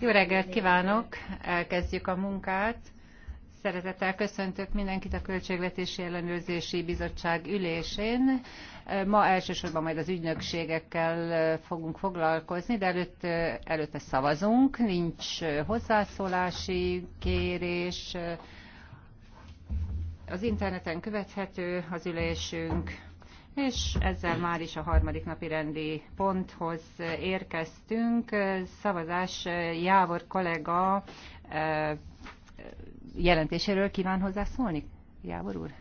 Jó reggelt kívánok, elkezdjük a munkát. Szeretettel köszöntök mindenkit a Költségvetési Ellenőrzési Bizottság ülésén. Ma elsősorban majd az ügynökségekkel fogunk foglalkozni, de előtt, előtte szavazunk, nincs hozzászólási kérés, az interneten követhető az ülésünk. És ezzel már is a harmadik napi rendi ponthoz érkeztünk. Szavazás eh, Jávor kollega eh, jelentéséről kíván hozzászólni? Jávor úr?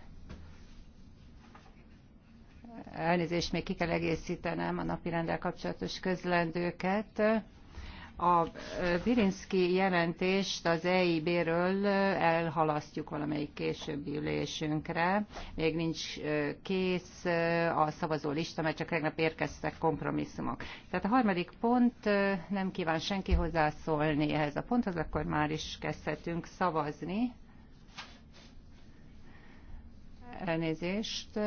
Elnézést, még ki kell egészítenem a napi rendel kapcsolatos közlendőket. A Pirinszki jelentést az EIB-ről elhalasztjuk valamelyik későbbi ülésünkre. Még nincs kész a szavazó lista, mert csak tegnap érkeztek kompromisszumok. Tehát a harmadik pont, nem kíván senki hozzászólni ehhez a ponthoz, akkor már is kezdhetünk szavazni. Elnézést,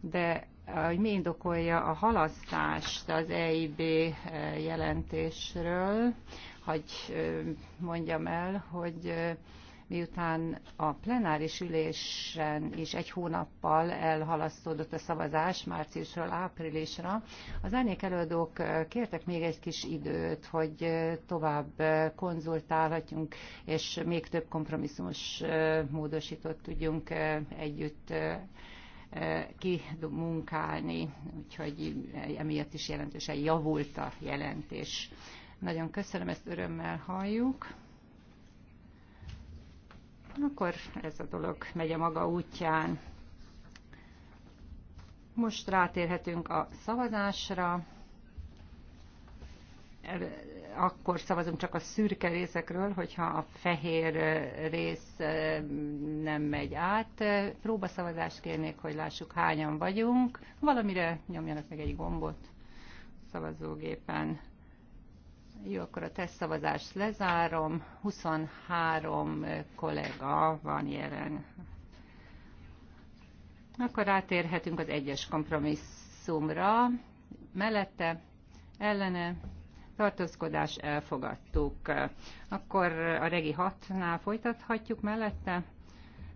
de hogy mi indokolja a halasztást az EIB e, jelentésről, hogy mondjam el, hogy miután a plenáris ülésen is egy hónappal elhalasztódott a szavazás márciusról áprilisra, az árnyék előadók kértek még egy kis időt, hogy tovább konzultálhatjunk, és még több kompromisszumos módosítót tudjunk együtt kimunkálni, úgyhogy emiatt is jelentősen javult a jelentés. Nagyon köszönöm, ezt örömmel halljuk. Akkor ez a dolog megy a maga útján. Most rátérhetünk a szavazásra akkor szavazunk csak a szürke részekről, hogyha a fehér rész nem megy át. Próbaszavazást kérnék, hogy lássuk hányan vagyunk. Valamire nyomjanak meg egy gombot szavazógépen. Jó, akkor a teszt szavazást lezárom. 23 kollega van jelen. Akkor átérhetünk az egyes kompromisszumra. Mellette, ellene, tartózkodás elfogadtuk. Akkor a regi 6-nál folytathatjuk mellette,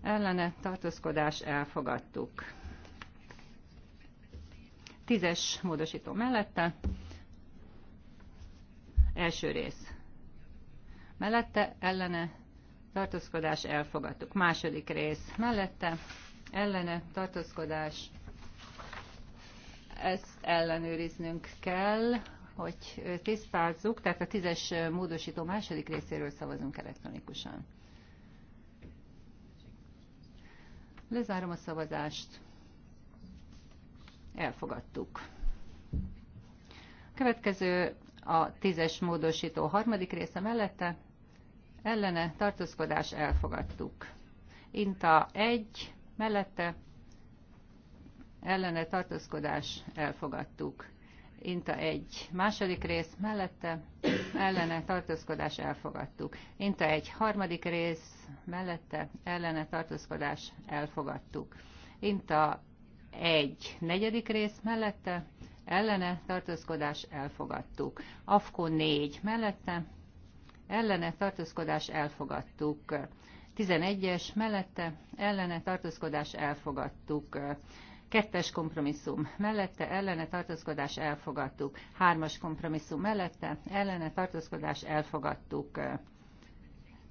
ellene tartózkodás elfogadtuk. Tízes módosító mellette, első rész. Mellette, ellene, tartózkodás elfogadtuk. Második rész. Mellette, ellene, tartózkodás ezt ellenőriznünk kell hogy tisztázzuk, tehát a tízes módosító második részéről szavazunk elektronikusan. Lezárom a szavazást. Elfogadtuk. Következő a tízes módosító harmadik része mellette. Ellene tartózkodás elfogadtuk. Inta 1 mellette. Ellene tartózkodás elfogadtuk. Inta 1. Második rész mellette ellene tartózkodás elfogadtuk. Inta 1. Harmadik rész mellette ellene tartózkodás elfogadtuk. Inta 1. Negyedik rész mellette ellene tartózkodás elfogadtuk. Afko 4. Mellette ellene tartózkodás elfogadtuk. 11-es mellette ellene tartózkodás elfogadtuk. Kettes kompromisszum mellette ellene tartózkodás elfogadtuk. Hármas kompromisszum mellette ellene tartózkodás elfogadtuk.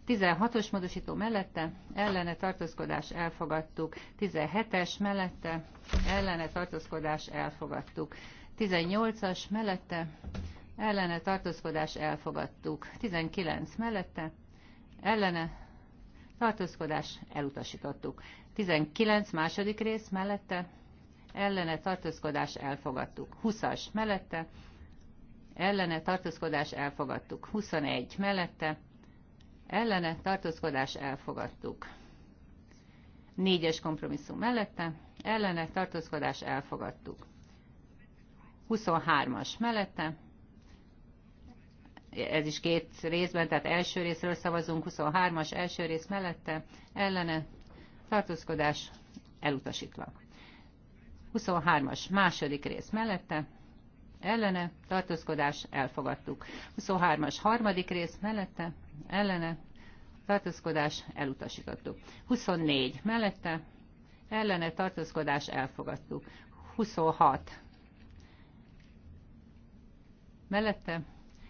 16-os módosító mellette ellene tartózkodás elfogadtuk. 17-es mellette ellene tartózkodás elfogadtuk. 18-as mellette ellene tartózkodás elfogadtuk. 19 mellette ellene tartózkodás elutasítottuk. 19 második rész mellette ellene tartózkodás elfogadtuk. 20-as mellette, ellene tartózkodás elfogadtuk. 21 mellette, ellene tartózkodás elfogadtuk. 4-es kompromisszum mellette, ellene tartózkodás elfogadtuk. 23-as mellette, ez is két részben, tehát első részről szavazunk, 23-as első rész mellette, ellene tartózkodás elutasítva. 23-as második rész mellette, ellene, tartózkodás, elfogadtuk. 23-as harmadik rész mellette, ellene, tartózkodás, elutasítottuk. 24 mellette, ellene, tartózkodás, elfogadtuk. 26 mellette,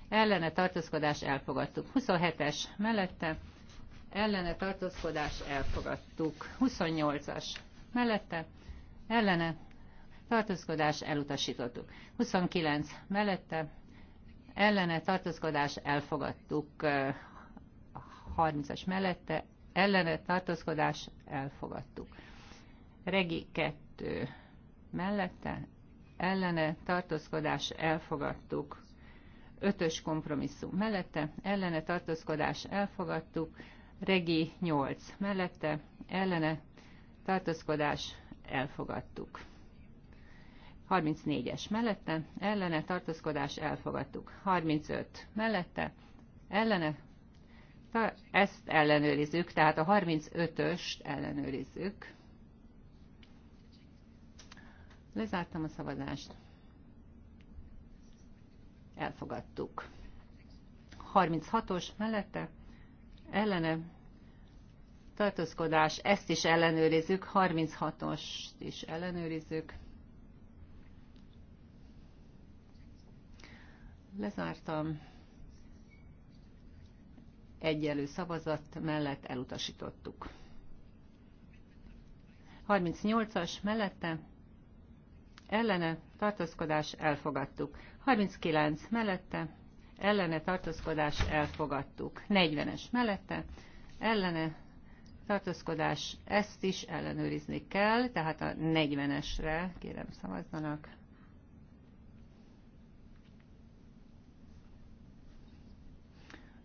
ellene, tartózkodás, elfogadtuk. 27-es mellette, ellene, tartózkodás, elfogadtuk. 28-as mellette, ellene, tartózkodás elutasítottuk. 29 mellette ellene tartózkodás elfogadtuk. 30-as mellette ellene tartózkodás elfogadtuk. Regi 2 mellette ellene tartózkodás elfogadtuk. Ötös kompromisszum mellette ellene tartózkodás elfogadtuk. Regi 8 mellette ellene tartózkodás elfogadtuk. 34-es mellette, ellene tartózkodás elfogadtuk. 35 mellette, ellene, ezt ellenőrizzük, tehát a 35-öst ellenőrizzük. Lezártam a szavazást. Elfogadtuk. 36-os mellette, ellene, tartózkodás, ezt is ellenőrizzük, 36-ost is ellenőrizzük. Lezártam. Egyelő szavazat mellett elutasítottuk. 38-as mellette ellene tartózkodás elfogadtuk. 39 mellette ellene tartózkodás elfogadtuk. 40-es mellette ellene tartózkodás, ezt is ellenőrizni kell, tehát a 40-esre kérem szavazzanak.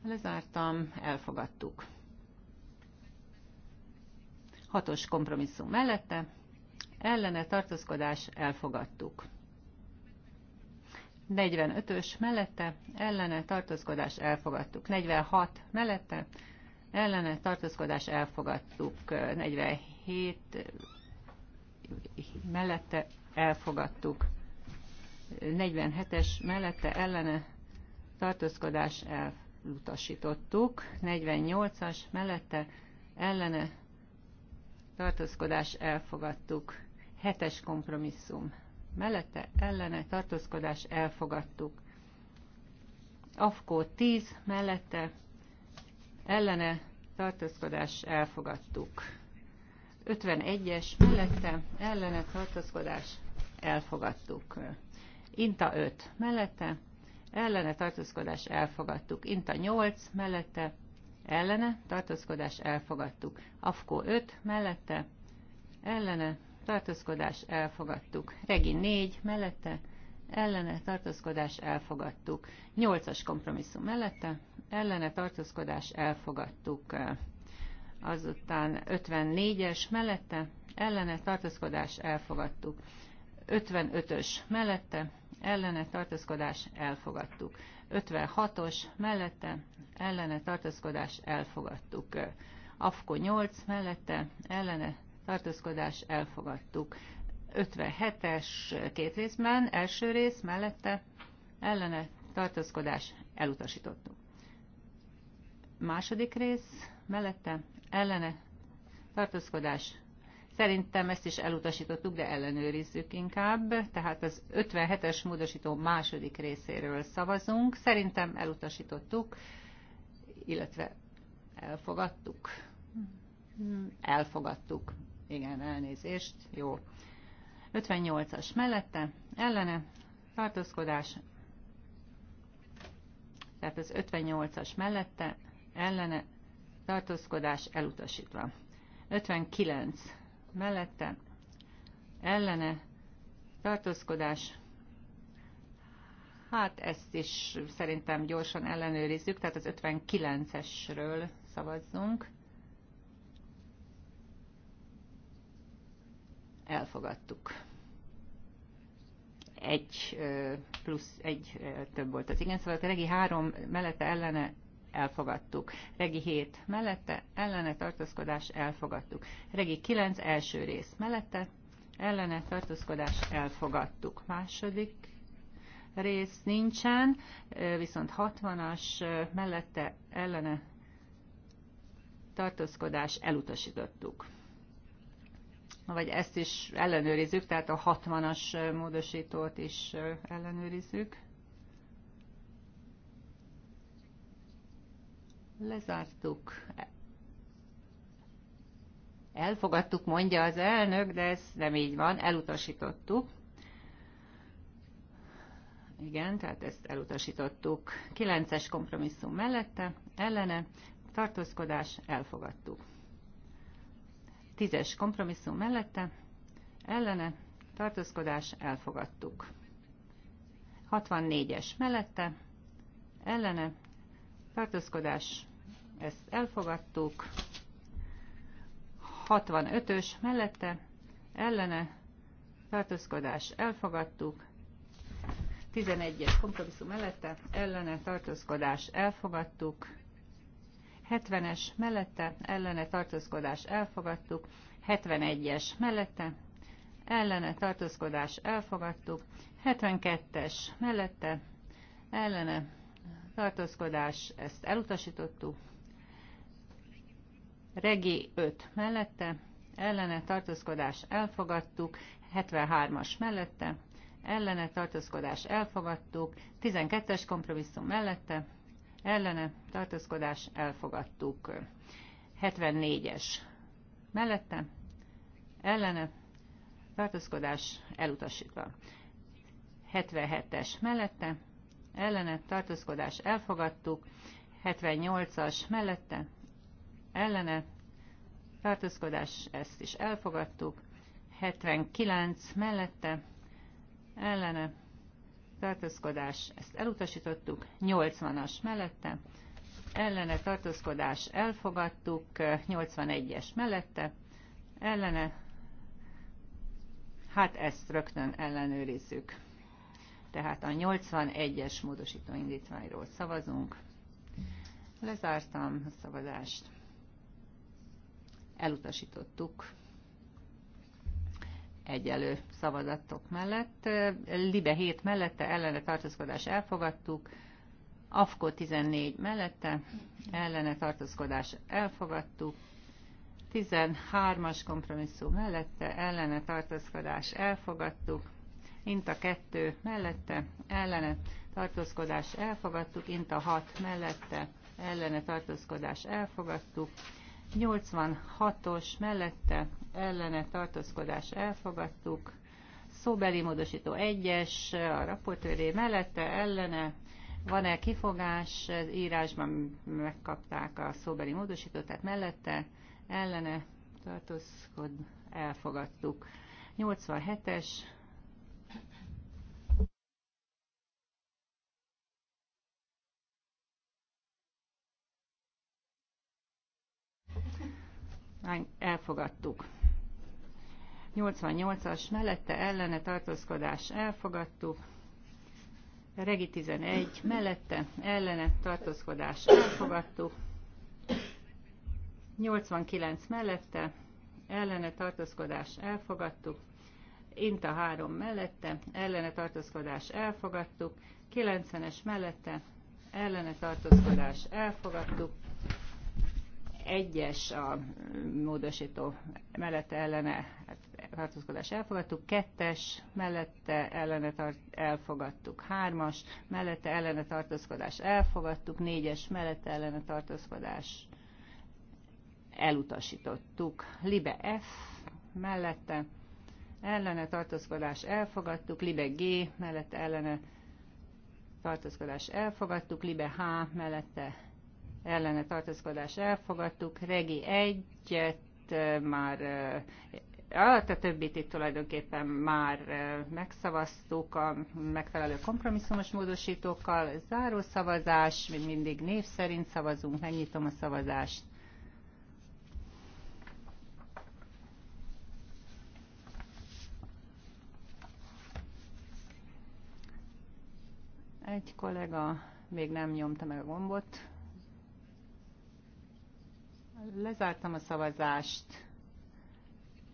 Lezártam, elfogadtuk. Hatos kompromisszum mellette, ellene tartózkodás, elfogadtuk. 45-ös mellette, ellene tartózkodás, elfogadtuk. 46 mellette, ellene tartózkodás, elfogadtuk. 47 mellette, elfogadtuk. 47-es mellette, ellene tartózkodás, elfogadtuk utasítottuk. 48-as mellette ellene tartózkodás elfogadtuk. 7-es kompromisszum mellette ellene tartózkodás elfogadtuk. Afkó 10 mellette ellene tartózkodás elfogadtuk. 51-es mellette ellene tartózkodás elfogadtuk. Inta 5 mellette ellene tartózkodás elfogadtuk. Inta 8 mellette ellene tartózkodás elfogadtuk. Afko 5 mellette ellene tartózkodás elfogadtuk. Regi 4 mellette ellene tartózkodás elfogadtuk. 8-as kompromisszum mellette ellene tartózkodás elfogadtuk. Azután 54-es mellette ellene tartózkodás elfogadtuk. 55-ös mellette ellene tartózkodás elfogadtuk. 56-os mellette ellene tartózkodás elfogadtuk. AFKO 8 mellette ellene tartózkodás elfogadtuk. 57-es két részben, első rész mellette ellene tartózkodás elutasítottuk. Második rész mellette ellene tartózkodás Szerintem ezt is elutasítottuk, de ellenőrizzük inkább. Tehát az 57-es módosító második részéről szavazunk. Szerintem elutasítottuk, illetve elfogadtuk. Elfogadtuk. Igen, elnézést. Jó. 58-as mellette, ellene, tartózkodás. Tehát az 58-as mellette, ellene, tartózkodás elutasítva. 59 mellette ellene tartózkodás. Hát ezt is szerintem gyorsan ellenőrizzük, tehát az 59-esről szavazzunk. Elfogadtuk. Egy plusz egy több volt az igen, szóval a regi három mellette ellene elfogadtuk. Regi 7 mellette, ellene tartózkodás elfogadtuk. Regi 9 első rész mellette, ellene tartózkodás elfogadtuk. Második rész nincsen, viszont 60-as mellette ellene tartózkodás elutasítottuk. Vagy ezt is ellenőrizzük, tehát a 60-as módosítót is ellenőrizzük. Lezártuk. Elfogadtuk, mondja az elnök, de ez nem így van, elutasítottuk. Igen, tehát ezt elutasítottuk. Kilences kompromisszum mellette, ellene, tartózkodás, elfogadtuk. Tízes kompromisszum mellette, ellene, tartózkodás, elfogadtuk. 64-es mellette, ellene, tartózkodás, ezt elfogadtuk. 65-ös mellette ellene tartózkodás elfogadtuk. 11-es kompromisszum mellette ellene tartózkodás elfogadtuk. 70-es mellette ellene tartózkodás elfogadtuk. 71-es mellette ellene tartózkodás elfogadtuk. 72-es mellette ellene tartózkodás, ezt elutasítottuk. Regi 5 mellette, ellene tartózkodás elfogadtuk, 73-as mellette, ellene tartózkodás elfogadtuk, 12-es kompromisszum mellette, ellene tartózkodás elfogadtuk, 74-es mellette, ellene tartózkodás elutasítva, 77-es mellette, ellene tartózkodás elfogadtuk, 78-as mellette, ellene, tartózkodás, ezt is elfogadtuk, 79 mellette, ellene, tartózkodás, ezt elutasítottuk, 80-as mellette, ellene tartózkodás elfogadtuk, 81-es mellette, ellene, hát ezt rögtön ellenőrizzük. Tehát a 81-es módosító indítványról szavazunk. Lezártam a szavazást elutasítottuk egyelő szavazatok mellett. Libe 7 mellette ellene tartózkodás elfogadtuk, AFKO 14 mellette ellene tartózkodás elfogadtuk, 13-as kompromisszum mellette ellene tartózkodás elfogadtuk, Inta 2 mellette ellene tartózkodás elfogadtuk, Inta 6 mellette ellene tartózkodás elfogadtuk, 86-os mellette ellene tartózkodás elfogadtuk, szóbeli módosító 1-es, a raportőré mellette ellene, van-e kifogás, írásban megkapták a szóbeli módosítót, tehát mellette ellene tartózkod, elfogadtuk. 87-es elfogadtuk. 88-as mellette ellene tartózkodás elfogadtuk. Regi 11 mellette ellene tartózkodás elfogadtuk. 89 mellette ellene tartózkodás elfogadtuk. Inta 3 mellette ellene tartózkodás elfogadtuk. 90-es mellette ellene tartózkodás elfogadtuk egyes a módosító mellette ellene hát, tartózkodás elfogadtuk, kettes mellette ellene tart, elfogadtuk, hármas mellette ellene tartózkodás elfogadtuk, négyes mellette ellene tartózkodás elutasítottuk. Libe F mellette ellene tartózkodás elfogadtuk, Libe G mellette ellene tartózkodás elfogadtuk, Libe H mellette ellene tartózkodás elfogadtuk, regi egyet már a többit itt tulajdonképpen már megszavaztuk a megfelelő kompromisszumos módosítókkal. Záró szavazás, még mindig név szerint szavazunk, megnyitom a szavazást. Egy kollega még nem nyomta meg a gombot. Lezártam a szavazást.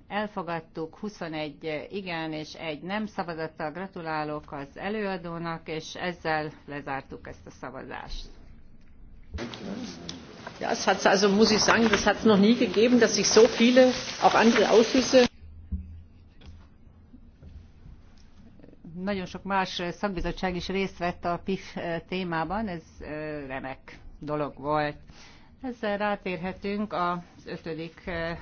Elfogadtuk 21 igen és egy nem szavazattal. Gratulálok az előadónak, és ezzel lezártuk ezt a szavazást. Ja, es hat also muss ich sagen, das hat es noch nie gegeben, dass sich so viele, auch andere Ausschüsse. Nagyon sok más szakbizottság is részt vett a PIF témában, ez remek dolog volt. Ezzel rátérhetünk az ötödik eh,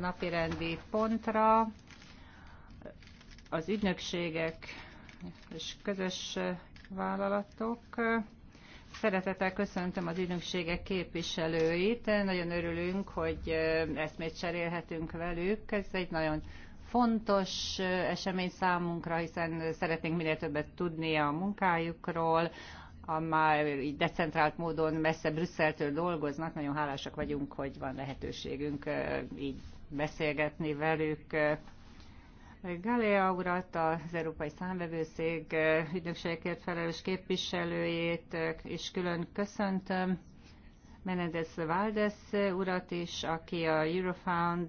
napirendi pontra. Az ügynökségek és közös eh, vállalatok. Szeretettel köszöntöm az ügynökségek képviselőit. Nagyon örülünk, hogy eh, eszmét cserélhetünk velük. Ez egy nagyon fontos esemény számunkra, hiszen szeretnénk minél többet tudni a munkájukról, a már így decentrált módon messze Brüsszeltől dolgoznak. Nagyon hálásak vagyunk, hogy van lehetőségünk így beszélgetni velük. Galea urat, az Európai Számvevőszék ügynökségekért felelős képviselőjét is külön köszöntöm. Menendez Valdes urat is, aki a Eurofound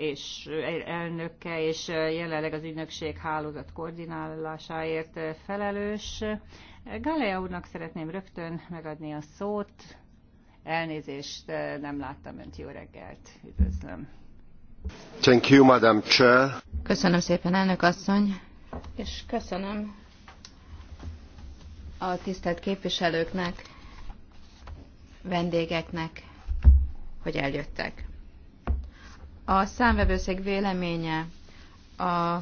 és elnöke, és jelenleg az ügynökség hálózat koordinálásáért felelős. Galea úrnak szeretném rögtön megadni a szót. Elnézést, nem láttam önt. Jó reggelt. Üdvözlöm. Thank you, Madam Chair. Köszönöm szépen, elnök asszony, és köszönöm a tisztelt képviselőknek, vendégeknek, hogy eljöttek. A számvevőszék véleménye a,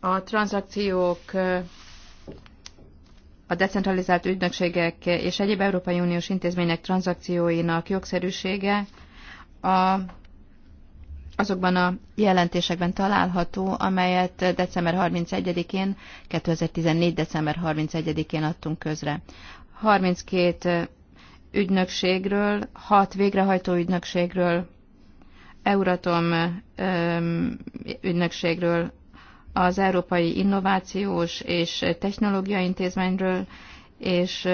a tranzakciók a decentralizált ügynökségek és egyéb Európai Uniós intézmények tranzakcióinak jogszerűsége a, azokban a jelentésekben található, amelyet december 31-én, 2014. december 31-én adtunk közre. 32 ügynökségről, hat végrehajtó ügynökségről, Euratom ügynökségről, az Európai Innovációs és Technológia Intézményről, és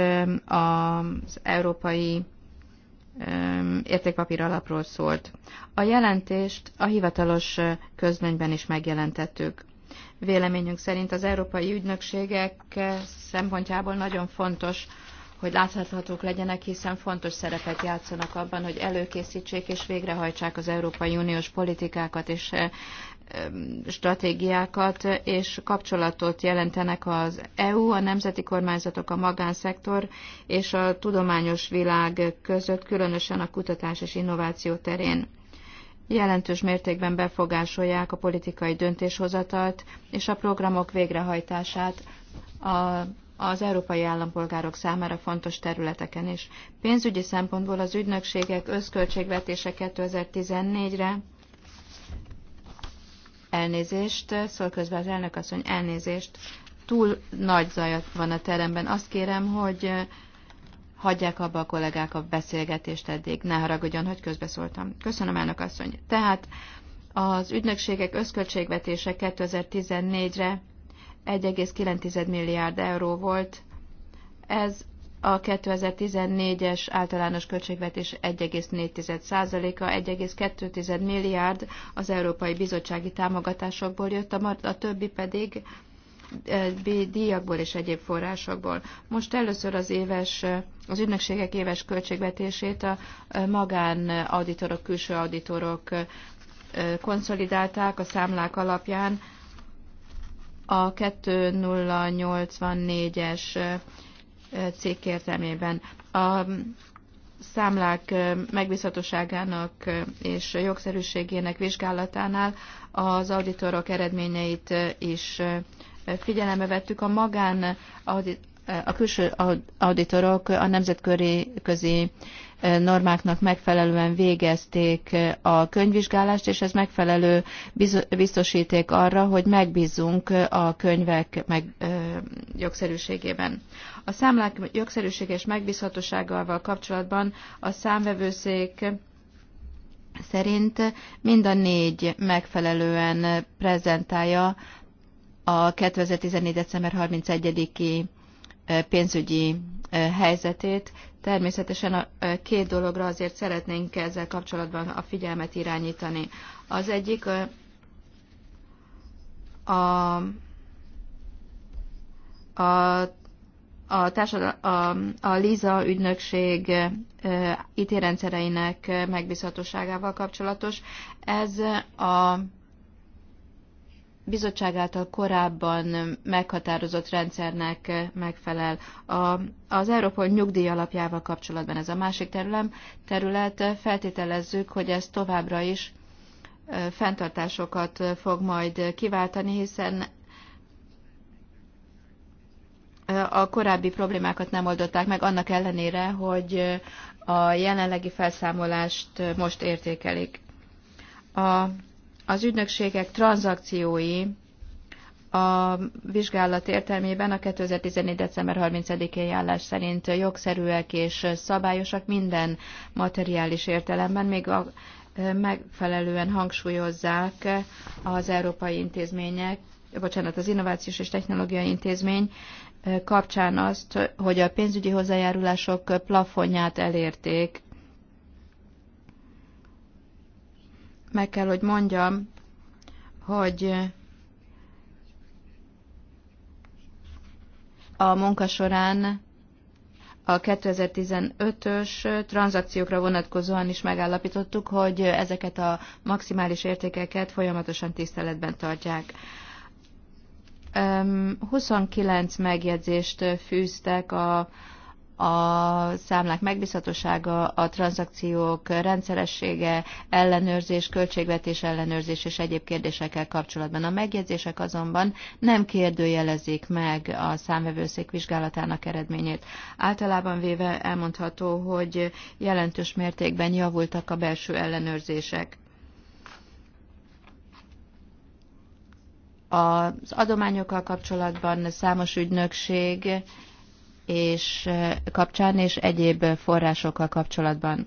az Európai Értékpapír Alapról szólt. A jelentést a hivatalos közlönyben is megjelentettük. Véleményünk szerint az európai ügynökségek szempontjából nagyon fontos, hogy láthatók legyenek, hiszen fontos szerepet játszanak abban, hogy előkészítsék és végrehajtsák az Európai Uniós politikákat és eh, stratégiákat, és kapcsolatot jelentenek az EU, a nemzeti kormányzatok, a magánszektor és a tudományos világ között, különösen a kutatás és innováció terén jelentős mértékben befogásolják a politikai döntéshozatalt és a programok végrehajtását a az európai állampolgárok számára fontos területeken is. Pénzügyi szempontból az ügynökségek összköltségvetése 2014-re elnézést, szól közben az elnök asszony elnézést, túl nagy zaj van a teremben. Azt kérem, hogy eh, hagyják abba a kollégák a beszélgetést eddig. Ne haragudjon, hogy közbeszóltam. Köszönöm, elnök asszony. Tehát az ügynökségek összköltségvetése 2014-re 1,9 milliárd euró volt. Ez a 2014-es általános költségvetés 1,4%-a, 1,2 milliárd az Európai Bizottsági támogatásokból jött, a többi pedig díjakból és egyéb forrásokból. Most először az éves, az ügynökségek éves költségvetését a magán auditorok, külső auditorok konszolidálták a számlák alapján, a 2084-es cég értelmében. A számlák megbízhatóságának és jogszerűségének vizsgálatánál az auditorok eredményeit is figyelembe vettük. A magán a külső auditorok a nemzetközi közé normáknak megfelelően végezték a könyvvizsgálást, és ez megfelelő biztosíték arra, hogy megbízunk a könyvek meg, jogszerűségében. A számlák jogszerűség és megbízhatóságával kapcsolatban a számvevőszék szerint mind a négy megfelelően prezentálja a 2014. december 31-i pénzügyi helyzetét. Természetesen a két dologra azért szeretnénk ezzel kapcsolatban a figyelmet irányítani. Az egyik a, a a, társadal, a, a Liza ügynökség IT megbízhatóságával kapcsolatos. Ez a bizottság által korábban meghatározott rendszernek megfelel. A, az Európai nyugdíj alapjával kapcsolatban ez a másik terület, terület feltételezzük, hogy ez továbbra is fenntartásokat fog majd kiváltani, hiszen a korábbi problémákat nem oldották meg, annak ellenére, hogy a jelenlegi felszámolást most értékelik. A az ügynökségek tranzakciói a vizsgálat értelmében a 2014. december 30 én állás szerint jogszerűek és szabályosak minden materiális értelemben, még a, megfelelően hangsúlyozzák az európai intézmények, bocsánat, az Innovációs és Technológiai Intézmény kapcsán azt, hogy a pénzügyi hozzájárulások plafonját elérték meg kell, hogy mondjam, hogy a munka során a 2015-ös tranzakciókra vonatkozóan is megállapítottuk, hogy ezeket a maximális értékeket folyamatosan tiszteletben tartják. 29 megjegyzést fűztek a a számlák megbízhatósága, a tranzakciók rendszeressége, ellenőrzés, költségvetés ellenőrzés és egyéb kérdésekkel kapcsolatban. A megjegyzések azonban nem kérdőjelezik meg a számvevőszék vizsgálatának eredményét. Általában véve elmondható, hogy jelentős mértékben javultak a belső ellenőrzések. Az adományokkal kapcsolatban számos ügynökség és kapcsán és egyéb forrásokkal kapcsolatban.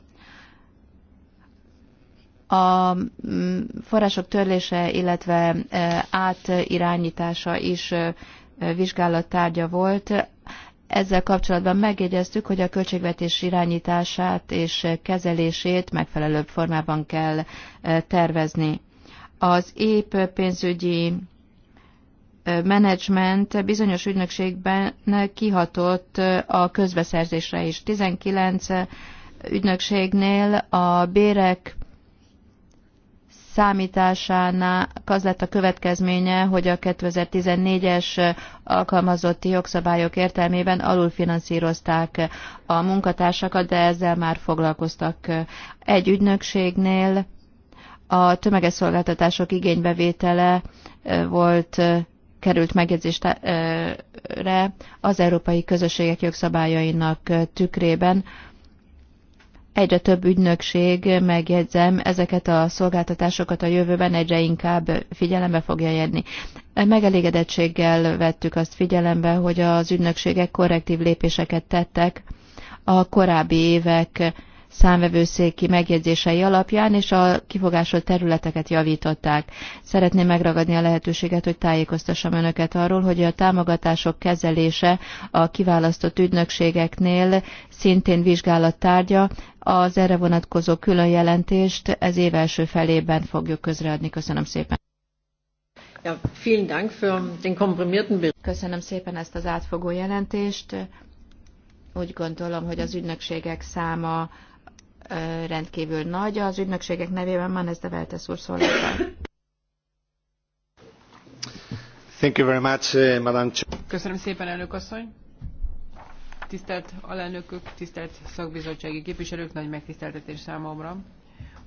A források törlése, illetve átirányítása is vizsgálat tárgya volt. Ezzel kapcsolatban megjegyeztük, hogy a költségvetés irányítását és kezelését megfelelőbb formában kell tervezni. Az épp pénzügyi menedzsment bizonyos ügynökségben kihatott a közbeszerzésre is. 19 ügynökségnél a bérek számításának az lett a következménye, hogy a 2014-es alkalmazotti jogszabályok értelmében alulfinanszírozták a munkatársakat, de ezzel már foglalkoztak egy ügynökségnél. A tömeges szolgáltatások igénybevétele volt került megjegyzésre az európai közösségek jogszabályainak tükrében. Egyre több ügynökség, megjegyzem, ezeket a szolgáltatásokat a jövőben egyre inkább figyelembe fogja jönni. Megelégedettséggel vettük azt figyelembe, hogy az ügynökségek korrektív lépéseket tettek a korábbi évek számvevőszéki megjegyzései alapján, és a kifogásolt területeket javították. Szeretném megragadni a lehetőséget, hogy tájékoztassam önöket arról, hogy a támogatások kezelése a kiválasztott ügynökségeknél szintén vizsgálat tárgya, az erre vonatkozó külön jelentést ez év első felében fogjuk közreadni. Köszönöm szépen. Ja, vielen Dank für den komprimierten Köszönöm szépen ezt az átfogó jelentést. Úgy gondolom, hogy az ügynökségek száma rendkívül nagy. Az ügynökségek nevében Manes de Veltes úr szól Thank you very much, eh, Madam Köszönöm szépen, elnök asszony. Tisztelt alelnökök, tisztelt szakbizottsági képviselők, nagy megtiszteltetés számomra,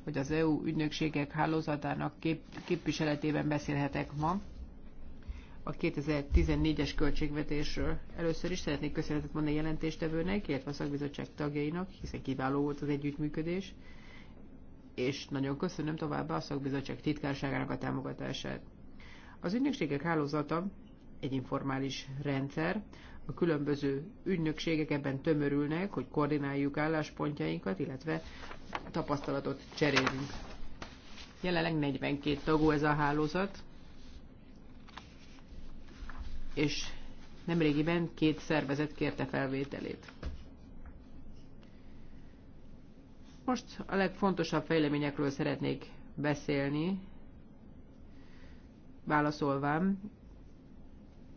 hogy az EU ügynökségek hálózatának kép- képviseletében beszélhetek ma a 2014-es költségvetésről. Először is szeretnék köszönetet mondani a jelentéstevőnek, illetve a szakbizottság tagjainak, hiszen kiváló volt az együttműködés, és nagyon köszönöm továbbá a szakbizottság titkárságának a támogatását. Az ügynökségek hálózata egy informális rendszer, a különböző ügynökségek ebben tömörülnek, hogy koordináljuk álláspontjainkat, illetve tapasztalatot cserélünk. Jelenleg 42 tagú ez a hálózat, és nemrégiben két szervezet kérte felvételét. Most a legfontosabb fejleményekről szeretnék beszélni, válaszolván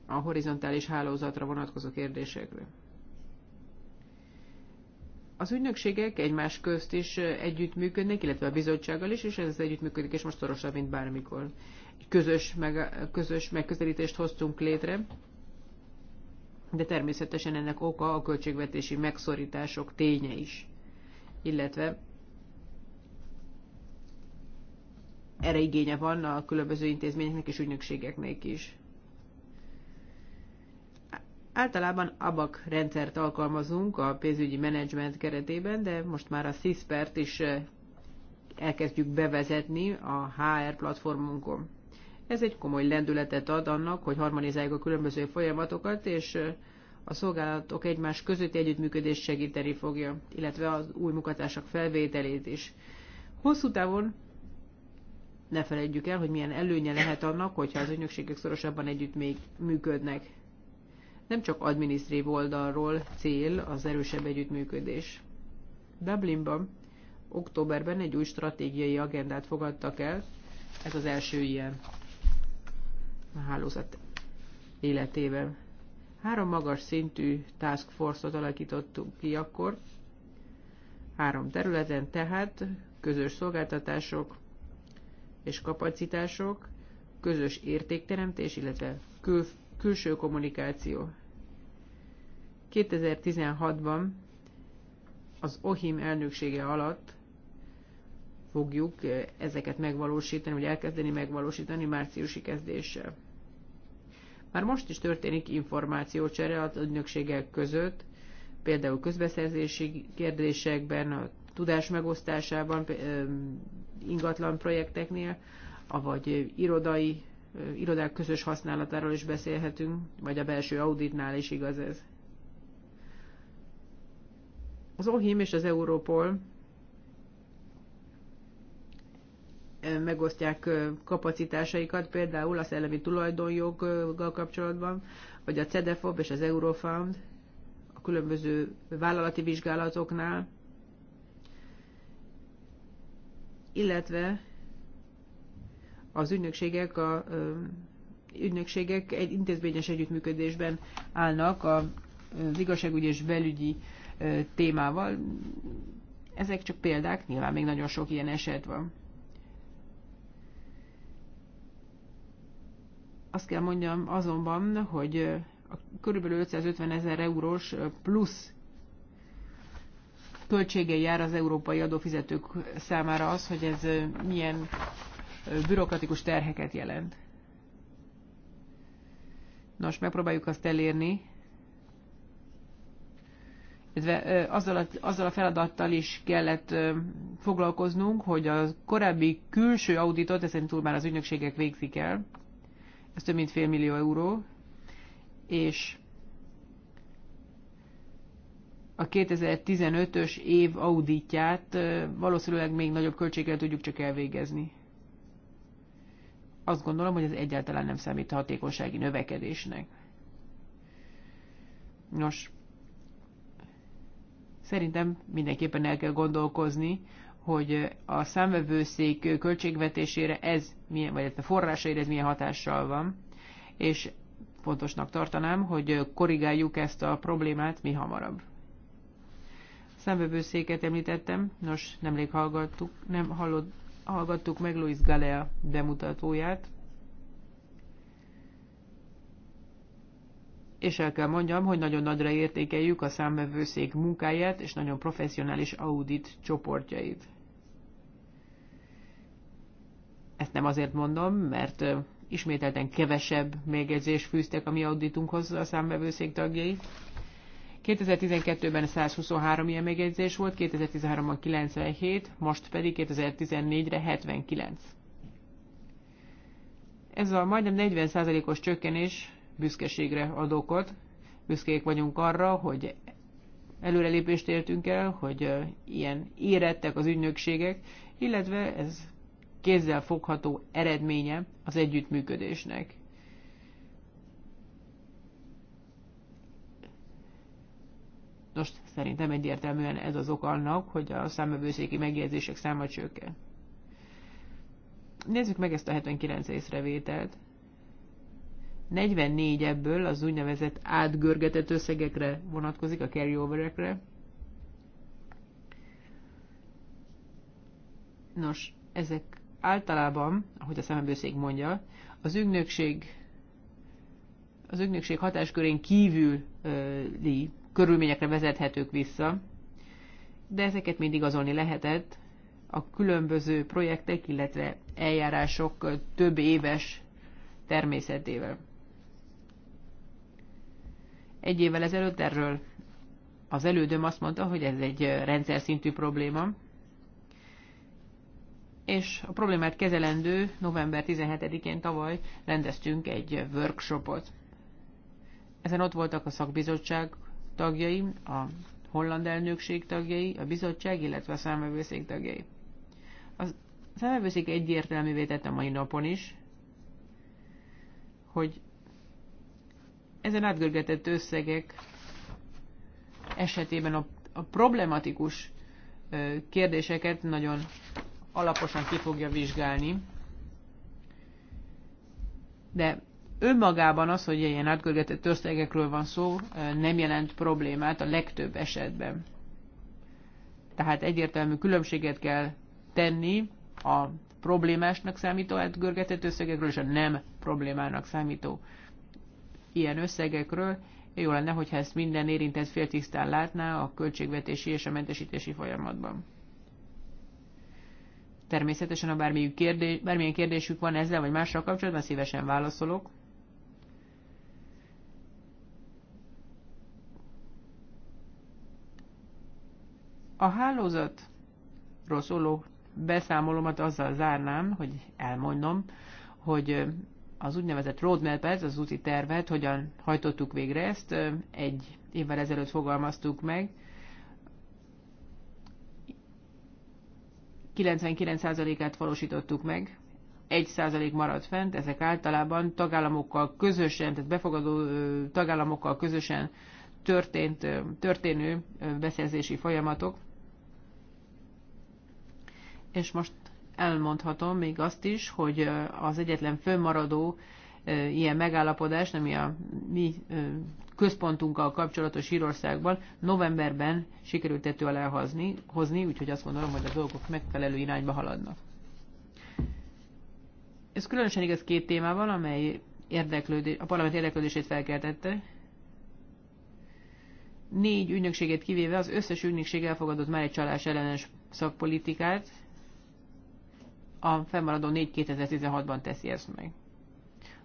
a horizontális hálózatra vonatkozó kérdésekről. Az ügynökségek egymás közt is együttműködnek, illetve a bizottsággal is, és ez együttműködik, és most szorosabb, mint bármikor közös, meg, közös megközelítést hoztunk létre, de természetesen ennek oka a költségvetési megszorítások ténye is, illetve erre igénye van a különböző intézményeknek és ügynökségeknek is. Általában ABAC rendszert alkalmazunk a pénzügyi menedzsment keretében, de most már a CISPERT is eh, elkezdjük bevezetni a HR platformunkon. Ez egy komoly lendületet ad annak, hogy harmonizáljuk a különböző folyamatokat, és a szolgálatok egymás közötti együttműködést segíteni fogja, illetve az új munkatársak felvételét is. Hosszú távon ne felejtjük el, hogy milyen előnye lehet annak, hogyha az ügynökségek szorosabban együtt még működnek. Nem csak adminisztrív oldalról cél az erősebb együttműködés. Dublinban októberben egy új stratégiai agendát fogadtak el, ez az első ilyen a hálózat életében. Három magas szintű task force-ot alakítottunk ki akkor, három területen, tehát közös szolgáltatások és kapacitások, közös értékteremtés, illetve kül- külső kommunikáció. 2016-ban az OHIM elnöksége alatt fogjuk eh, ezeket megvalósítani, vagy elkezdeni megvalósítani márciusi kezdéssel. Már most is történik információcsere az ügynökségek között, például közbeszerzési kérdésekben, a tudás megosztásában, ingatlan projekteknél, avagy irodai, eh, irodák közös használatáról is beszélhetünk, vagy a belső auditnál is igaz ez. Az OHIM és az Europol megosztják kapacitásaikat, például a szellemi tulajdonjoggal kapcsolatban, vagy a CEDEFOB és az Eurofund a különböző vállalati vizsgálatoknál, illetve az ügynökségek a ügynökségek egy intézményes együttműködésben állnak a, az igazságügyi és belügyi témával. Ezek csak példák, nyilván még nagyon sok ilyen eset van. Azt kell mondjam azonban, hogy a kb. 550 ezer eurós plusz költségei jár az európai adófizetők számára az, hogy ez milyen bürokratikus terheket jelent. Nos, megpróbáljuk azt elérni, azzal a, azzal a feladattal is kellett foglalkoznunk, hogy a korábbi külső auditot, ezen túl már az ügynökségek végzik el, ez több mint fél millió euró, és a 2015-ös év auditját valószínűleg még nagyobb költséggel tudjuk csak elvégezni. Azt gondolom, hogy ez egyáltalán nem számít hatékonysági növekedésnek. Nos, szerintem mindenképpen el kell gondolkozni hogy a számvevőszék költségvetésére ez milyen, vagy a forrásaira ez milyen hatással van, és fontosnak tartanám, hogy korrigáljuk ezt a problémát mi hamarabb. A számvevőszéket említettem, nos, nemrég hallgattuk, nem hallott, hallgattuk meg Luis Galea bemutatóját, és el kell mondjam, hogy nagyon nagyra értékeljük a számvevőszék munkáját és nagyon professzionális audit csoportjait. Ezt nem azért mondom, mert ismételten kevesebb megjegyzést fűztek a mi auditunkhoz a számbevőszék tagjai. 2012-ben 123 ilyen megjegyzés volt, 2013-ban 97, most pedig 2014-re 79. Ez a majdnem 40%-os csökkenés büszkeségre ad okot. Büszkék vagyunk arra, hogy előrelépést értünk el, hogy ilyen érettek az ügynökségek, illetve ez kézzel fogható eredménye az együttműködésnek. Most szerintem egyértelműen ez az ok annak, hogy a számövőszéki megjegyzések száma csökken. Nézzük meg ezt a 79 észrevételt. 44 ebből az úgynevezett átgörgetett összegekre vonatkozik, a carryoverekre. Nos, ezek általában, ahogy a szemebőszék mondja, az ügynökség az ügynökség hatáskörén kívüli körülményekre vezethetők vissza, de ezeket mind igazolni lehetett a különböző projektek, illetve eljárások több éves természetével. Egy évvel ezelőtt erről az elődöm azt mondta, hogy ez egy rendszer szintű probléma, és a problémát kezelendő november 17-én tavaly rendeztünk egy workshopot. Ezen ott voltak a szakbizottság tagjai, a holland elnökség tagjai, a bizottság, illetve a számvevőszék tagjai. A számvevőszék egyértelművé tette a mai napon is, hogy ezen átgörgetett összegek esetében a, a problematikus kérdéseket nagyon alaposan ki fogja vizsgálni. De önmagában az, hogy ilyen átgörgetett összegekről van szó, nem jelent problémát a legtöbb esetben. Tehát egyértelmű különbséget kell tenni a problémásnak számító átgörgetett összegekről és a nem problémának számító ilyen összegekről. Jó lenne, hogyha ezt minden érintett fél tisztán látná a költségvetési és a mentesítési folyamatban. Természetesen, ha bármilyen, kérdés, bármilyen kérdésük van ezzel vagy mással kapcsolatban, szívesen válaszolok. A hálózatról szóló beszámolomat azzal zárnám, hogy elmondom, hogy az úgynevezett roadmap ez, az úti tervet, hogyan hajtottuk végre ezt, egy évvel ezelőtt fogalmaztuk meg, 99%-át valósítottuk meg, 1% maradt fent, ezek általában tagállamokkal közösen, tehát befogadó tagállamokkal közösen történt, történő beszerzési folyamatok. És most elmondhatom még azt is, hogy az egyetlen fönnmaradó ilyen megállapodás, ami a mi központunkkal kapcsolatos Írországban novemberben sikerült tető alá hozni, hozni, úgyhogy azt gondolom, hogy a dolgok megfelelő irányba haladnak. Ez különösen igaz két témával, amely érdeklődés, a parlament érdeklődését felkeltette. Négy ügynökségét kivéve az összes ügynökség elfogadott már egy csalás ellenes szakpolitikát, a fennmaradó 4 2016-ban teszi ezt meg.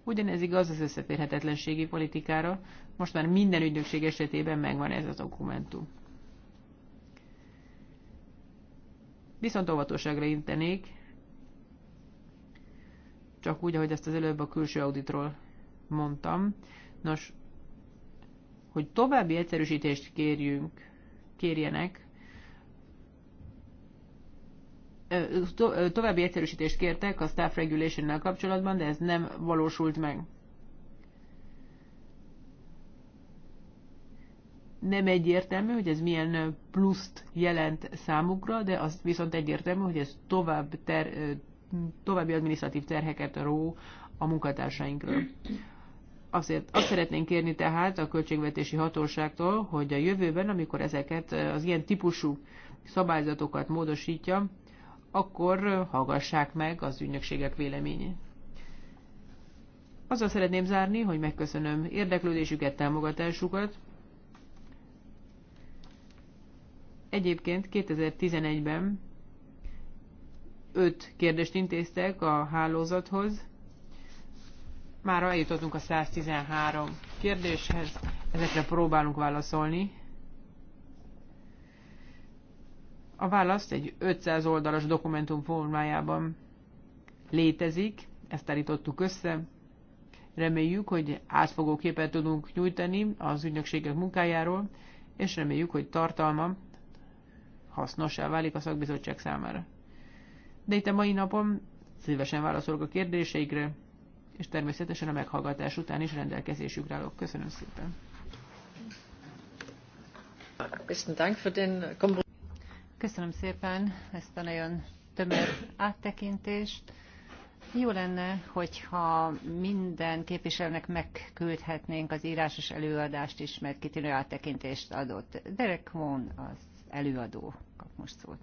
Ugyanez igaz az összeférhetetlenségi politikára, most már minden ügynökség esetében megvan ez a dokumentum. Viszont óvatosságra intenék, csak úgy, ahogy ezt az előbb a külső auditról mondtam. Nos, hogy további egyszerűsítést kérjünk, kérjenek, további egyszerűsítést kértek a staff regulation kapcsolatban, de ez nem valósult meg. nem egyértelmű, hogy ez milyen pluszt jelent számukra, de az viszont egyértelmű, hogy ez tovább ter, további adminisztratív terheket ró a munkatársainkra. Azért azt szeretnénk kérni tehát a költségvetési hatóságtól, hogy a jövőben, amikor ezeket az ilyen típusú szabályzatokat módosítja, akkor hallgassák meg az ügynökségek véleményét. Azzal szeretném zárni, hogy megköszönöm érdeklődésüket, támogatásukat, Egyébként 2011-ben öt kérdést intéztek a hálózathoz. Már eljutottunk a 113 kérdéshez, ezekre próbálunk válaszolni. A választ egy 500 oldalas dokumentum formájában létezik, ezt állítottuk össze. Reméljük, hogy átfogó képet tudunk nyújtani az ügynökségek munkájáról, és reméljük, hogy tartalma hasznosá válik a szakbizottság számára. De itt a mai napon szívesen válaszolok a kérdéseikre, és természetesen a meghallgatás után is rendelkezésükre állok. Köszönöm szépen! Köszönöm szépen ezt a nagyon tömör áttekintést. Jó lenne, hogyha minden képviselőnek megküldhetnénk az írásos előadást is, mert kitűnő áttekintést adott. Derek Vaughan az előadó kap most szót.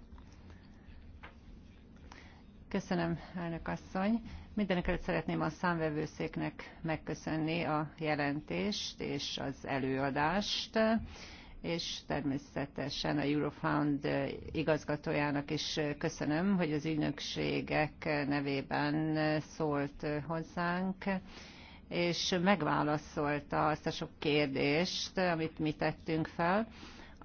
Köszönöm, elnök asszony. Mindenek előtt szeretném a számvevőszéknek megköszönni a jelentést és az előadást, és természetesen a Eurofound igazgatójának is köszönöm, hogy az ügynökségek nevében szólt hozzánk és megválaszolta azt a sok kérdést, amit mi tettünk fel.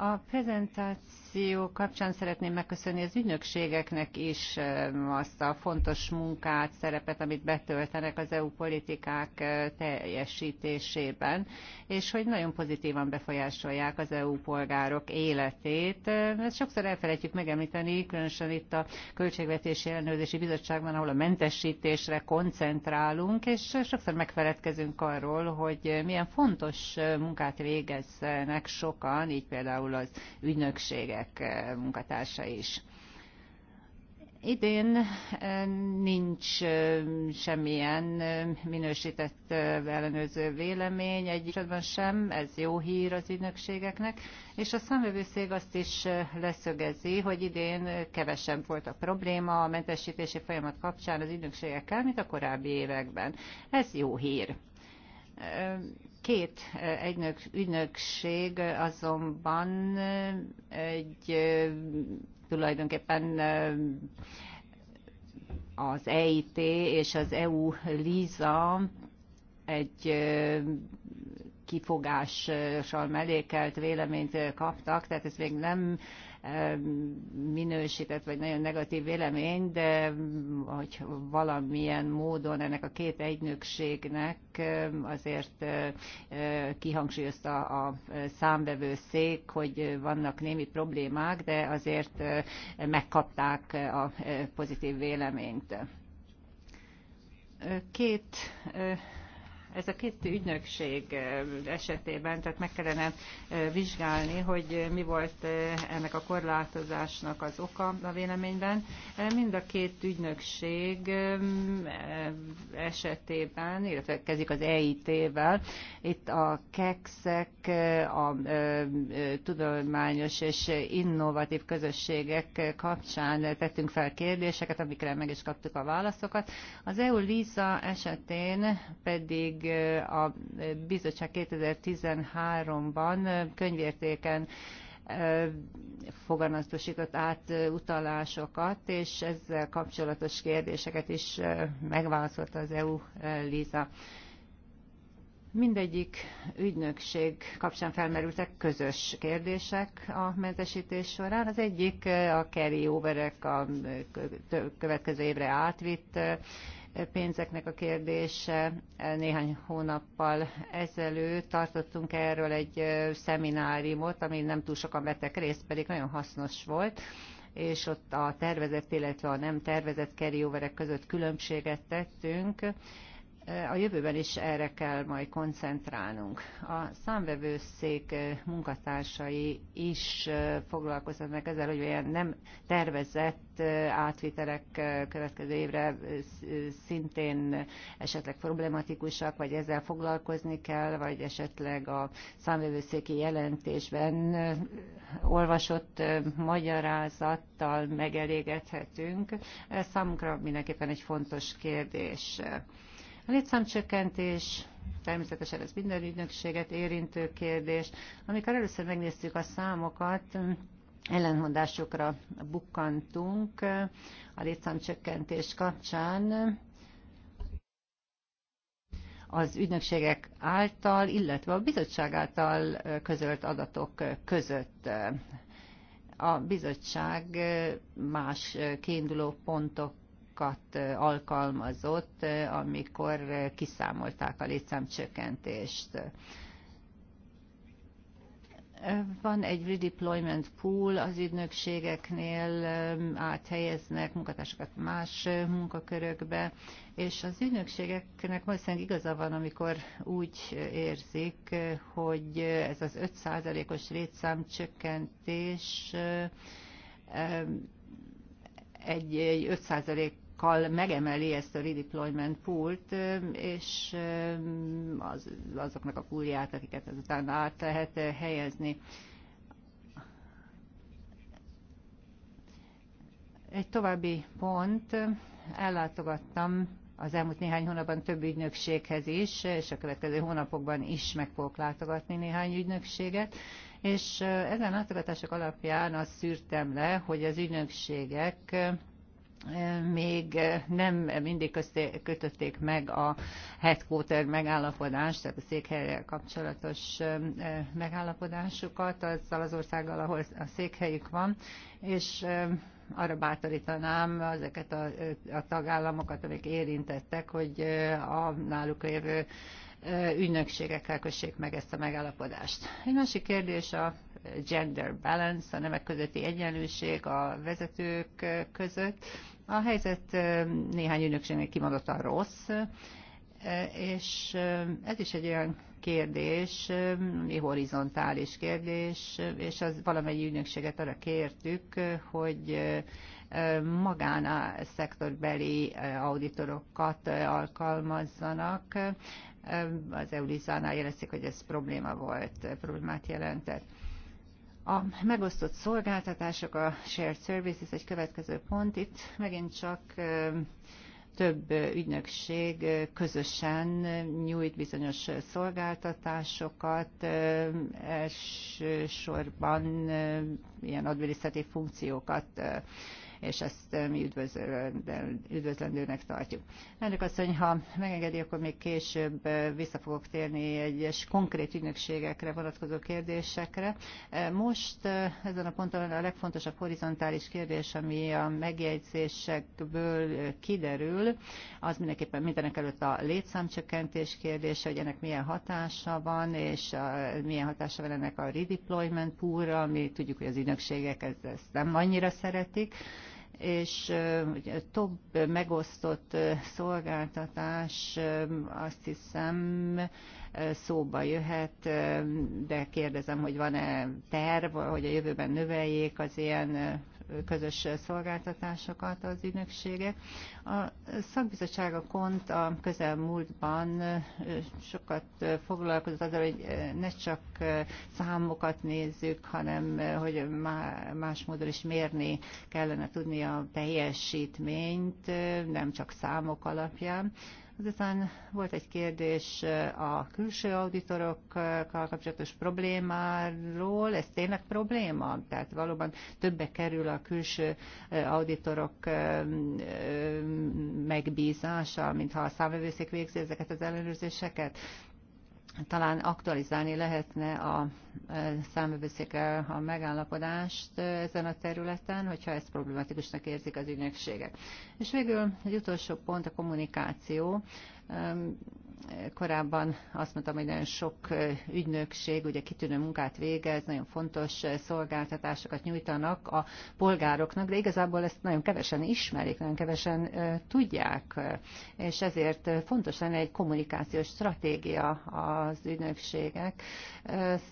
A prezentáció misszió kapcsán szeretném megköszönni az ügynökségeknek is eh, azt a fontos munkát, szerepet, amit betöltenek az EU politikák eh, teljesítésében, és hogy nagyon pozitívan befolyásolják az EU polgárok életét. Eh, ezt sokszor elfelejtjük megemlíteni, különösen itt a Költségvetési Ellenőrzési Bizottságban, ahol a mentesítésre koncentrálunk, és sokszor megfeledkezünk arról, hogy milyen fontos munkát végeznek sokan, így például az ügynökségek ügynökségek eh, munkatársa is. Idén eh, nincs eh, semmilyen minősített ellenőrző vélemény egyikben sem, ez jó hír az ügynökségeknek, és a számvevőszég azt is leszögezi, hogy idén kevesebb volt a probléma a mentesítési folyamat kapcsán az ügynökségekkel, mint a korábbi években. Ez jó hír Két egynök, ügynökség azonban egy tulajdonképpen az EIT és az EU Liza egy kifogással mellékelt véleményt kaptak, tehát ez még nem minősített vagy nagyon negatív vélemény, de hogy valamilyen módon ennek a két egynökségnek azért kihangsúlyozta a számvevő szék, hogy vannak némi problémák, de azért megkapták a pozitív véleményt. Két ez a két ügynökség esetében, tehát meg kellene vizsgálni, hogy mi volt ennek a korlátozásnak az oka a véleményben. Mind a két ügynökség esetében, illetve kezdik az EIT-vel, itt a kekszek, a tudományos és innovatív közösségek kapcsán tettünk fel kérdéseket, amikre meg is kaptuk a válaszokat. Az EU-LISA esetén pedig pedig a bizottság 2013-ban könyvértéken foganatosított átutalásokat, és ezzel kapcsolatos kérdéseket is megválaszolta az EU Liza. Mindegyik ügynökség kapcsán felmerültek közös kérdések a mentesítés során. Az egyik a carry-overek, a következő évre átvitt pénzeknek a kérdése. Néhány hónappal ezelőtt tartottunk erről egy szemináriumot, ami nem túl sokan vettek részt, pedig nagyon hasznos volt és ott a tervezett, illetve a nem tervezett carryoverek között különbséget tettünk, a jövőben is erre kell majd koncentrálnunk. A számvevőszék eh, munkatársai is eh, foglalkoznak ezzel, hogy olyan nem tervezett eh, átvitelek következő évre szintén esetleg problematikusak, vagy ezzel foglalkozni kell, vagy esetleg a számvevőszéki jelentésben olvasott magyarázattal megelégedhetünk. Ez számunkra mindenképpen egy fontos kérdés. A létszámcsökkentés természetesen ez minden ügynökséget érintő kérdés. Amikor először megnéztük a számokat, ellenmondásokra bukkantunk a létszámcsökkentés kapcsán az ügynökségek által, illetve a bizottság által közölt adatok között. A bizottság más kiinduló pontok módszertanokat alkalmazott, amikor kiszámolták a létszámcsökkentést. Van egy redeployment pool az ügynökségeknél, áthelyeznek munkatársakat más munkakörökbe, és az ügynökségeknek valószínűleg igaza van, amikor úgy érzik, hogy ez az 5%-os létszámcsökkentés egy 5% kal megemeli ezt a redeployment pult és az, azoknak a pulját, akiket ezután át lehet helyezni. Egy további pont, ellátogattam az elmúlt néhány hónapban több ügynökséghez is, és a következő hónapokban is meg fogok látogatni néhány ügynökséget, és ezen látogatások alapján azt szűrtem le, hogy az ügynökségek még nem mindig közté, kötötték meg a headquarter megállapodást, tehát a székhelyel kapcsolatos megállapodásukat azzal az országgal, ahol a székhelyük van, és arra bátorítanám ezeket a, a tagállamokat, amik érintettek, hogy a náluk lévő ügynökségekkel kössék meg ezt a megállapodást. Egy másik kérdés a gender balance, a nemek közötti egyenlőség a vezetők között. A helyzet néhány ügynökségnek kimondottan rossz, és ez is egy olyan kérdés, mi horizontális kérdés, és az valamennyi ügynökséget arra kértük, hogy magán a szektorbeli auditorokat alkalmazzanak. Az Eulizánál jelezték, hogy ez probléma volt, problémát jelentett. A megosztott szolgáltatások, a shared services egy következő pont. Itt megint csak több ügynökség közösen nyújt bizonyos szolgáltatásokat, elsősorban ilyen adminisztratív funkciókat és ezt mi üdvözlendőnek tartjuk. Ennek asszony, ha megengedi, akkor még később eh, vissza fogok térni egyes konkrét ügynökségekre vonatkozó kérdésekre. Eh, most eh, ezen a ponton a legfontosabb horizontális kérdés, ami a megjegyzésekből kiderül, az mindenképpen mindenek előtt a létszámcsökkentés kérdése, hogy ennek milyen hatása van, és a, milyen hatása van ennek a redeployment pool ami tudjuk, hogy az ügynökségek ezt, ezt nem annyira szeretik és több megosztott szolgáltatás azt hiszem szóba jöhet, de kérdezem, hogy van-e terv, hogy a jövőben növeljék az ilyen közös szolgáltatásokat az ügynökségek. A szakbizottság a KONT a közelmúltban sokat foglalkozott azzal, hogy ne csak számokat nézzük, hanem hogy más módon is mérni kellene tudni a teljesítményt, nem csak számok alapján. Azután volt egy kérdés a külső auditorokkal kapcsolatos problémáról. Ez tényleg probléma? Tehát valóban többe kerül a külső auditorok megbízása, mintha a számvevőszék végzi ezeket az ellenőrzéseket? talán aktualizálni lehetne a e, számövőszékkel a megállapodást e, ezen a területen, hogyha ezt problematikusnak érzik az ügynökségek. És végül egy utolsó pont a kommunikáció korábban azt mondtam, hogy nagyon sok ügynökség ugye kitűnő munkát végez, nagyon fontos szolgáltatásokat nyújtanak a polgároknak, de igazából ezt nagyon kevesen ismerik, nagyon kevesen tudják, és ezért fontos lenne egy kommunikációs stratégia az ügynökségek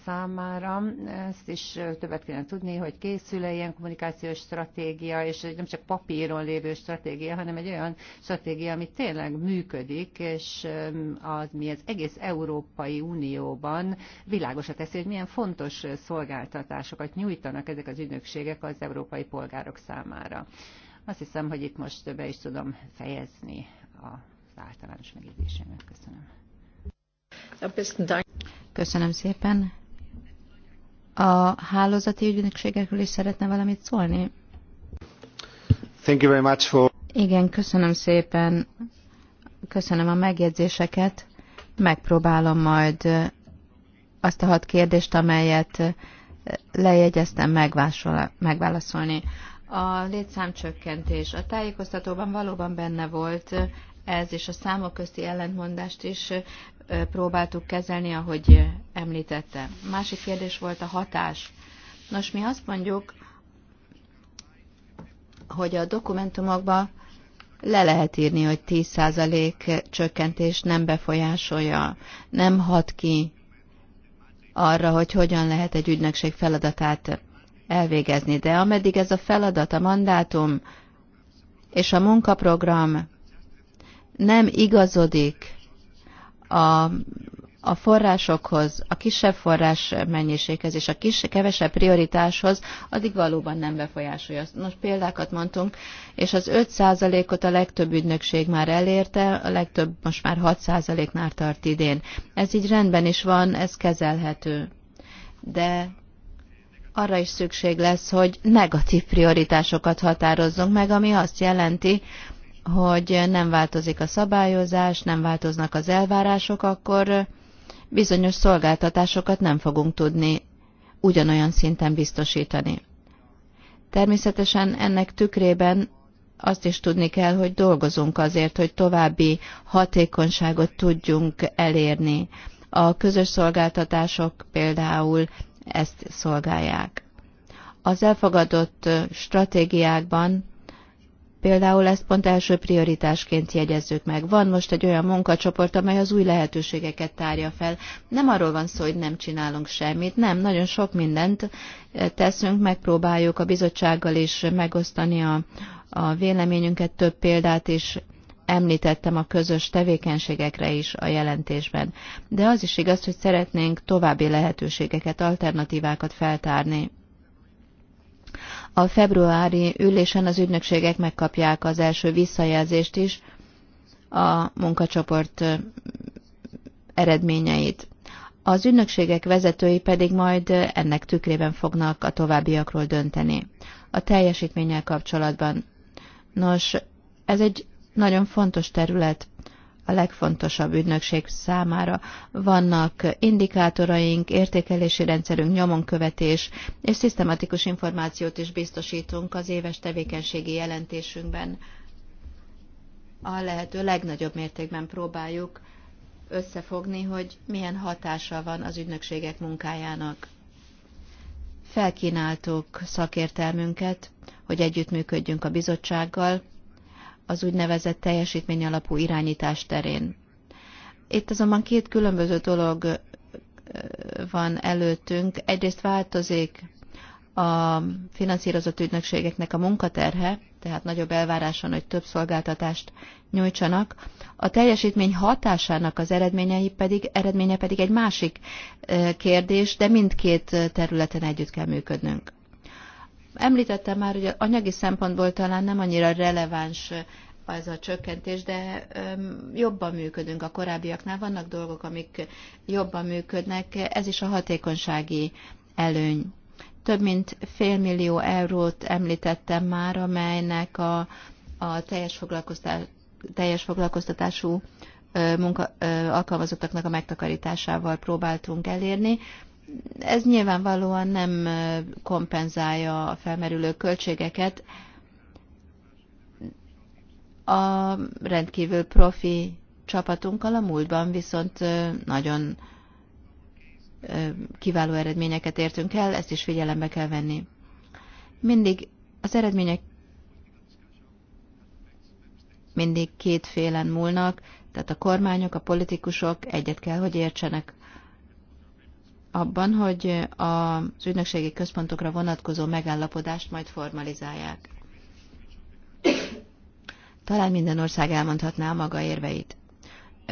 számára. Ezt is többet kéne tudni, hogy készül-e ilyen kommunikációs stratégia, és nem csak papíron lévő stratégia, hanem egy olyan stratégia, ami tényleg működik, és az, mi az egész Európai Unióban világosra teszi, hogy milyen fontos szolgáltatásokat nyújtanak ezek az ügynökségek az európai polgárok számára. Azt hiszem, hogy itt most be is tudom fejezni az általános megjegyzésemet. Köszönöm. Köszönöm szépen. A hálózati ügynökségekről is szeretne valamit szólni? Thank you very much for... Igen, köszönöm szépen Köszönöm a megjegyzéseket. Megpróbálom majd azt a hat kérdést, amelyet lejegyeztem megválaszolni. A létszámcsökkentés. A tájékoztatóban valóban benne volt ez, és a számok közti ellentmondást is próbáltuk kezelni, ahogy említette. Másik kérdés volt a hatás. Nos, mi azt mondjuk, hogy a dokumentumokban le lehet írni, hogy 10% csökkentés nem befolyásolja, nem hat ki arra, hogy hogyan lehet egy ügynökség feladatát elvégezni. De ameddig ez a feladat, a mandátum és a munkaprogram nem igazodik a a forrásokhoz, a kisebb forrás mennyiséghez és a kis, kevesebb prioritáshoz, addig valóban nem befolyásolja. Nos, példákat mondtunk, és az 5%-ot a legtöbb ügynökség már elérte, a legtöbb most már 6%-nál tart idén. Ez így rendben is van, ez kezelhető. De arra is szükség lesz, hogy negatív prioritásokat határozzunk meg, ami azt jelenti, hogy nem változik a szabályozás, nem változnak az elvárások, akkor bizonyos szolgáltatásokat nem fogunk tudni ugyanolyan szinten biztosítani. Természetesen ennek tükrében azt is tudni kell, hogy dolgozunk azért, hogy további hatékonyságot tudjunk elérni. A közös szolgáltatások például ezt szolgálják. Az elfogadott stratégiákban Például ezt pont első prioritásként jegyezzük meg. Van most egy olyan munkacsoport, amely az új lehetőségeket tárja fel. Nem arról van szó, hogy nem csinálunk semmit, nem, nagyon sok mindent eh, teszünk, megpróbáljuk a bizottsággal is megosztani a, a véleményünket, több példát is említettem a közös tevékenységekre is a jelentésben. De az is igaz, hogy szeretnénk további lehetőségeket, alternatívákat feltárni a februári ülésen az ügynökségek megkapják az első visszajelzést is a munkacsoport eredményeit. Az ügynökségek vezetői pedig majd ennek tükrében fognak a továbbiakról dönteni. A teljesítménnyel kapcsolatban. Nos, ez egy nagyon fontos terület a legfontosabb ügynökség számára. Vannak indikátoraink, értékelési rendszerünk, nyomonkövetés, és szisztematikus információt is biztosítunk az éves tevékenységi jelentésünkben. A lehető legnagyobb mértékben próbáljuk összefogni, hogy milyen hatása van az ügynökségek munkájának. Felkínáltuk szakértelmünket, hogy együttműködjünk a bizottsággal, az úgynevezett teljesítmény alapú irányítás terén. Itt azonban két különböző dolog van előttünk. Egyrészt változik a finanszírozott ügynökségeknek a munkaterhe, tehát nagyobb elváráson, hogy több szolgáltatást nyújtsanak. A teljesítmény hatásának az eredményei pedig, eredménye pedig egy másik kérdés, de mindkét területen együtt kell működnünk. Említettem már, hogy anyagi szempontból talán nem annyira releváns ez a csökkentés, de jobban működünk a korábbiaknál. Vannak dolgok, amik jobban működnek. Ez is a hatékonysági előny. Több mint fél millió eurót említettem már, amelynek a, a teljes, foglalkoztatás, teljes foglalkoztatású munka, alkalmazottaknak a megtakarításával próbáltunk elérni ez nyilvánvalóan nem kompenzálja a felmerülő költségeket. A rendkívül profi csapatunkkal a múltban viszont nagyon kiváló eredményeket értünk el, ezt is figyelembe kell venni. Mindig az eredmények mindig kétfélen múlnak, tehát a kormányok, a politikusok egyet kell, hogy értsenek abban, hogy az ügynökségi központokra vonatkozó megállapodást majd formalizálják. Talán minden ország elmondhatná a maga érveit.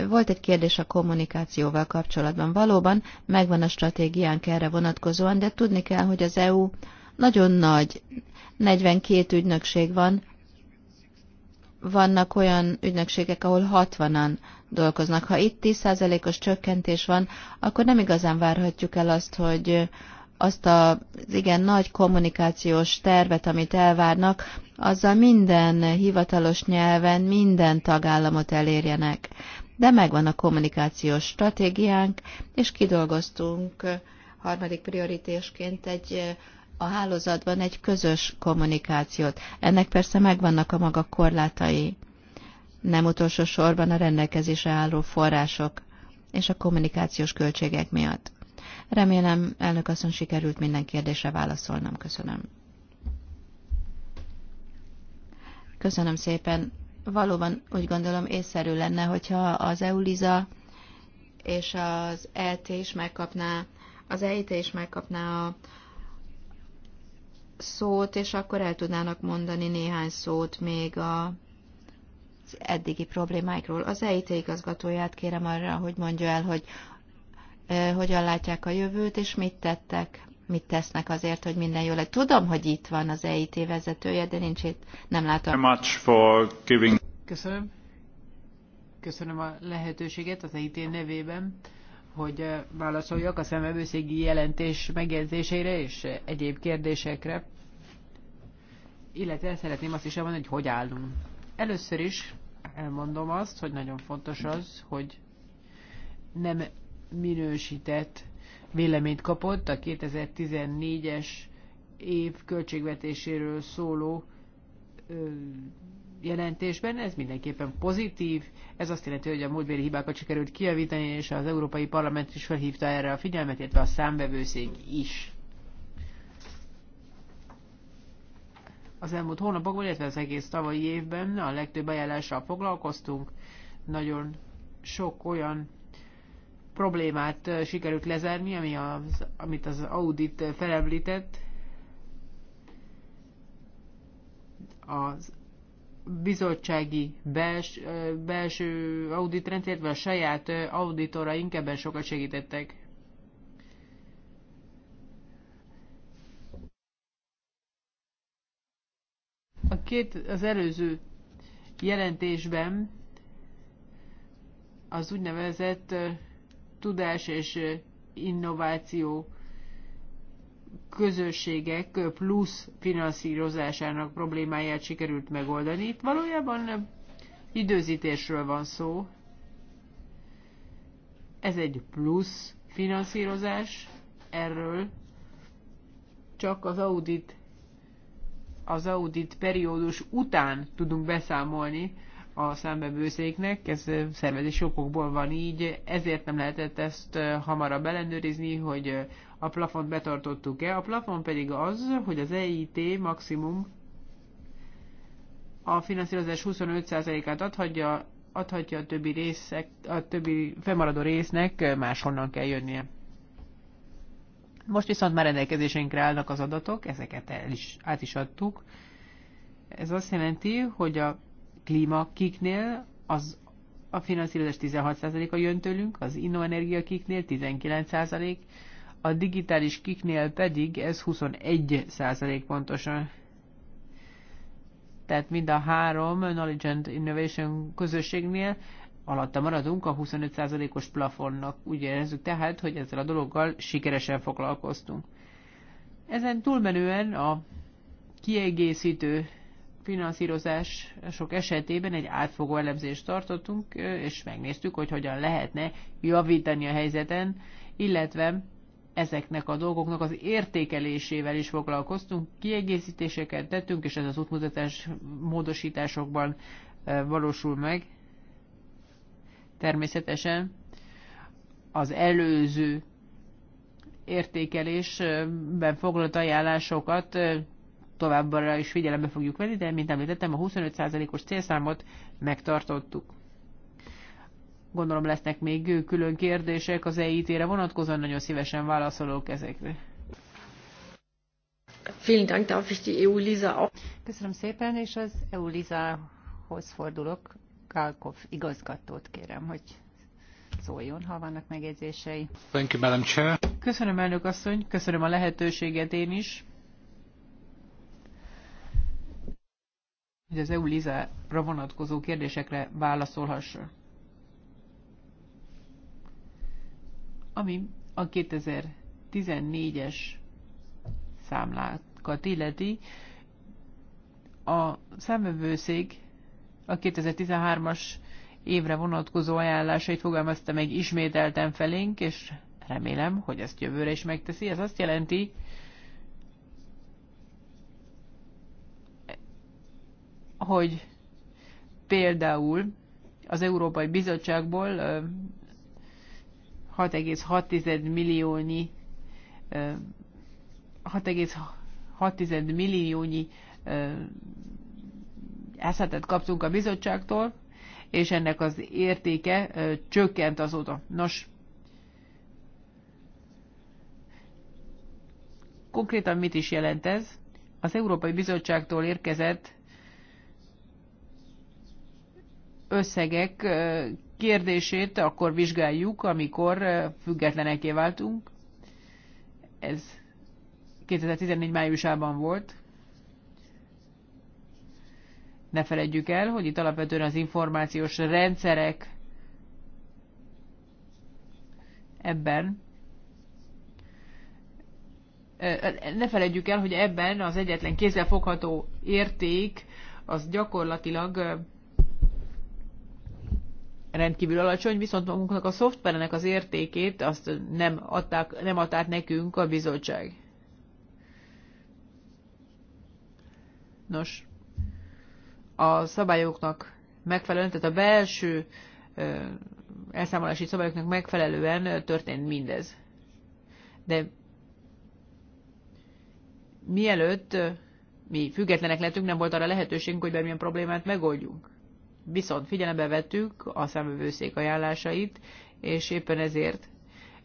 Volt egy kérdés a kommunikációval kapcsolatban. Valóban megvan a stratégiánk erre vonatkozóan, de tudni kell, hogy az EU nagyon nagy, 42 ügynökség van, vannak olyan ügynökségek, ahol 60-an dolgoznak. Ha itt 10%-os csökkentés van, akkor nem igazán várhatjuk el azt, hogy azt az igen nagy kommunikációs tervet, amit elvárnak, azzal minden hivatalos nyelven minden tagállamot elérjenek. De megvan a kommunikációs stratégiánk, és kidolgoztunk harmadik prioritésként egy a hálózatban egy közös kommunikációt. Ennek persze megvannak a maga korlátai nem utolsó sorban a rendelkezésre álló források és a kommunikációs költségek miatt. Remélem, elnök asszony sikerült minden kérdésre válaszolnom. Köszönöm. Köszönöm szépen. Valóban úgy gondolom észszerű lenne, hogyha az EULIZA és az ELT is megkapná, az EIT is megkapná a szót, és akkor el tudnának mondani néhány szót még a eddigi problémáikról. Az EIT igazgatóját kérem arra, hogy mondja el, hogy hogyan látják a jövőt, és mit tettek, mit tesznek azért, hogy minden jól legyen. Tudom, hogy itt van az EIT vezetője, de nincs itt, nem látom. Köszönöm. Köszönöm a lehetőséget az EIT nevében, hogy válaszoljak a szemevőszégi jelentés megjegyzésére és egyéb kérdésekre. Illetve szeretném azt is elmondani, hogy hogy állunk. Először is elmondom azt, hogy nagyon fontos az, hogy nem minősített véleményt kapott a 2014-es év költségvetéséről szóló ö, jelentésben. Ez mindenképpen pozitív. Ez azt jelenti, hogy a múltbéli hibákat sikerült kiavítani, és az Európai Parlament is felhívta erre a figyelmet, illetve a számvevőszék is. az elmúlt hónapokban, illetve az egész tavalyi évben a legtöbb ajánlással foglalkoztunk. Nagyon sok olyan problémát sikerült lezárni, ami az, amit az audit felemlített. Az bizottsági bels, belső auditrend, vagy a saját auditoraink ebben sokat segítettek. A két, az előző jelentésben az úgynevezett tudás és innováció közösségek plusz finanszírozásának problémáját sikerült megoldani. Itt valójában időzítésről van szó. Ez egy plusz finanszírozás, erről csak az audit az audit periódus után tudunk beszámolni a számbevőszéknek, ez szervezési okokból van így, ezért nem lehetett ezt hamarabb ellenőrizni, hogy a plafont betartottuk-e. A plafon pedig az, hogy az EIT maximum a finanszírozás 25%-át adhatja, adhatja a többi részek, a többi fennmaradó résznek máshonnan kell jönnie. Most viszont már rendelkezésünkre állnak az adatok, ezeket el is, át is adtuk. Ez azt jelenti, hogy a klíma kiknél az a finanszírozás 16%-a jön tőlünk, az innoenergia kiknél 19%, a digitális kiknél pedig ez 21% pontosan. Tehát mind a három Knowledge and Innovation közösségnél alatta maradunk a 25%-os plafonnak. Úgy érezzük tehát, hogy ezzel a dologgal sikeresen foglalkoztunk. Ezen túlmenően a kiegészítő finanszírozás sok esetében egy átfogó elemzést tartottunk, és megnéztük, hogy hogyan lehetne javítani a helyzeten, illetve ezeknek a dolgoknak az értékelésével is foglalkoztunk, kiegészítéseket tettünk, és ez az útmutatás módosításokban valósul meg. Természetesen az előző értékelésben foglalt ajánlásokat továbbra is figyelembe fogjuk venni, de mint említettem, a 25%-os célszámot megtartottuk. Gondolom lesznek még külön kérdések az EIT-re vonatkozóan, nagyon szívesen válaszolok ezekre. E Köszönöm szépen, és az EU-Lisához fordulok. Galkov igazgatót kérem, hogy szóljon, ha vannak megjegyzései. Thank you, Madam Chair. Köszönöm, elnök asszony, köszönöm a lehetőséget én is. Hogy az EU-Lizára vonatkozó kérdésekre válaszolhasson. Ami a 2014-es számlákat illeti, a számövőszék a 2013-as évre vonatkozó ajánlásait fogalmazta meg ismételten felénk, és remélem, hogy ezt jövőre is megteszi. Ez azt jelenti, hogy például az Európai Bizottságból 6,6 milliónyi 6,6 milliónyi Eszetet kaptunk a bizottságtól, és ennek az értéke csökkent azóta. Nos, konkrétan mit is jelent ez? Az Európai Bizottságtól érkezett összegek kérdését akkor vizsgáljuk, amikor függetleneké váltunk. Ez 2014 májusában volt. Ne feledjük el, hogy itt alapvetően az információs rendszerek ebben ne felejtjük el, hogy ebben az egyetlen fogható érték az gyakorlatilag rendkívül alacsony, viszont magunknak a szoftverenek az értékét azt nem, adták, nem adták nekünk a bizottság. Nos, a szabályoknak megfelelően, tehát a belső elszámolási szabályoknak megfelelően történt mindez. De mielőtt mi függetlenek lettünk, nem volt arra lehetőségünk, hogy bármilyen problémát megoldjunk. Viszont figyelembe vettük a számövőszék ajánlásait, és éppen ezért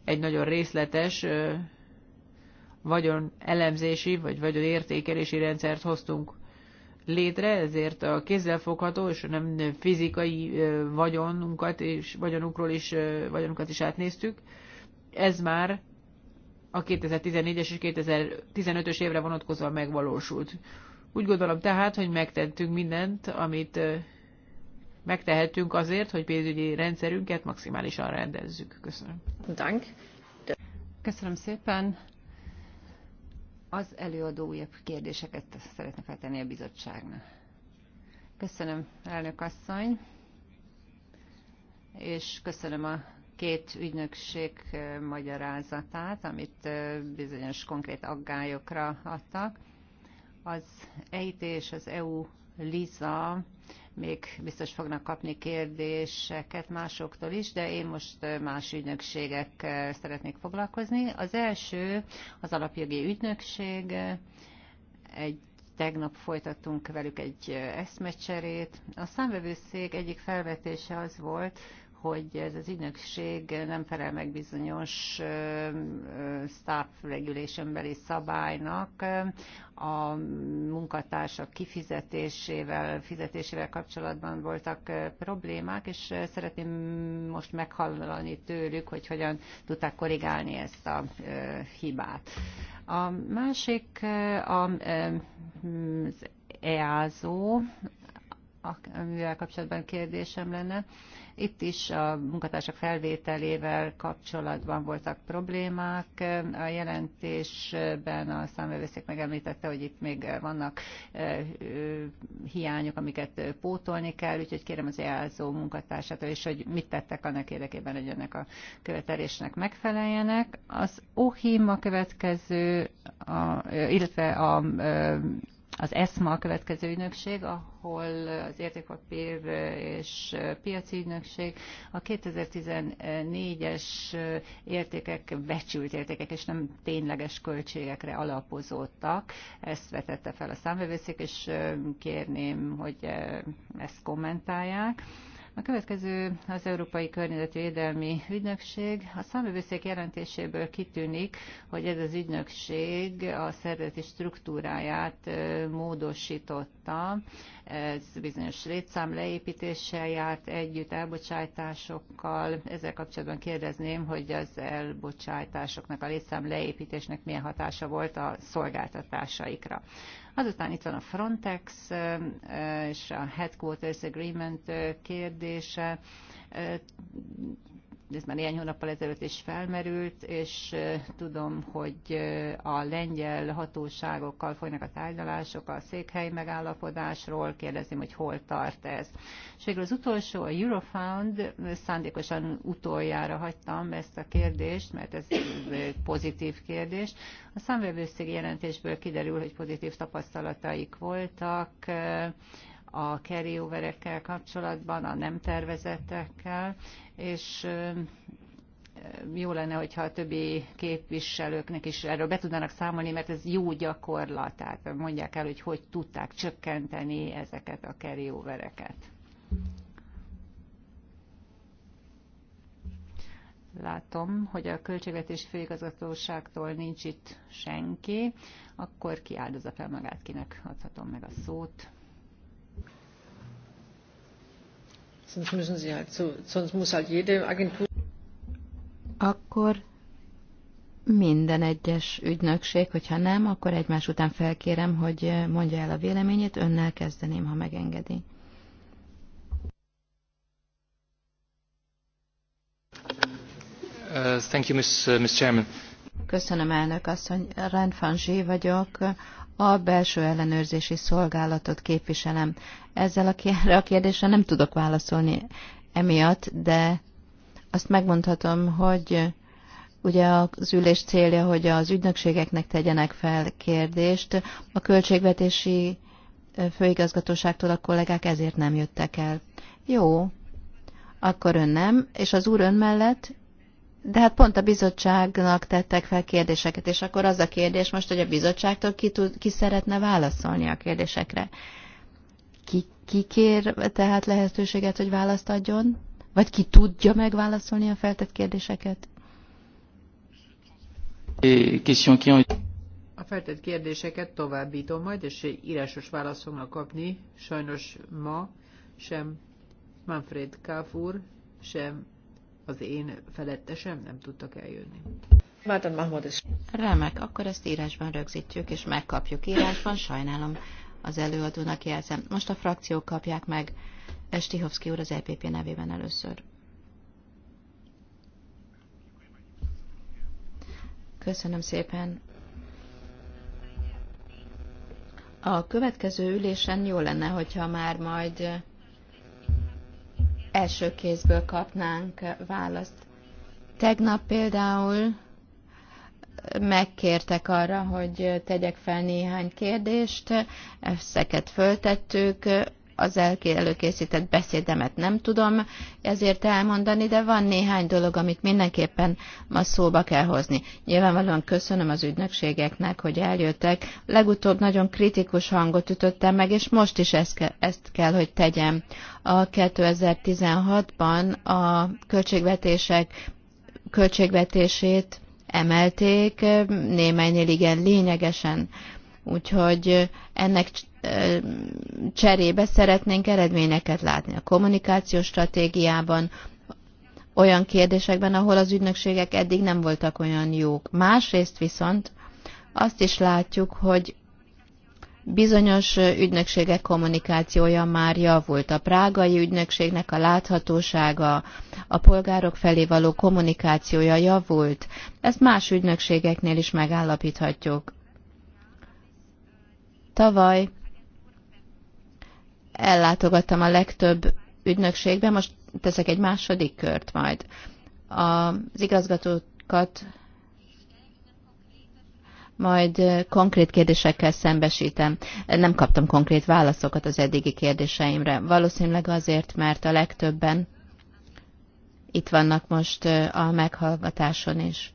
egy nagyon részletes vagyon elemzési vagy vagyon értékelési rendszert hoztunk létre, ezért a kézzelfogható és nem fizikai vagyonunkat és vagyonunkról is, vagyonunkat is átnéztük. Ez már a 2014-es és 2015-ös évre vonatkozóan megvalósult. Úgy gondolom tehát, hogy megtettünk mindent, amit megtehetünk azért, hogy pénzügyi rendszerünket maximálisan rendezzük. Köszönöm. Dank. Köszönöm szépen. Az előadó újabb kérdéseket szeretne feltenni a bizottságnak. Köszönöm, elnök asszony, és köszönöm a két ügynökség magyarázatát, amit bizonyos konkrét aggályokra adtak. Az EIT és az EU LISA még biztos fognak kapni kérdéseket másoktól is, de én most más ügynökségekkel szeretnék foglalkozni. Az első az alapjogi ügynökség. Egy tegnap folytattunk velük egy eszmecserét. A számvevőszék egyik felvetése az volt, hogy ez az ügynökség nem felel meg bizonyos staff regulation beli szabálynak, a munkatársak kifizetésével, fizetésével kapcsolatban voltak problémák, és szeretném most meghallani tőlük, hogy hogyan tudták korrigálni ezt a hibát. A másik a, az EASO, amivel kapcsolatban kérdésem lenne. Itt is a munkatársak felvételével kapcsolatban voltak problémák. A jelentésben a számvevőszék megemlítette, hogy itt még vannak hiányok, amiket pótolni kell, úgyhogy kérem az jelzó munkatársát, és hogy mit tettek annak érdekében, hogy ennek a követelésnek megfeleljenek. Az OHIM a következő, a, illetve a az ESMA a következő ügynökség, ahol az értékpapír és piaci ügynökség a 2014-es értékek becsült értékek, és nem tényleges költségekre alapozódtak. Ezt vetette fel a számvevőszék, és kérném, hogy ezt kommentálják. A következő az Európai Környezetvédelmi Ügynökség. A számövőszék jelentéséből kitűnik, hogy ez az ügynökség a szervezeti struktúráját módosította. Ez bizonyos létszám leépítéssel járt együtt, elbocsátásokkal. Ezzel kapcsolatban kérdezném, hogy az elbocsátásoknak, a létszám leépítésnek milyen hatása volt a szolgáltatásaikra. Azután itt van a Frontex és a Headquarters Agreement kérdése ez már néhány hónappal ezelőtt is felmerült, és tudom, hogy a lengyel hatóságokkal folynak a tárgyalások a székhely megállapodásról, kérdezem, hogy hol tart ez. És végül az utolsó, a Eurofound, szándékosan utoljára hagytam ezt a kérdést, mert ez pozitív kérdés. A számvevőszégi jelentésből kiderül, hogy pozitív tapasztalataik voltak, a carryoverekkel kapcsolatban, a nem tervezettekkel, és jó lenne, hogyha a többi képviselőknek is erről be tudnának számolni, mert ez jó gyakorlat, tehát mondják el, hogy hogy tudták csökkenteni ezeket a carryovereket. Látom, hogy a Költségvetési Főigazgatóságtól nincs itt senki, akkor kiáldozza fel magát, kinek adhatom meg a szót. Sonst müssen sie halt so, sonst muss halt jede Agentur. Akkor minden egyes ügynökség, hogyha nem, akkor egymás után felkérem, hogy mondja el a véleményét, önnel kezdeném, ha megengedi. Uh, thank you, Ms. Uh, Ms. Chairman. Köszönöm, elnök asszony. Rend vagyok. A belső ellenőrzési szolgálatot képviselem ezzel a, erre a kérdésre nem tudok válaszolni emiatt, de azt megmondhatom, hogy ugye az ülés célja, hogy az ügynökségeknek tegyenek fel kérdést. A költségvetési főigazgatóságtól a kollégák ezért nem jöttek el. Jó, akkor ön nem, és az úr ön mellett, de hát pont a bizottságnak tettek fel kérdéseket, és akkor az a kérdés most, hogy a bizottságtól ki, tud, ki szeretne válaszolni a kérdésekre ki, ki kér tehát lehetőséget, hogy választ adjon? Vagy ki tudja megválaszolni a feltett kérdéseket? A feltett kérdéseket továbbítom majd, és írásos választ fognak kapni. Sajnos ma sem Manfred Káfúr, sem az én felettesem nem tudtak eljönni. Remek, akkor ezt írásban rögzítjük, és megkapjuk írásban, sajnálom az előadónak jelzem. Most a frakciók kapják meg. Estihovszki úr az EPP nevében először. Köszönöm szépen. A következő ülésen jó lenne, hogyha már majd első kézből kapnánk választ. Tegnap például megkértek arra, hogy tegyek fel néhány kérdést, ezeket föltettük, az előkészített beszédemet nem tudom ezért elmondani, de van néhány dolog, amit mindenképpen ma szóba kell hozni. Nyilvánvalóan köszönöm az ügynökségeknek, hogy eljöttek. Legutóbb nagyon kritikus hangot ütöttem meg, és most is ezt, ke- ezt kell, hogy tegyem. A 2016-ban a költségvetések költségvetését emelték, némelynél igen lényegesen. Úgyhogy ennek cserébe szeretnénk eredményeket látni a kommunikációs stratégiában, olyan kérdésekben, ahol az ügynökségek eddig nem voltak olyan jók. Másrészt viszont azt is látjuk, hogy Bizonyos ügynökségek kommunikációja már javult. A prágai ügynökségnek a láthatósága, a polgárok felé való kommunikációja javult. Ezt más ügynökségeknél is megállapíthatjuk. Tavaly ellátogattam a legtöbb ügynökségbe, most teszek egy második kört majd. Az igazgatókat majd konkrét kérdésekkel szembesítem. Nem kaptam konkrét válaszokat az eddigi kérdéseimre. Valószínűleg azért, mert a legtöbben itt vannak most a meghallgatáson is.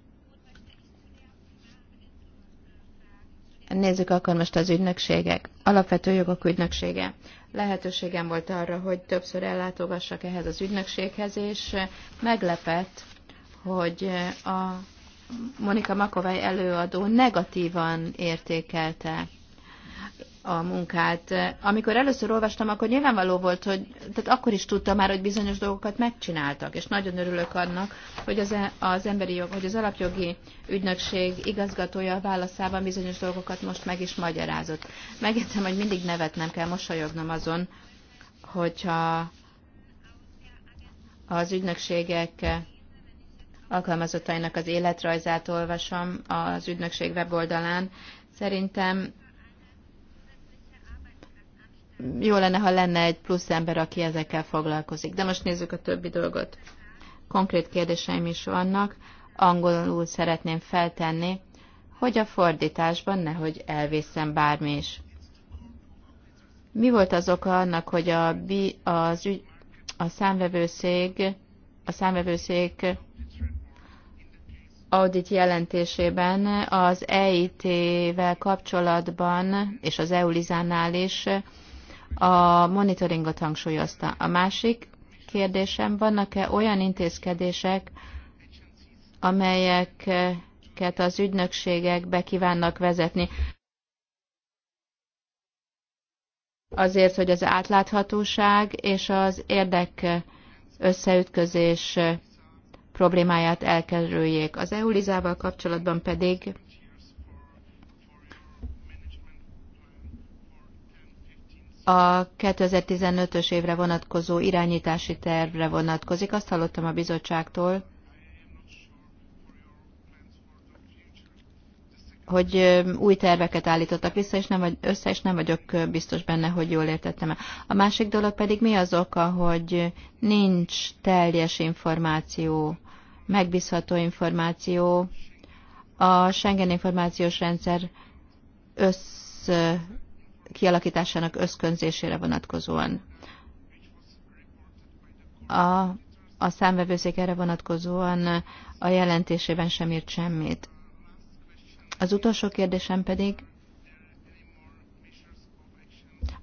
Nézzük akkor most az ügynökségek. Alapvető jogok ügynöksége. Lehetőségem volt arra, hogy többször ellátogassak ehhez az ügynökséghez, és meglepett, hogy a Monika Makovály előadó negatívan értékelte a munkát. Amikor először olvastam, akkor nyilvánvaló volt, hogy tehát akkor is tudtam már, hogy bizonyos dolgokat megcsináltak, és nagyon örülök annak, hogy az, e, az emberi jog, hogy az alapjogi ügynökség igazgatója a válaszában bizonyos dolgokat most meg is magyarázott. Megértem, hogy mindig nevetnem kell, mosolyognom azon, hogyha az ügynökségek alkalmazottainak az életrajzát olvasom az ügynökség weboldalán. Szerintem jó lenne, ha lenne egy plusz ember, aki ezekkel foglalkozik. De most nézzük a többi dolgot. Konkrét kérdéseim is vannak. Angolul szeretném feltenni, hogy a fordításban nehogy elvészem bármi is. Mi volt az oka annak, hogy a, az ügy, a számvevőszék, a számvevőszék audit jelentésében az EIT-vel kapcsolatban és az EULIZÁnál is a monitoringot hangsúlyozta. A másik kérdésem, vannak-e olyan intézkedések, amelyeket az ügynökségek be kívánnak vezetni? Azért, hogy az átláthatóság és az érdek összeütközés problémáját elkerüljék. Az EULIZával kapcsolatban pedig a 2015-ös évre vonatkozó irányítási tervre vonatkozik. Azt hallottam a bizottságtól, hogy új terveket állítottak vissza, és nem vagy, össze, és nem vagyok biztos benne, hogy jól értettem -e. A másik dolog pedig mi az oka, hogy nincs teljes információ megbízható információ a Schengen információs rendszer össz kialakításának összkönzésére vonatkozóan. A, a számvevőszék erre vonatkozóan a jelentésében sem írt semmit. Az utolsó kérdésem pedig,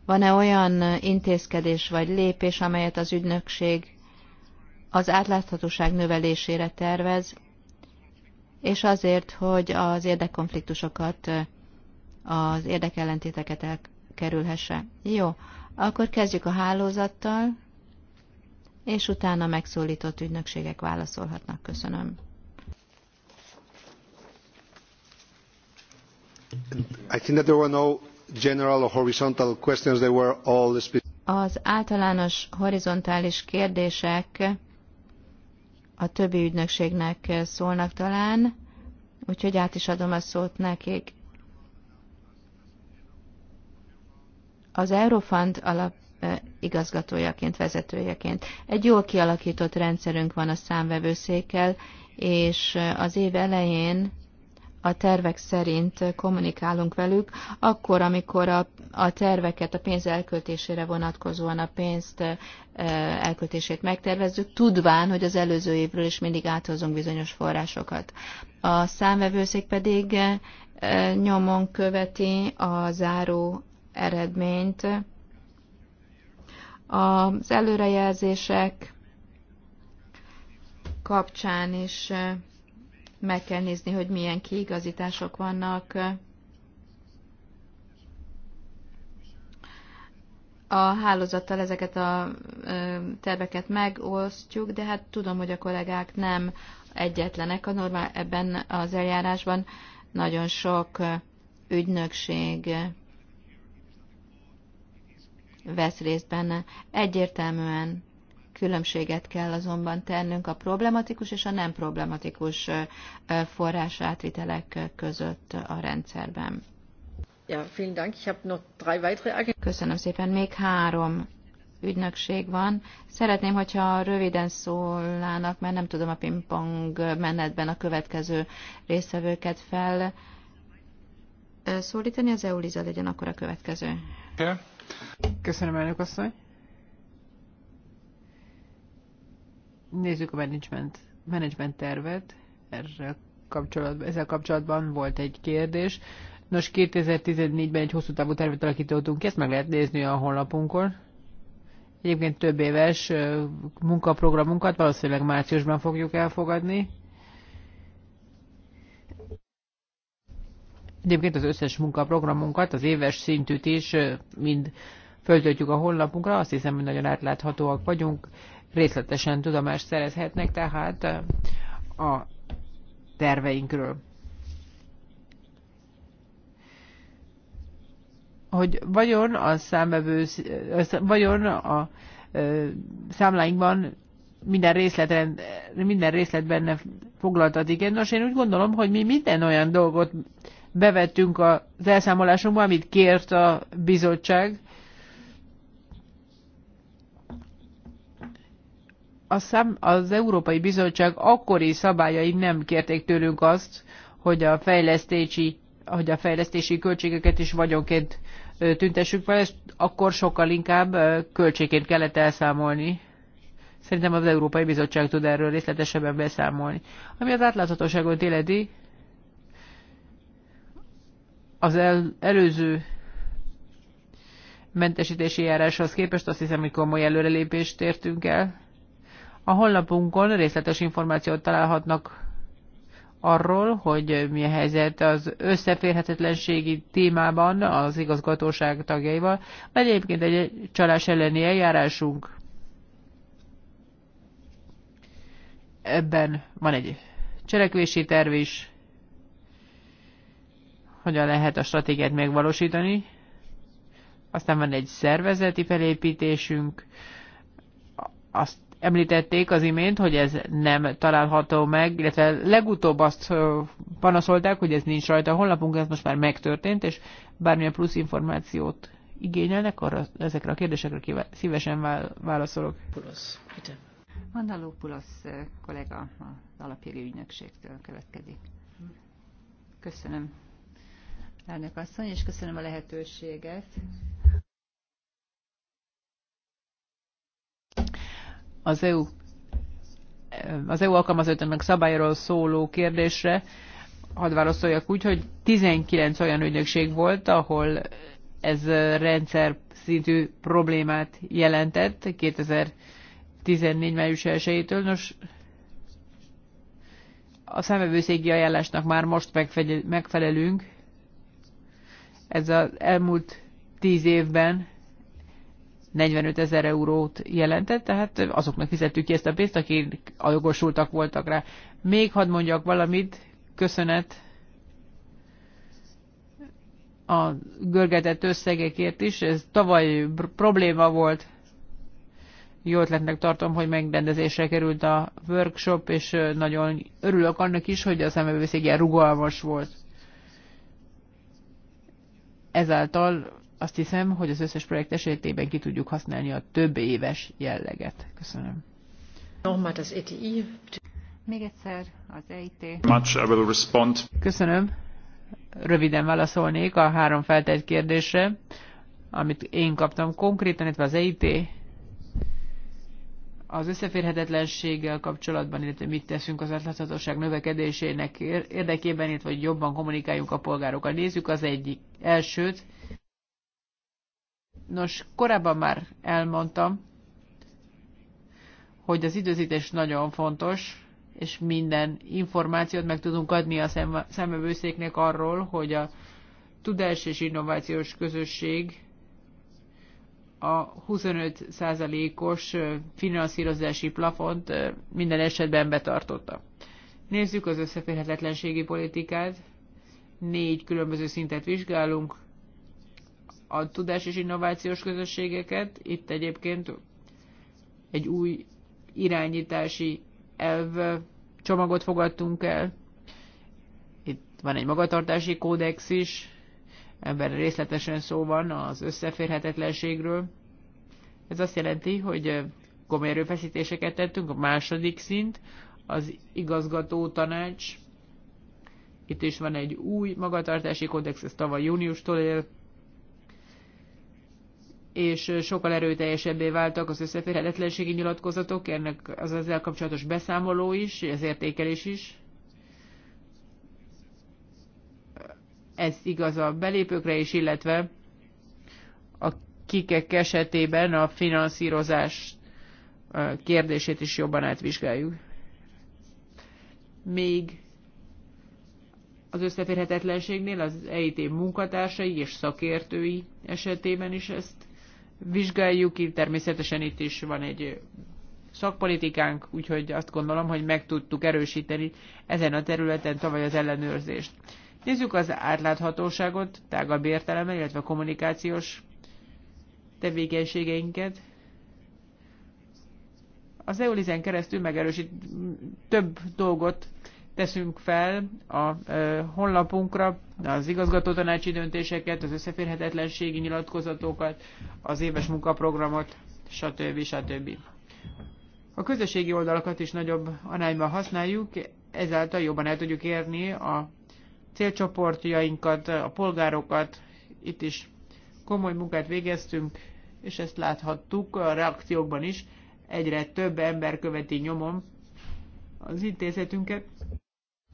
van-e olyan intézkedés vagy lépés, amelyet az ügynökség az átláthatóság növelésére tervez, és azért, hogy az érdekkonfliktusokat, az érdekellentéteket elkerülhesse. Jó, akkor kezdjük a hálózattal, és utána megszólított ügynökségek válaszolhatnak. Köszönöm. I think that there were no general or horizontal questions, they were all Az általános horizontális kérdések a többi ügynökségnek szólnak talán, úgyhogy át is adom a szót nekik. Az Eurofund alap igazgatójaként, vezetőjeként. Egy jól kialakított rendszerünk van a számvevőszékkel, és az év elején a tervek szerint kommunikálunk velük, akkor, amikor a, a terveket a pénz elköltésére vonatkozóan a pénzt elköltését megtervezzük, tudván, hogy az előző évről is mindig áthozunk bizonyos forrásokat. A számvevőszék pedig nyomon követi a záró eredményt. Az előrejelzések kapcsán is meg kell nézni, hogy milyen kiigazítások vannak a hálózattal ezeket a terveket megosztjuk, de hát tudom, hogy a kollégák nem egyetlenek a normál, ebben az eljárásban. Nagyon sok ügynökség vesz részt benne. Egyértelműen Különbséget kell azonban tennünk a problematikus és a nem problematikus forrás átvitelek között a rendszerben. Ja, vielen Dank. Ich habe noch drei weitere Köszönöm szépen. Még három ügynökség van. Szeretném, hogyha röviden szólnának, mert nem tudom a pingpong menetben a következő részvevőket fel szólítani. Az EU-Liza legyen akkor a következő. Köszönöm, elnök asszony. Nézzük a management, management tervet. Erre kapcsolatban, ezzel kapcsolatban volt egy kérdés. Nos, 2014-ben egy hosszú távú tervet alakítottunk ki, ezt meg lehet nézni a honlapunkon. Egyébként több éves munkaprogramunkat valószínűleg márciusban fogjuk elfogadni. Egyébként az összes munkaprogramunkat, az éves szintűt is mind föltöltjük a honlapunkra, azt hiszem, hogy nagyon átláthatóak vagyunk részletesen tudomást szerezhetnek tehát eh, a terveinkről. Hogy vajon a számbevő, eh, vajon a eh, számláinkban minden, részleten minden részlet benne foglaltatik. Nos, én úgy gondolom, hogy mi minden olyan dolgot bevettünk az elszámolásunkba, amit kért a bizottság, szám, az Európai Bizottság akkori szabályai nem kérték tőlünk azt, hogy a fejlesztési, hogy a fejlesztési költségeket is vagyonként tüntessük fel, ezt akkor sokkal inkább költségként kellett elszámolni. Szerintem az Európai Bizottság tud erről részletesebben beszámolni. Ami az átláthatóságot illeti, az el, előző mentesítési járáshoz képest azt hiszem, hogy komoly előrelépést értünk el. A honlapunkon részletes információt találhatnak arról, hogy mi a helyzet az összeférhetetlenségi témában az igazgatóság tagjaival, vagy egyébként egy csalás elleni eljárásunk. Ebben van egy cselekvési terv is, hogyan lehet a stratégiát megvalósítani. Aztán van egy szervezeti felépítésünk, azt Említették az imént, hogy ez nem található meg, illetve legutóbb azt panaszolták, hogy ez nincs rajta a honlapunk, ez most már megtörtént, és bármilyen plusz információt igényelnek, arra ezekre a kérdésekre szívesen válaszolok. Mandaló Pulosz kollega az alapjogi ügynökségtől következik. Köszönöm, elnök asszony, és köszönöm a lehetőséget. az EU az EU alkalmazottának szabályról szóló kérdésre hadd válaszoljak úgy, hogy 19 olyan ügynökség volt, ahol ez rendszer szintű problémát jelentett 2014 május 1-től. Nos, a számvevőszégi ajánlásnak már most megfelelünk. Ez az elmúlt tíz évben 45 ezer eurót jelentett, tehát azoknak fizettük ki ezt a pénzt, akik a jogosultak voltak rá. Még hadd mondjak valamit, köszönet a görgetett összegekért is, ez tavaly probléma volt. Jó ötletnek tartom, hogy megrendezésre került a workshop, és nagyon örülök annak is, hogy a szemebőszék ilyen rugalmas volt. Ezáltal azt hiszem, hogy az összes projekt esetében ki tudjuk használni a több éves jelleget. Köszönöm. az e Még egyszer az EIT. Much, I will respond. Köszönöm. Röviden válaszolnék a három feltett kérdésre, amit én kaptam konkrétan, illetve az EIT az összeférhetetlenséggel kapcsolatban, illetve mit teszünk az átláthatóság növekedésének érdekében, illetve hogy jobban kommunikáljunk a polgárokkal. Nézzük az egyik elsőt, Nos, korábban már elmondtam, hogy az időzítés nagyon fontos, és minden információt meg tudunk adni a szemövőszéknek arról, hogy a tudás és innovációs közösség a 25%-os finanszírozási plafont minden esetben betartotta. Nézzük az összeférhetetlenségi politikát. Négy különböző szintet vizsgálunk, a tudás és innovációs közösségeket. Itt egyébként egy új irányítási elv csomagot fogadtunk el. Itt van egy magatartási kódex is, ebben részletesen szó van az összeférhetetlenségről. Ez azt jelenti, hogy komoly erőfeszítéseket tettünk. A második szint az igazgató tanács. Itt is van egy új magatartási kódex, ez tavaly júniustól él és sokkal erőteljesebbé váltak az összeférhetetlenségi nyilatkozatok, ennek az ezzel kapcsolatos beszámoló is, az értékelés is. Ez igaz a belépőkre is, illetve a kikek esetében a finanszírozás kérdését is jobban átvizsgáljuk. Még az összeférhetetlenségnél az EIT munkatársai és szakértői esetében is ezt vizsgáljuk ki. Természetesen itt is van egy szakpolitikánk, úgyhogy azt gondolom, hogy meg tudtuk erősíteni ezen a területen tavaly az ellenőrzést. Nézzük az átláthatóságot, tágabb értelemben, illetve a kommunikációs tevékenységeinket. Az EULIZEN keresztül megerősít több dolgot teszünk fel a honlapunkra az igazgatótanácsi döntéseket, az összeférhetetlenségi nyilatkozatokat, az éves munkaprogramot, stb. stb. A közösségi oldalakat is nagyobb arányban használjuk, ezáltal jobban el tudjuk érni a célcsoportjainkat, a polgárokat. Itt is komoly munkát végeztünk, és ezt láthattuk a reakciókban is. Egyre több ember követi nyomon az intézetünket,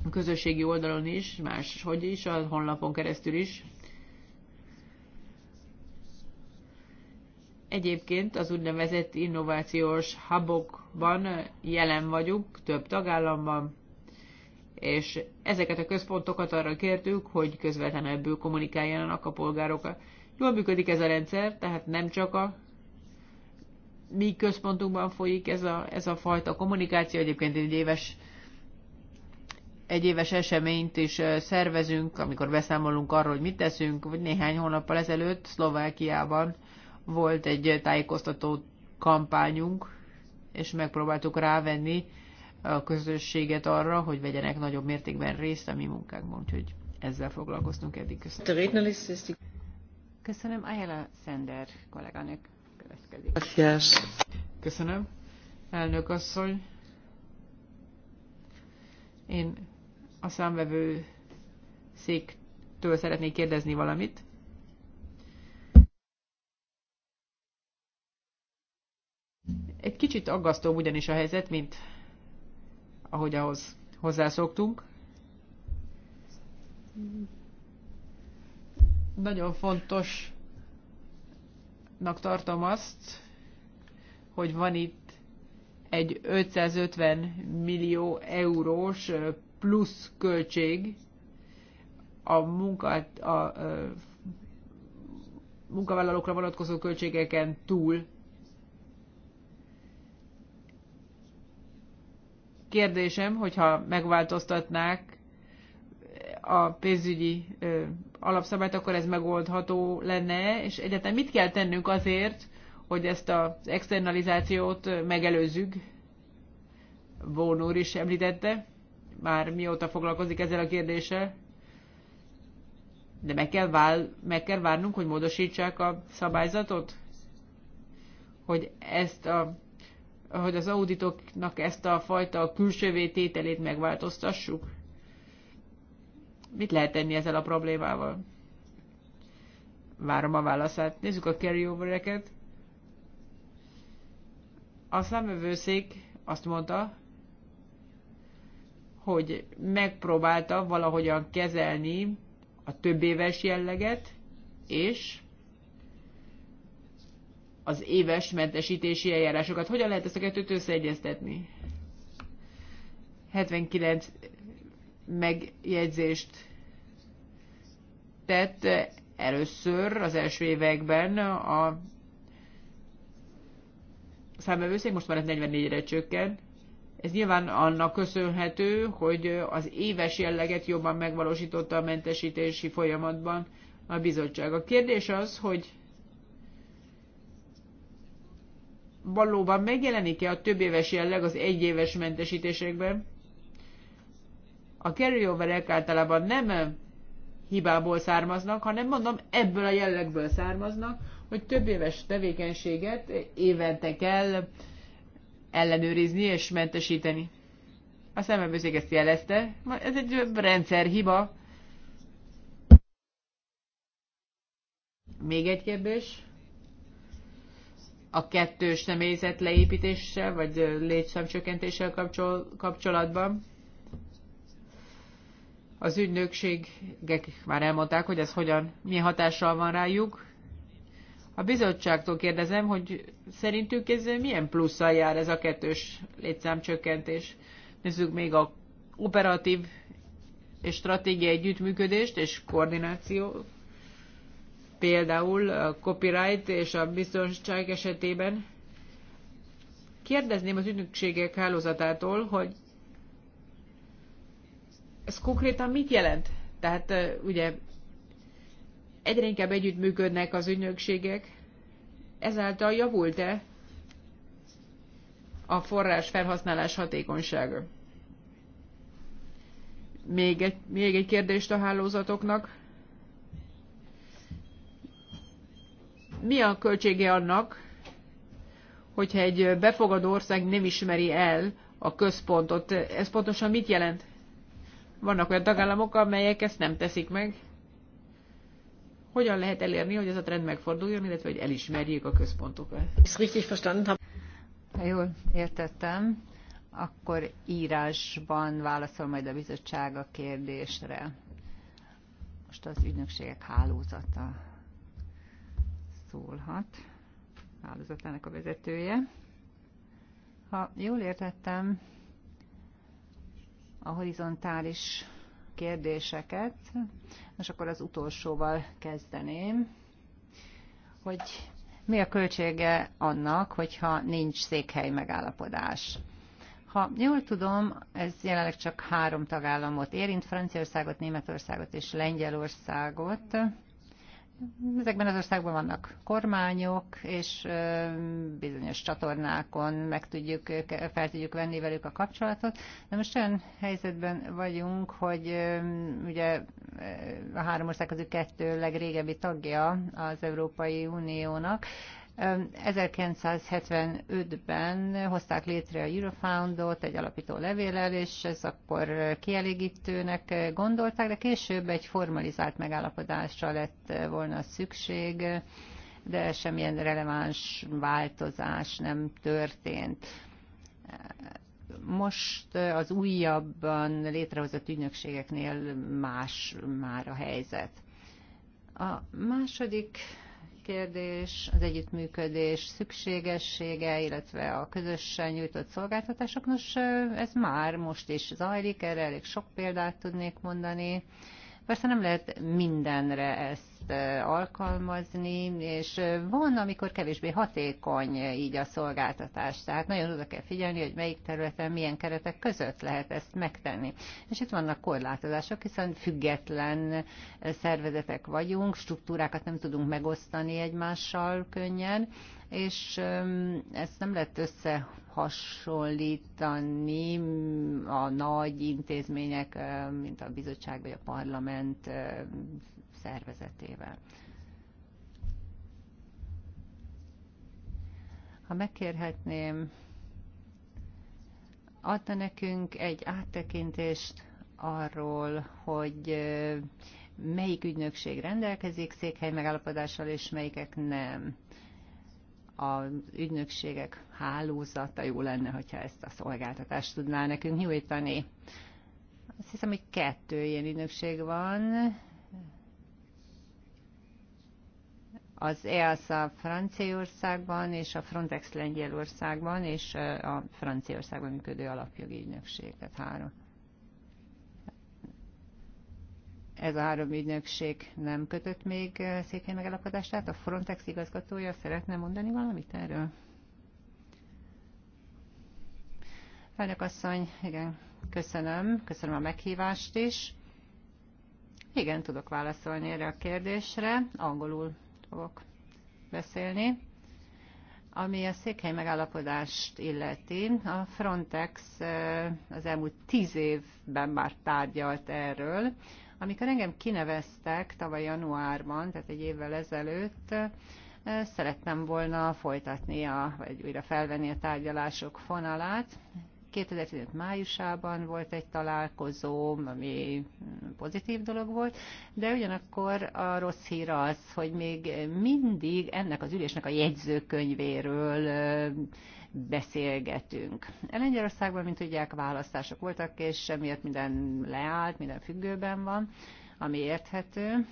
a közösségi oldalon is, máshogy is, a honlapon keresztül is. Egyébként az úgynevezett innovációs hubokban jelen vagyunk, több tagállamban, és ezeket a központokat arra kértük, hogy közvetlenebbül kommunikáljanak a polgárokkal. Jól működik ez a rendszer, tehát nem csak a mi központunkban folyik ez a, ez a fajta kommunikáció, egyébként egy éves egyéves eseményt is szervezünk, amikor beszámolunk arról, hogy mit teszünk, vagy néhány hónappal ezelőtt Szlovákiában volt egy tájékoztató kampányunk, és megpróbáltuk rávenni a közösséget arra, hogy vegyenek nagyobb mértékben részt a mi munkánkban, úgyhogy ezzel foglalkoztunk eddig. Köszönöm. Köszönöm. Ayala Sender kolléganők következik. Köszönöm. Elnök asszony. Én a számvevő széktől szeretnék kérdezni valamit. Egy kicsit aggasztó ugyanis a helyzet, mint ahogy ahhoz hozzászoktunk. Nagyon fontosnak tartom azt, hogy van itt egy 550 millió eurós plusz költség a, munkát, a, a munkavállalókra vonatkozó költségeken túl. Kérdésem, hogyha megváltoztatnák a pénzügyi ö, alapszabályt, akkor ez megoldható lenne, és egyáltalán mit kell tennünk azért, hogy ezt az externalizációt megelőzzük? Vón is említette már mióta foglalkozik ezzel a kérdéssel, de meg kell, vál, meg kell várnunk, hogy módosítsák a szabályzatot, hogy ezt a hogy az auditoknak ezt a fajta külsővé tételét megváltoztassuk? Mit lehet tenni ezzel a problémával? Várom a válaszát. Nézzük a carryover-eket. A számövőszék azt mondta, hogy megpróbálta valahogyan kezelni a több éves jelleget, és az éves mentesítési eljárásokat. Hogyan lehet ezt a kettőt összeegyeztetni? 79 megjegyzést tett először az első években a számövőszék, most már ez 44-re csökkent, ez nyilván annak köszönhető, hogy az éves jelleget jobban megvalósította a mentesítési folyamatban a bizottság. A kérdés az, hogy valóban megjelenik-e a több éves jelleg az egyéves mentesítésekben? A carryoverek általában nem hibából származnak, hanem mondom, ebből a jellegből származnak, hogy több éves tevékenységet évente kell ellenőrizni és mentesíteni. A szemembőség ezt jelezte, ez egy rendszerhiba. Még egy kérdés. A kettős személyzet leépítéssel, vagy létszámcsökkentéssel kapcsol, kapcsolatban az ügynökségek már elmondták, hogy ez hogyan, milyen hatással van rájuk. A bizottságtól kérdezem, hogy szerintük ez milyen plusszal jár ez a kettős létszámcsökkentés. Nézzük még a operatív és stratégiai együttműködést és koordináció. Például a copyright és a biztonság esetében. Kérdezném az ügynökségek hálózatától, hogy ez konkrétan mit jelent? Tehát ugye egyre inkább együttműködnek az ügynökségek. Ezáltal javult-e a forrás felhasználás hatékonysága? Még egy, még egy kérdést a hálózatoknak. Mi a költsége annak, hogyha egy befogadó ország nem ismeri el a központot? Ez pontosan mit jelent? Vannak olyan tagállamok, amelyek ezt nem teszik meg hogyan lehet elérni, hogy ez a trend megforduljon, illetve hogy elismerjék a központokat. Ha jól értettem, akkor írásban válaszol majd a bizottság a kérdésre. Most az ügynökségek hálózata szólhat, hálózatának a vezetője. Ha jól értettem, a horizontális kérdéseket Nos, akkor az utolsóval kezdeném, hogy mi a költsége annak, hogyha nincs székhely megállapodás. Ha jól tudom, ez jelenleg csak három tagállamot érint, Franciaországot, Németországot és Lengyelországot. Ezekben az országban vannak kormányok, és bizonyos csatornákon meg tudjuk, fel tudjuk venni velük a kapcsolatot. De most olyan helyzetben vagyunk, hogy ugye a három ország közül kettő legrégebbi tagja az Európai Uniónak, 1975-ben hozták létre a Eurofoundot egy alapító levélel, és ez akkor kielégítőnek gondolták, de később egy formalizált megállapodásra lett volna szükség, de semmilyen releváns változás nem történt. Most az újabban létrehozott ügynökségeknél más már a helyzet. A második kérdés, az együttműködés szükségessége, illetve a közösen nyújtott szolgáltatások. Nos, ez már most is zajlik, erre elég sok példát tudnék mondani. Persze nem lehet mindenre ezt ezt alkalmazni, és van, amikor kevésbé hatékony így a szolgáltatás. Tehát nagyon oda kell figyelni, hogy melyik területen, milyen keretek között lehet ezt megtenni. És itt vannak korlátozások, hiszen független szervezetek vagyunk, struktúrákat nem tudunk megosztani egymással könnyen, és ezt nem lehet összehasonlítani a nagy intézmények, mint a bizottság vagy a parlament szervezetével. Ha megkérhetném, adna nekünk egy áttekintést arról, hogy melyik ügynökség rendelkezik székhely megállapodással, és melyikek nem. A ügynökségek hálózata jó lenne, hogyha ezt a szolgáltatást tudná nekünk nyújtani. Azt hiszem, hogy kettő ilyen ügynökség van, az EASA Franciaországban és a Frontex Lengyelországban és a Franciaországban működő alapjogi ügynökség, tehát három. Ez a három ügynökség nem kötött még székely megállapodást, tehát a Frontex igazgatója szeretne mondani valamit erről? Elnök asszony, igen, köszönöm, köszönöm a meghívást is. Igen, tudok válaszolni erre a kérdésre. Angolul fogok beszélni. Ami a székhely megállapodást illeti, a Frontex az elmúlt tíz évben már tárgyalt erről. Amikor engem kineveztek tavaly januárban, tehát egy évvel ezelőtt, szerettem volna folytatni, a, vagy újra felvenni a tárgyalások fonalát, 2015 májusában volt egy találkozó, ami pozitív dolog volt, de ugyanakkor a rossz hír az, hogy még mindig ennek az ülésnek a jegyzőkönyvéről beszélgetünk. Lengyelországban, mint tudják, választások voltak, és emiatt minden leállt, minden függőben van, ami érthető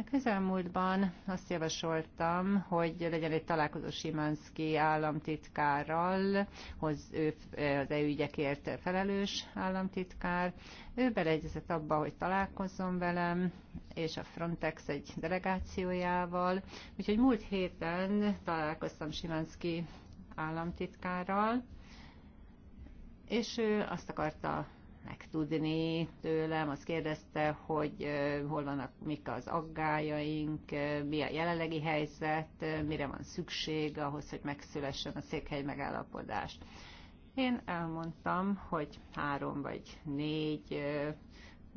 a közelmúltban azt javasoltam, hogy legyen egy találkozó Simanszki államtitkárral, hoz, ő az EU ügyekért felelős államtitkár. Ő beleegyezett abba, hogy találkozzon velem, és a Frontex egy delegációjával. Úgyhogy múlt héten találkoztam Simanszki államtitkárral, és ő azt akarta megtudni tőlem, azt kérdezte, hogy hol vannak, mik az aggájaink, mi a jelenlegi helyzet, mire van szükség ahhoz, hogy megszülessen a székhely megállapodás. Én elmondtam, hogy három vagy négy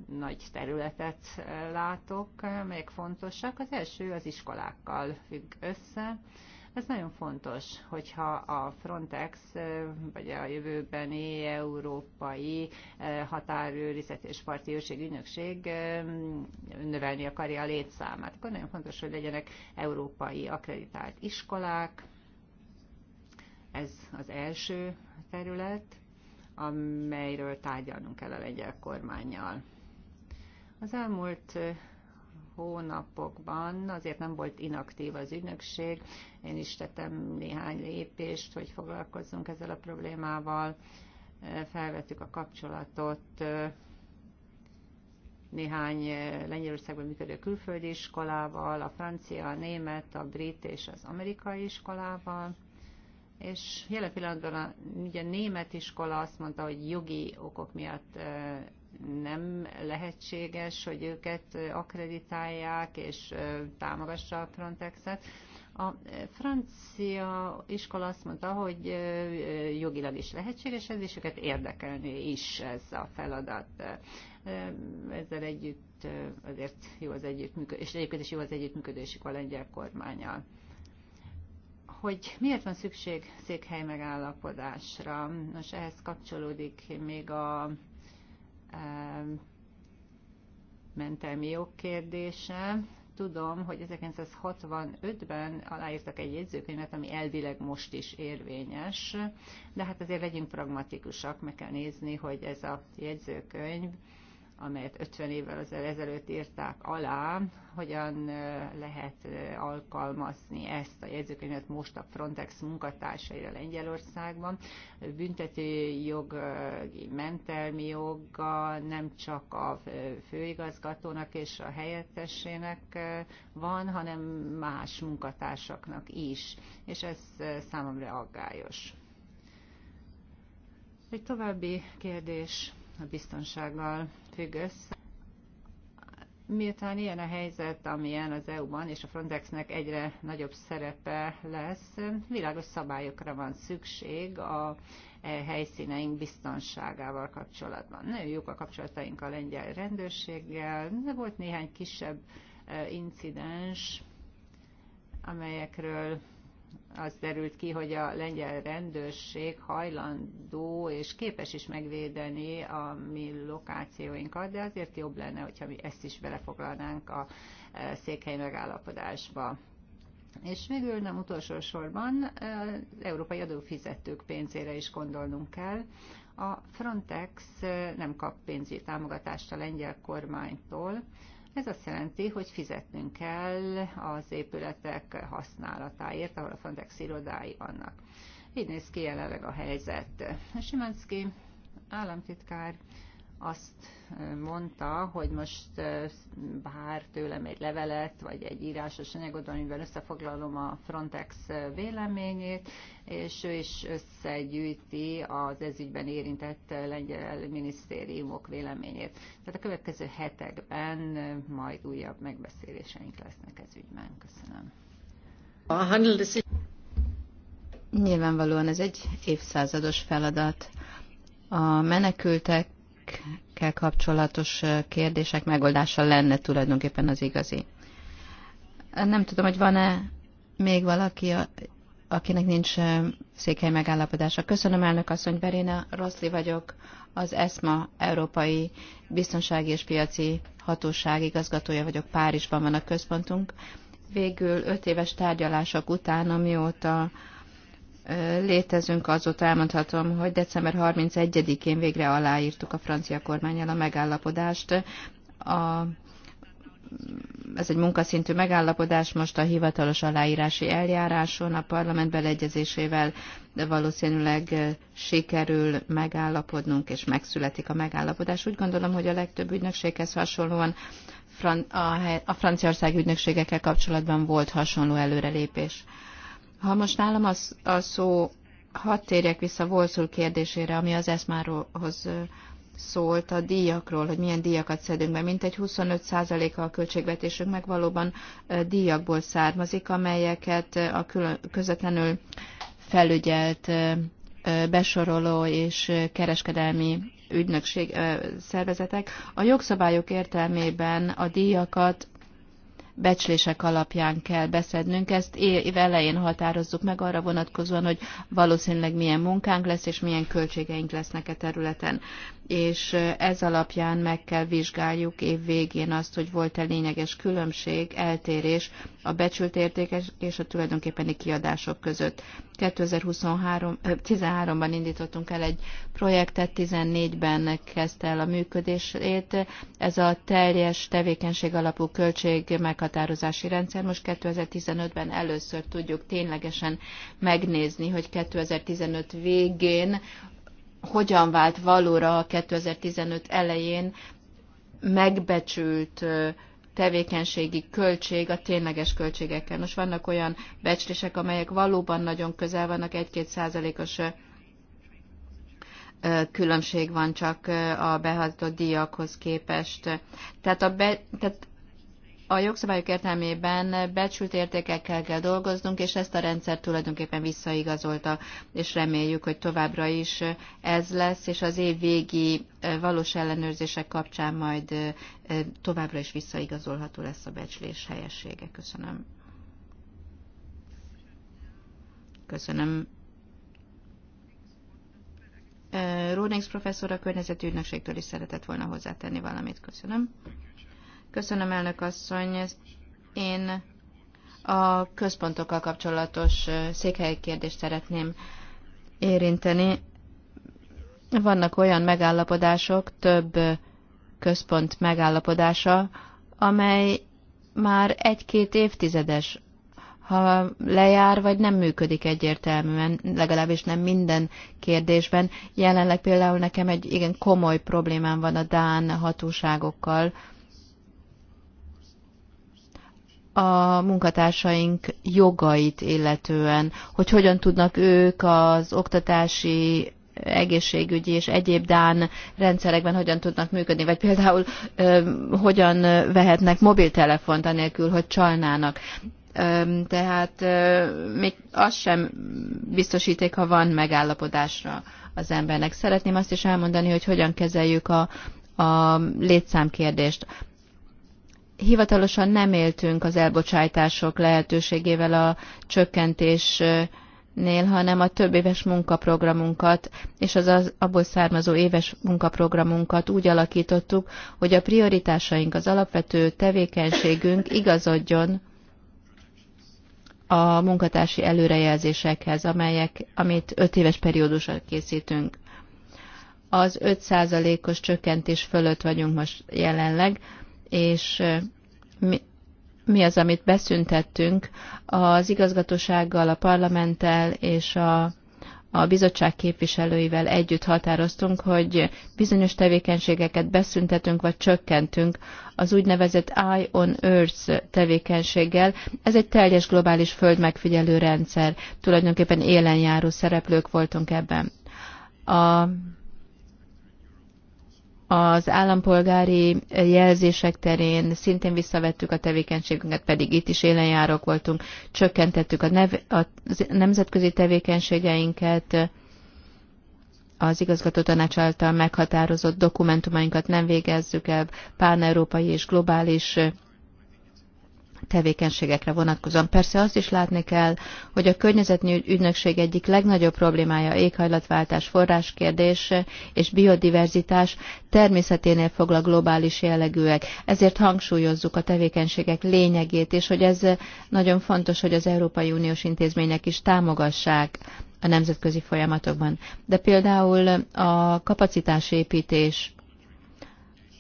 nagy területet látok, melyek fontosak. Az első az iskolákkal függ össze. Ez nagyon fontos, hogyha a Frontex, vagy a jövőbeni európai határőrizet és parti őrség ügynökség növelni akarja a létszámát, akkor nagyon fontos, hogy legyenek európai akreditált iskolák. Ez az első terület, amelyről tárgyalnunk kell a lengyel kormányjal. Az elmúlt hónapokban azért nem volt inaktív az ügynökség. Én is tettem néhány lépést, hogy foglalkozzunk ezzel a problémával. Felvettük a kapcsolatot néhány Lengyelországban működő külföldi iskolával, a francia, a német, a brit és az amerikai iskolával és jelen pillanatban a, ugye a német iskola azt mondta, hogy jogi okok miatt nem lehetséges, hogy őket akreditálják és támogassa a Frontexet. A francia iskola azt mondta, hogy jogilag is lehetséges ez, és őket érdekelni is ez a feladat. Ezzel együtt azért jó az együttműködés, és egyébként is jó az együttműködésük a lengyel kormányal. Hogy miért van szükség székhely megállapodásra? Nos, ehhez kapcsolódik még a mentelmi jogkérdése. kérdése. Tudom, hogy 1965-ben aláírtak egy jegyzőkönyvet, ami elvileg most is érvényes, de hát azért legyünk pragmatikusak, meg kell nézni, hogy ez a jegyzőkönyv amelyet 50 évvel ezelőtt írták alá, hogyan lehet alkalmazni ezt a jegyzőkönyvet most a Frontex munkatársaira Lengyelországban. Büntető jogi mentelmi joga nem csak a főigazgatónak és a helyettesének van, hanem más munkatársaknak is, és ez számomra aggályos. Egy további kérdés a biztonsággal függ össze. Miután ilyen a helyzet, amilyen az EU-ban és a Frontexnek egyre nagyobb szerepe lesz, világos szabályokra van szükség a e helyszíneink biztonságával kapcsolatban. Nagyon jók a kapcsolataink a lengyel rendőrséggel, de volt néhány kisebb e, incidens, amelyekről az derült ki, hogy a lengyel rendőrség hajlandó és képes is megvédeni a mi lokációinkat, de azért jobb lenne, hogyha mi ezt is belefoglalnánk a e, székhely megállapodásba. És végül nem utolsó sorban az e, európai adófizetők pénzére is gondolnunk kell. A Frontex e, nem kap pénzügyi támogatást a lengyel kormánytól, ez azt jelenti, hogy fizetnünk kell az épületek használatáért, ahol a Frontex irodái vannak. Így néz ki jelenleg a helyzet. Simanszki államtitkár azt mondta, hogy most bár tőlem egy levelet, vagy egy írásos anyagot, amivel összefoglalom a Frontex véleményét, és ő is összegyűjti az ezügyben érintett lengyel minisztériumok véleményét. Tehát a következő hetekben majd újabb megbeszéléseink lesznek ezügyben. Köszönöm. Nyilvánvalóan ez egy évszázados feladat. A menekültek ezekkel kapcsolatos kérdések megoldása lenne tulajdonképpen az igazi. Nem tudom, hogy van-e még valaki, akinek nincs székely megállapodása. Köszönöm, elnök asszony, Berina Rosszli vagyok, az ESMA Európai Biztonsági és Piaci Hatóság igazgatója vagyok, Párizsban van a központunk. Végül öt éves tárgyalások után, amióta létezünk, azóta elmondhatom, hogy december 31-én végre aláírtuk a francia kormányjal a megállapodást. A, ez egy munkaszintű megállapodás, most a hivatalos aláírási eljáráson a parlament beleegyezésével de valószínűleg sikerül megállapodnunk, és megszületik a megállapodás. Úgy gondolom, hogy a legtöbb ügynökséghez hasonlóan a Franciaország ügynökségekkel kapcsolatban volt hasonló előrelépés. Ha most nálam az, a szó, hadd térjek vissza Volszul kérdésére, ami az eszmáróhoz szólt a díjakról, hogy milyen díjakat szedünk be. Mintegy 25%-a a meg valóban díjakból származik, amelyeket a külön, közvetlenül felügyelt besoroló és kereskedelmi ügynökség szervezetek. A jogszabályok értelmében a díjakat becslések alapján kell beszednünk. Ezt év elején határozzuk meg arra vonatkozóan, hogy valószínűleg milyen munkánk lesz, és milyen költségeink lesznek a e területen és ez alapján meg kell vizsgáljuk év végén azt, hogy volt-e lényeges különbség, eltérés a becsült értékes és a tulajdonképpeni kiadások között. 2013-ban indítottunk el egy projektet, 14-ben kezdte el a működését. Ez a teljes tevékenység alapú költség meghatározási rendszer. Most 2015-ben először tudjuk ténylegesen megnézni, hogy 2015 végén hogyan vált valóra a 2015 elején megbecsült tevékenységi költség a tényleges költségekkel. Most vannak olyan becslések, amelyek valóban nagyon közel vannak, 1-2 százalékos különbség van csak a behatott díjakhoz képest. Tehát, a be, tehát a jogszabályok értelmében becsült értékekkel kell dolgoznunk, és ezt a rendszer tulajdonképpen visszaigazolta, és reméljük, hogy továbbra is ez lesz, és az év végi valós ellenőrzések kapcsán majd továbbra is visszaigazolható lesz a becslés helyessége. Köszönöm. Köszönöm. Rónings professzor a környezeti ügynökségtől is szeretett volna hozzátenni valamit. Köszönöm. Köszönöm, elnök asszony. Én a központokkal kapcsolatos székhelyi kérdést szeretném érinteni. Vannak olyan megállapodások, több központ megállapodása, amely már egy-két évtizedes, ha lejár, vagy nem működik egyértelműen, legalábbis nem minden kérdésben. Jelenleg például nekem egy igen komoly problémám van a Dán hatóságokkal, a munkatársaink jogait illetően, hogy hogyan tudnak ők az oktatási egészségügyi és egyéb Dán rendszerekben hogyan tudnak működni, vagy például ö, hogyan vehetnek mobiltelefont anélkül, hogy csalnának. Ö, tehát ö, még az sem biztosíték, ha van megállapodásra az embernek. Szeretném azt is elmondani, hogy hogyan kezeljük a, a létszámkérdést hivatalosan nem éltünk az elbocsátások lehetőségével a csökkentés nél, hanem a több éves munkaprogramunkat és az, az abból származó éves munkaprogramunkat úgy alakítottuk, hogy a prioritásaink, az alapvető tevékenységünk igazodjon a munkatársi előrejelzésekhez, amelyek, amit öt éves periódusra készítünk. Az 5%-os csökkentés fölött vagyunk most jelenleg, és mi, mi az, amit beszüntettünk az igazgatósággal, a parlamenttel és a a bizottság képviselőivel együtt határoztunk, hogy bizonyos tevékenységeket beszüntetünk vagy csökkentünk az úgynevezett Eye on Earth tevékenységgel. Ez egy teljes globális földmegfigyelő rendszer. Tulajdonképpen élenjáró szereplők voltunk ebben. A az állampolgári jelzések terén szintén visszavettük a tevékenységünket, pedig itt is élenjárók voltunk, csökkentettük a, nev, a nemzetközi tevékenységeinket, az igazgató tanács által meghatározott dokumentumainkat nem végezzük el, pán-európai és globális tevékenységekre vonatkozóan. Persze azt is látni kell, hogy a környezetnyi ügynökség egyik legnagyobb problémája éghajlatváltás, forráskérdés és biodiverzitás természeténél foglal globális jellegűek. Ezért hangsúlyozzuk a tevékenységek lényegét, és hogy ez nagyon fontos, hogy az Európai Uniós intézmények is támogassák a nemzetközi folyamatokban. De például a kapacitásépítés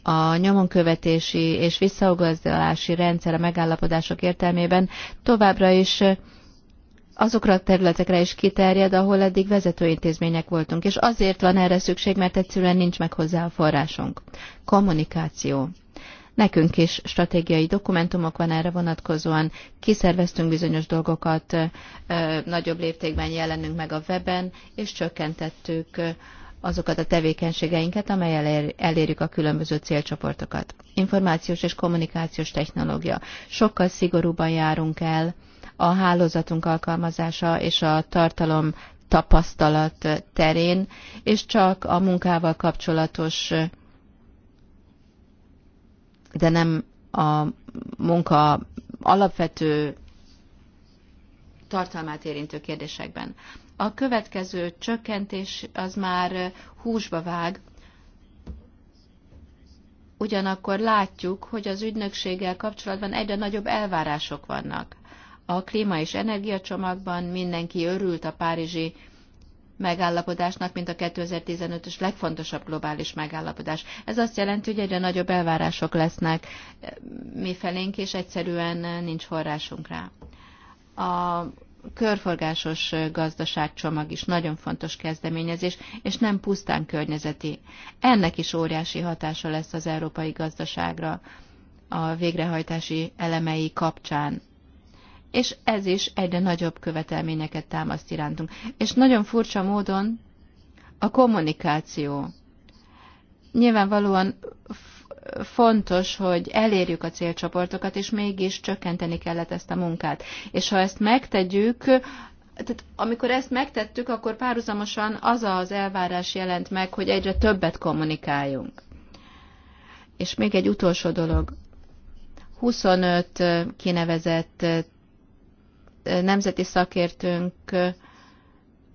a nyomonkövetési és visszaugazdalási rendszer a megállapodások értelmében továbbra is azokra a területekre is kiterjed, ahol eddig vezető intézmények voltunk, és azért van erre szükség, mert egyszerűen nincs meg hozzá a forrásunk. Kommunikáció. Nekünk is stratégiai dokumentumok van erre vonatkozóan, kiszerveztünk bizonyos dolgokat, nagyobb léptékben jelenünk meg a weben, és csökkentettük azokat a tevékenységeinket, amelyel elérjük a különböző célcsoportokat. Információs és kommunikációs technológia. Sokkal szigorúban járunk el a hálózatunk alkalmazása és a tartalom tapasztalat terén, és csak a munkával kapcsolatos, de nem a munka alapvető tartalmát érintő kérdésekben. A következő csökkentés az már húsba vág, ugyanakkor látjuk, hogy az ügynökséggel kapcsolatban egyre nagyobb elvárások vannak. A klíma és energiacsomagban mindenki örült a párizsi megállapodásnak, mint a 2015-ös legfontosabb globális megállapodás. Ez azt jelenti, hogy egyre nagyobb elvárások lesznek eh, mi felénk, és egyszerűen eh, nincs forrásunk rá. A körforgásos gazdaságcsomag is nagyon fontos kezdeményezés, és nem pusztán környezeti. Ennek is óriási hatása lesz az európai gazdaságra a végrehajtási elemei kapcsán. És ez is egyre nagyobb követelményeket támaszt irántunk. És nagyon furcsa módon a kommunikáció. Nyilvánvalóan fontos, hogy elérjük a célcsoportokat, és mégis csökkenteni kellett ezt a munkát. És ha ezt megtegyük, tehát amikor ezt megtettük, akkor párhuzamosan az az elvárás jelent meg, hogy egyre többet kommunikáljunk. És még egy utolsó dolog. 25 kinevezett eh, nemzeti szakértőnk eh,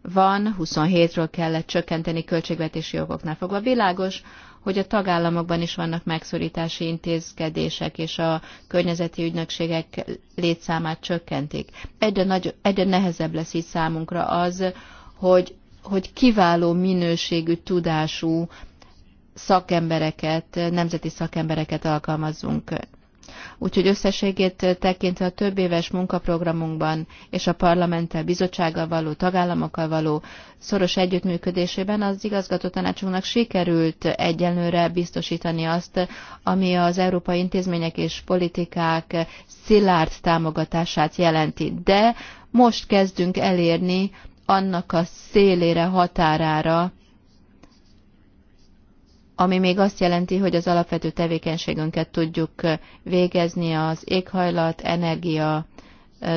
van, 27-ről kellett csökkenteni költségvetési jogoknál fogva. Világos, hogy a tagállamokban is vannak megszorítási intézkedések, és a környezeti ügynökségek létszámát csökkentik. Egyre, nagy, egyre nehezebb lesz így számunkra az, hogy, hogy kiváló minőségű tudású szakembereket, nemzeti szakembereket alkalmazzunk. Úgyhogy összességét tekintve a több éves munkaprogramunkban és a parlamenttel, bizottsággal való, tagállamokkal való szoros együttműködésében az igazgató tanácsunknak sikerült egyenlőre biztosítani azt, ami az európai intézmények és politikák szilárd támogatását jelenti. De most kezdünk elérni annak a szélére, határára, ami még azt jelenti, hogy az alapvető tevékenységünket tudjuk végezni az éghajlat, energia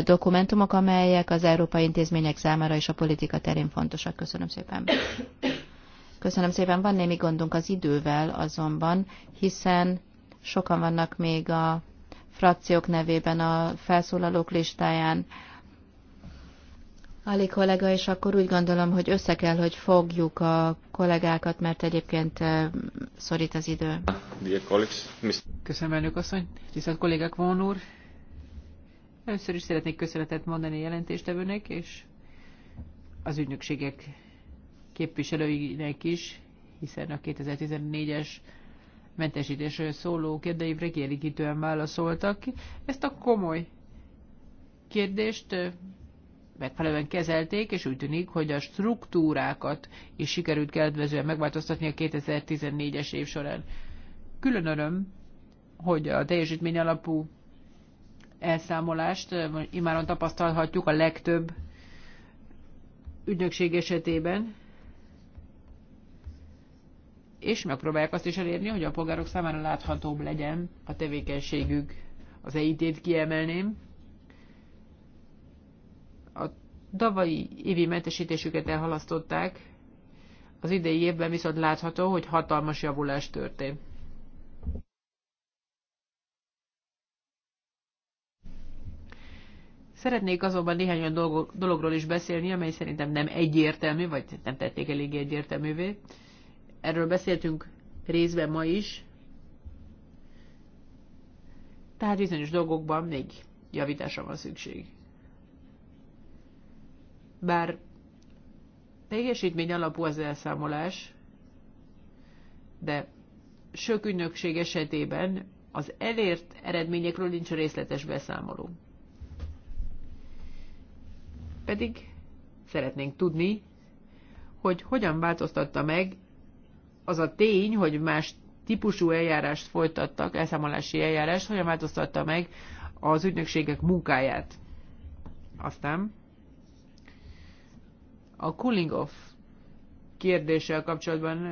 dokumentumok, amelyek az európai intézmények számára és a politika terén fontosak. Köszönöm szépen. Köszönöm szépen. Van némi gondunk az idővel azonban, hiszen sokan vannak még a frakciók nevében a felszólalók listáján. Ali kollega, és akkor úgy gondolom, hogy össze kell, hogy fogjuk a kollégákat, mert egyébként szorít az idő. Köszönöm, elnök asszony. Tisztelt kollégák, von úr. Először is szeretnék köszönetet mondani a jelentéstevőnek, és az ügynökségek képviselőinek is, hiszen a 2014-es mentesítésről szóló kérdeivre kielégítően válaszoltak. Ezt a komoly kérdést megfelelően kezelték, és úgy tűnik, hogy a struktúrákat is sikerült kedvezően megváltoztatni a 2014-es év során. Külön öröm, hogy a teljesítmény alapú elszámolást eh, imáron tapasztalhatjuk a legtöbb ügynökség esetében, és megpróbálják azt is elérni, hogy a polgárok számára láthatóbb legyen a tevékenységük. Az EIT-t kiemelném, Tavalyi évi mentesítésüket elhalasztották, az idei évben viszont látható, hogy hatalmas javulás történt. Szeretnék azonban néhány olyan dologról is beszélni, amely szerintem nem egyértelmű, vagy nem tették eléggé egyértelművé. Erről beszéltünk részben ma is. Tehát bizonyos dolgokban még javításra van szükség. Bár teljesítmény alapú az elszámolás, de sok ünnökség esetében az elért eredményekről nincs részletes beszámoló. Pedig szeretnénk tudni, hogy hogyan változtatta meg az a tény, hogy más típusú eljárást folytattak, elszámolási eljárást, hogyan változtatta meg az ügynökségek munkáját. Aztán a cooling off kérdéssel kapcsolatban,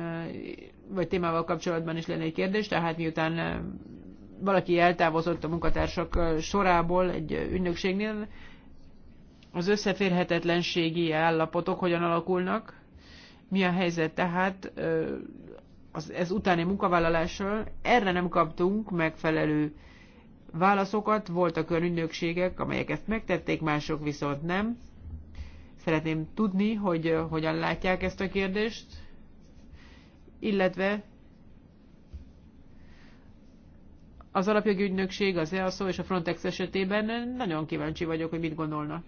vagy témával kapcsolatban is lenne egy kérdés, tehát miután valaki eltávozott a munkatársak sorából egy ügynökségnél, az összeférhetetlenségi állapotok hogyan alakulnak, mi a helyzet tehát az, ez utáni munkavállalással. Erre nem kaptunk megfelelő válaszokat, voltak olyan ügynökségek, amelyek ezt megtették, mások viszont nem. Szeretném tudni, hogy hogyan látják ezt a kérdést, illetve az alapjogi ügynökség, az EASZO és a Frontex esetében nagyon kíváncsi vagyok, hogy mit gondolnak.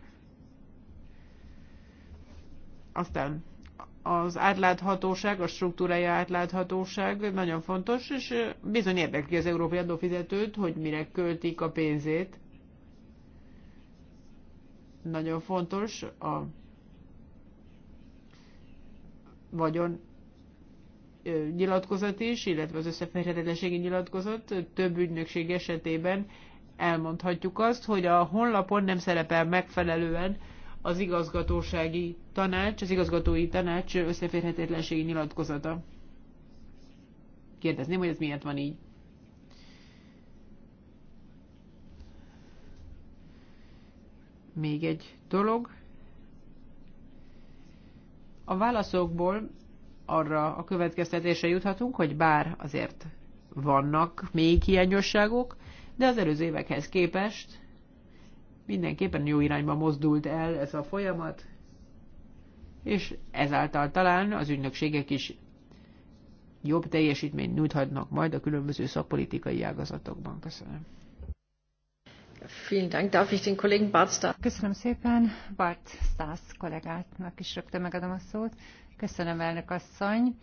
Aztán az átláthatóság, a struktúrája átláthatóság nagyon fontos, és bizony érdekli az európai adófizetőt, hogy mire költik a pénzét. Nagyon fontos a vagyon nyilatkozat is, illetve az összeférhetetlenségi nyilatkozat több ügynökség esetében elmondhatjuk azt, hogy a honlapon nem szerepel megfelelően az igazgatósági tanács, az igazgatói tanács összeférhetetlenségi nyilatkozata. Kérdezném, hogy ez miért van így. Még egy dolog. A válaszokból arra a következtetésre juthatunk, hogy bár azért vannak még hiányosságok, de az előző évekhez képest mindenképpen jó irányba mozdult el ez a folyamat, és ezáltal talán az ügynökségek is jobb teljesítményt nyújthatnak majd a különböző szakpolitikai ágazatokban. Köszönöm. Köszönöm szépen. Bart Stas kollégátnak is rögtön megadom a szót. Köszönöm, elnök asszony.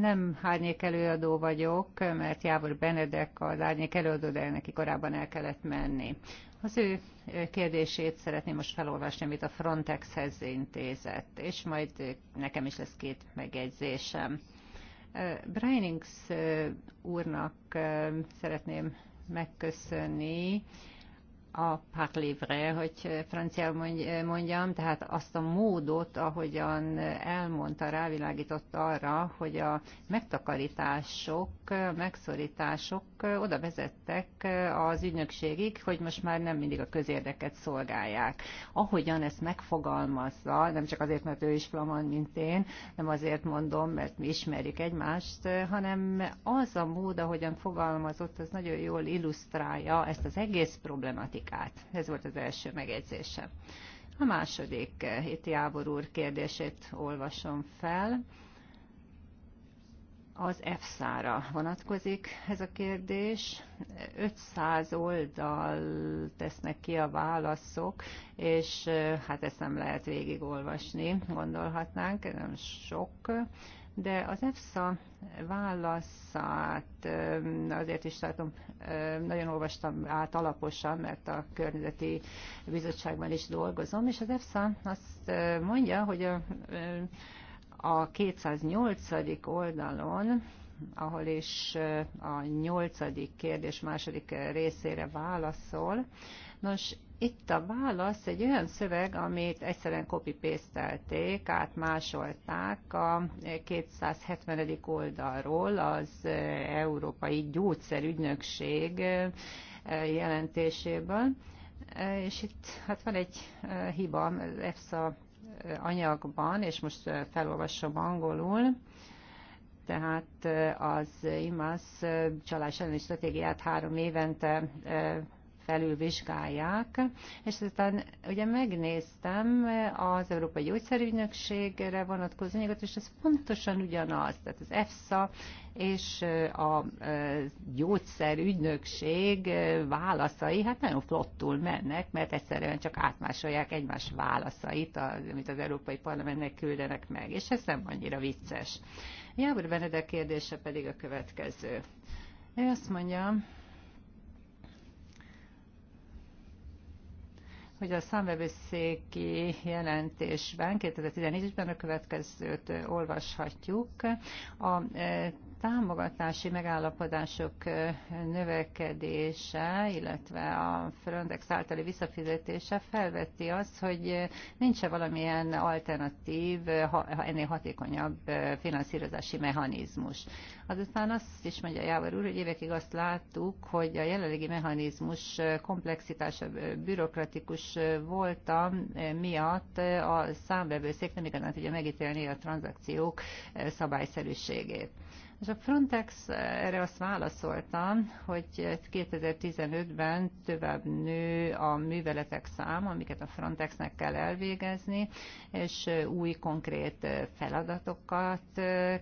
Nem árnyék előadó vagyok, mert Jávor Benedek az árnyék előadó, de neki korábban el kellett menni. Az ő kérdését szeretném most felolvasni, amit a Frontexhez intézett, és majd nekem is lesz két megjegyzésem. Breinings úrnak szeretném megköszönni a parlévre, hogy francia mondjam, tehát azt a módot, ahogyan elmondta, rávilágított arra, hogy a megtakarítások, megszorítások oda vezettek az ügynökségig, hogy most már nem mindig a közérdeket szolgálják. Ahogyan ezt megfogalmazza, nem csak azért, mert ő is flamand, mint én, nem azért mondom, mert mi ismerjük egymást, hanem az a mód, ahogyan fogalmazott, az nagyon jól illusztrálja ezt az egész problematikát politikát. Ez volt az első megjegyzése. A második eh, héti Ábor úr kérdését olvasom fel. Az EFSA-ra vonatkozik ez a kérdés. 500 oldal tesznek ki a válaszok, és eh, hát ezt nem lehet végigolvasni, gondolhatnánk, nem sok de az EFSA válaszát azért is tartom, nagyon olvastam át alaposan, mert a környezeti bizottságban is dolgozom, és az EFSA azt mondja, hogy a, a 208. oldalon ahol is a nyolcadik kérdés második részére válaszol. Nos, itt a válasz egy olyan szöveg, amit egyszerűen copy-pastelték, átmásolták a 270. oldalról az Európai Gyógyszerügynökség jelentéséből, és itt hát van egy hiba EFSA anyagban, és most felolvasom angolul, tehát az IMAS csalás elleni stratégiát három évente felülvizsgálják, és aztán ugye megnéztem az Európai Gyógyszerügynökségre vonatkozó anyagot, és ez pontosan ugyanaz, tehát az EFSA és a gyógyszerügynökség válaszai hát nagyon flottul mennek, mert egyszerűen csak átmásolják egymás válaszait, amit az Európai Parlamentnek küldenek meg, és ez nem annyira vicces. Jábor Benedek kérdése pedig a következő. Ő azt mondja, hogy a számvevőszéki jelentésben 2014-ben a következőt olvashatjuk. A támogatási megállapodások növekedése, illetve a Frontex általi visszafizetése felveti azt, hogy nincs-e valamilyen alternatív, ennél hatékonyabb finanszírozási mechanizmus. Azután azt is mondja Jávar úr, hogy évekig azt láttuk, hogy a jelenlegi mechanizmus komplexitása, bürokratikus voltam miatt a számbevőszék nem igazán tudja megítélni a tranzakciók szabályszerűségét és a Frontex eh, erre azt válaszolta, hogy 2015-ben tovább nő a műveletek száma, amiket a Frontexnek kell elvégezni, és eh, új konkrét eh, feladatokat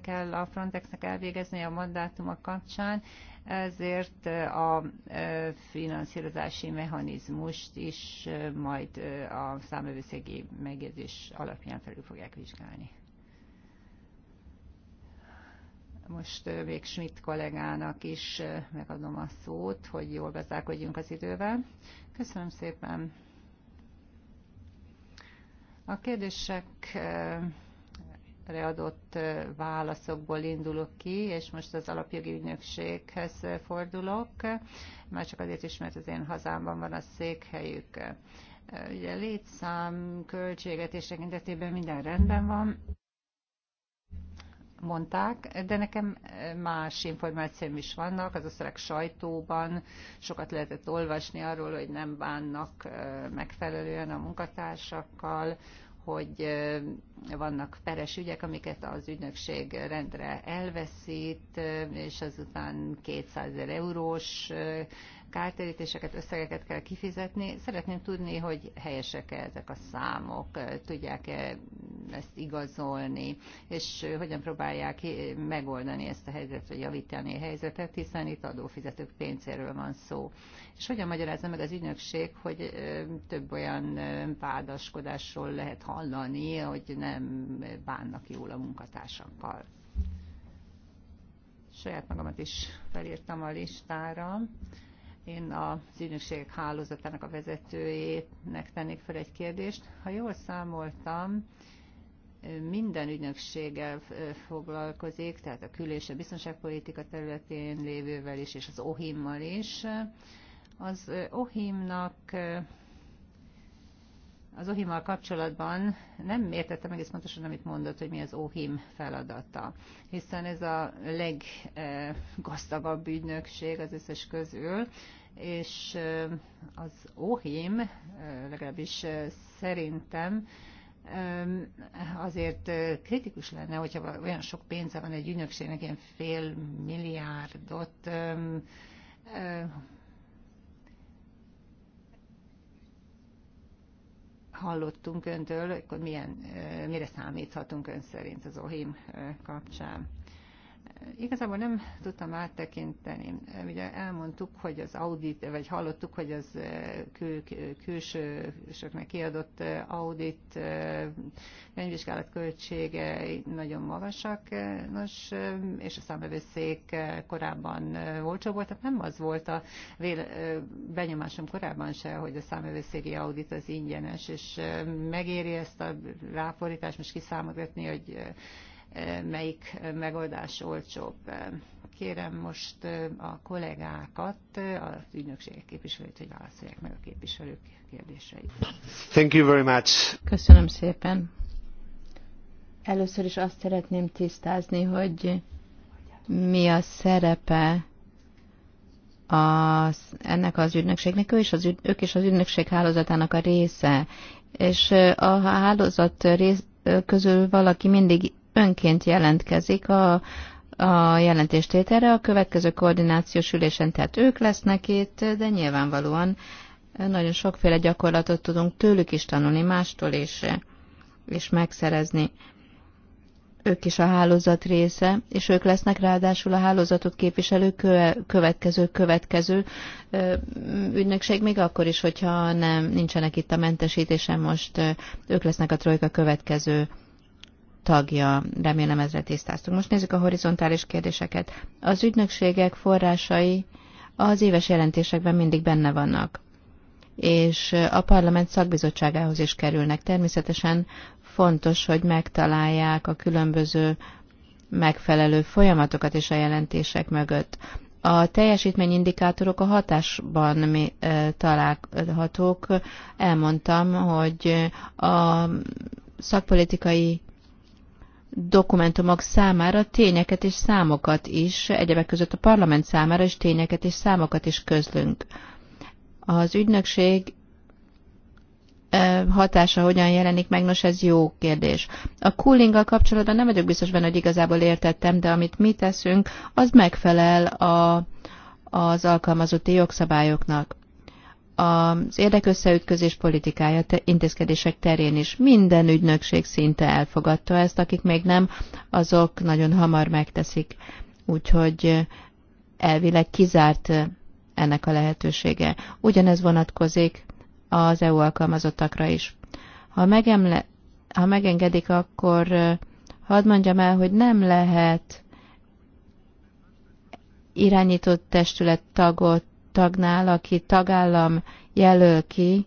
kell a Frontexnek elvégezni a mandátumok kapcsán, ezért a finanszírozási mechanizmust is majd a számövőszegi megjegyzés alapján felül fogják vizsgálni. Most még Schmidt kollégának is megadom a szót, hogy jól gazdálkodjunk az idővel. Köszönöm szépen. A kérdésekre adott válaszokból indulok ki, és most az alapjogi ügynökséghez fordulok, már csak azért is, mert az én hazámban van a székhelyük. Ugye létszám, költségvetés tekintetében minden rendben van, mondták, de nekem eh, más információim is vannak, az osztrák sajtóban sokat lehetett olvasni arról, hogy nem bánnak eh, megfelelően a munkatársakkal, hogy eh, vannak peres ügyek, amiket az ügynökség rendre elveszít, és azután 200 ezer eurós kártérítéseket, összegeket kell kifizetni. Szeretném tudni, hogy helyesek-e ezek a számok, tudják-e ezt igazolni, és hogyan próbálják megoldani ezt a helyzetet, vagy javítani a helyzetet, hiszen itt adófizetők pénzéről van szó. És hogyan magyarázza meg az ügynökség, hogy több olyan vádaskodásról lehet hallani, hogy nem nem bánnak jól a munkatársakkal. Saját magamat is felírtam a listára. Én a ügynökségek hálózatának a vezetőjének tennék fel egy kérdést. Ha jól számoltam, minden ügynökséggel foglalkozik, tehát a kül- és a biztonságpolitika területén lévővel is, és az OHIM-mal is. Az OHIM-nak az ohim kapcsolatban nem értettem egész pontosan, amit mondott, hogy mi az OHIM feladata, hiszen ez a leggazdagabb ügynökség az összes közül, és az OHIM, legalábbis szerintem, azért kritikus lenne, hogyha olyan sok pénze van egy ügynökségnek, ilyen fél milliárdot hallottunk öntől, akkor milyen, mire számíthatunk ön szerint az OHIM kapcsán? Igazából nem tudtam áttekinteni. Ugye elmondtuk, hogy az audit, vagy hallottuk, hogy az eh, kül, külsősöknek kiadott eh, audit könyvvizsgálat eh, költsége nagyon magasak, nos, és a számbevőszék korábban olcsó volt, tehát nem az volt a véle, benyomásom korábban se, hogy a számbevőszégi audit az ingyenes, és megéri ezt a ráfordítást most kiszámogatni, hogy Eh, melyik eh, megoldás olcsóbb. Eh, kérem most a kollégákat, az ügynökségek képviselőt, hogy válaszolják meg a képviselők kérdéseit. Thank you very much. Köszönöm szépen. Először is azt szeretném tisztázni, hogy mi a szerepe az, ennek az ügynökségnek, ő is az, ügy, ők is az ügynökség hálózatának a része, és a hálózat rész, közül valaki mindig önként jelentkezik a, a jelentéstételre a következő koordinációs ülésen, tehát ők lesznek itt, de nyilvánvalóan nagyon sokféle gyakorlatot tudunk tőlük is tanulni, mástól is, és megszerezni. Ők is a hálózat része, és ők lesznek ráadásul a hálózatot képviselő következő következő ügynökség, még akkor is, hogyha nem nincsenek itt a mentesítésen, most ők lesznek a trojka következő tagja. Remélem ezre tisztáztunk. Most nézzük a horizontális kérdéseket. Az ügynökségek forrásai az éves jelentésekben mindig benne vannak és a parlament szakbizottságához is kerülnek. Természetesen fontos, hogy megtalálják a különböző megfelelő folyamatokat és a jelentések mögött. A teljesítményindikátorok a hatásban találhatók. Elmondtam, hogy a szakpolitikai dokumentumok számára tényeket és számokat is, egyebek között a parlament számára is tényeket és számokat is közlünk. Az ügynökség hatása hogyan jelenik meg, nos ez jó kérdés. A coolinggal kapcsolatban nem vagyok biztos benne, hogy igazából értettem, de amit mi teszünk, az megfelel a, az alkalmazotti jogszabályoknak az érdekösszeütközés politikája te, intézkedések terén is. Minden ügynökség szinte elfogadta ezt, akik még nem, azok nagyon hamar megteszik. Úgyhogy elvileg kizárt ennek a lehetősége. Ugyanez vonatkozik az EU alkalmazottakra is. Ha, megemle, ha megengedik, akkor hadd mondjam el, hogy nem lehet irányított testület tagot tagnál, aki tagállam jelöl ki,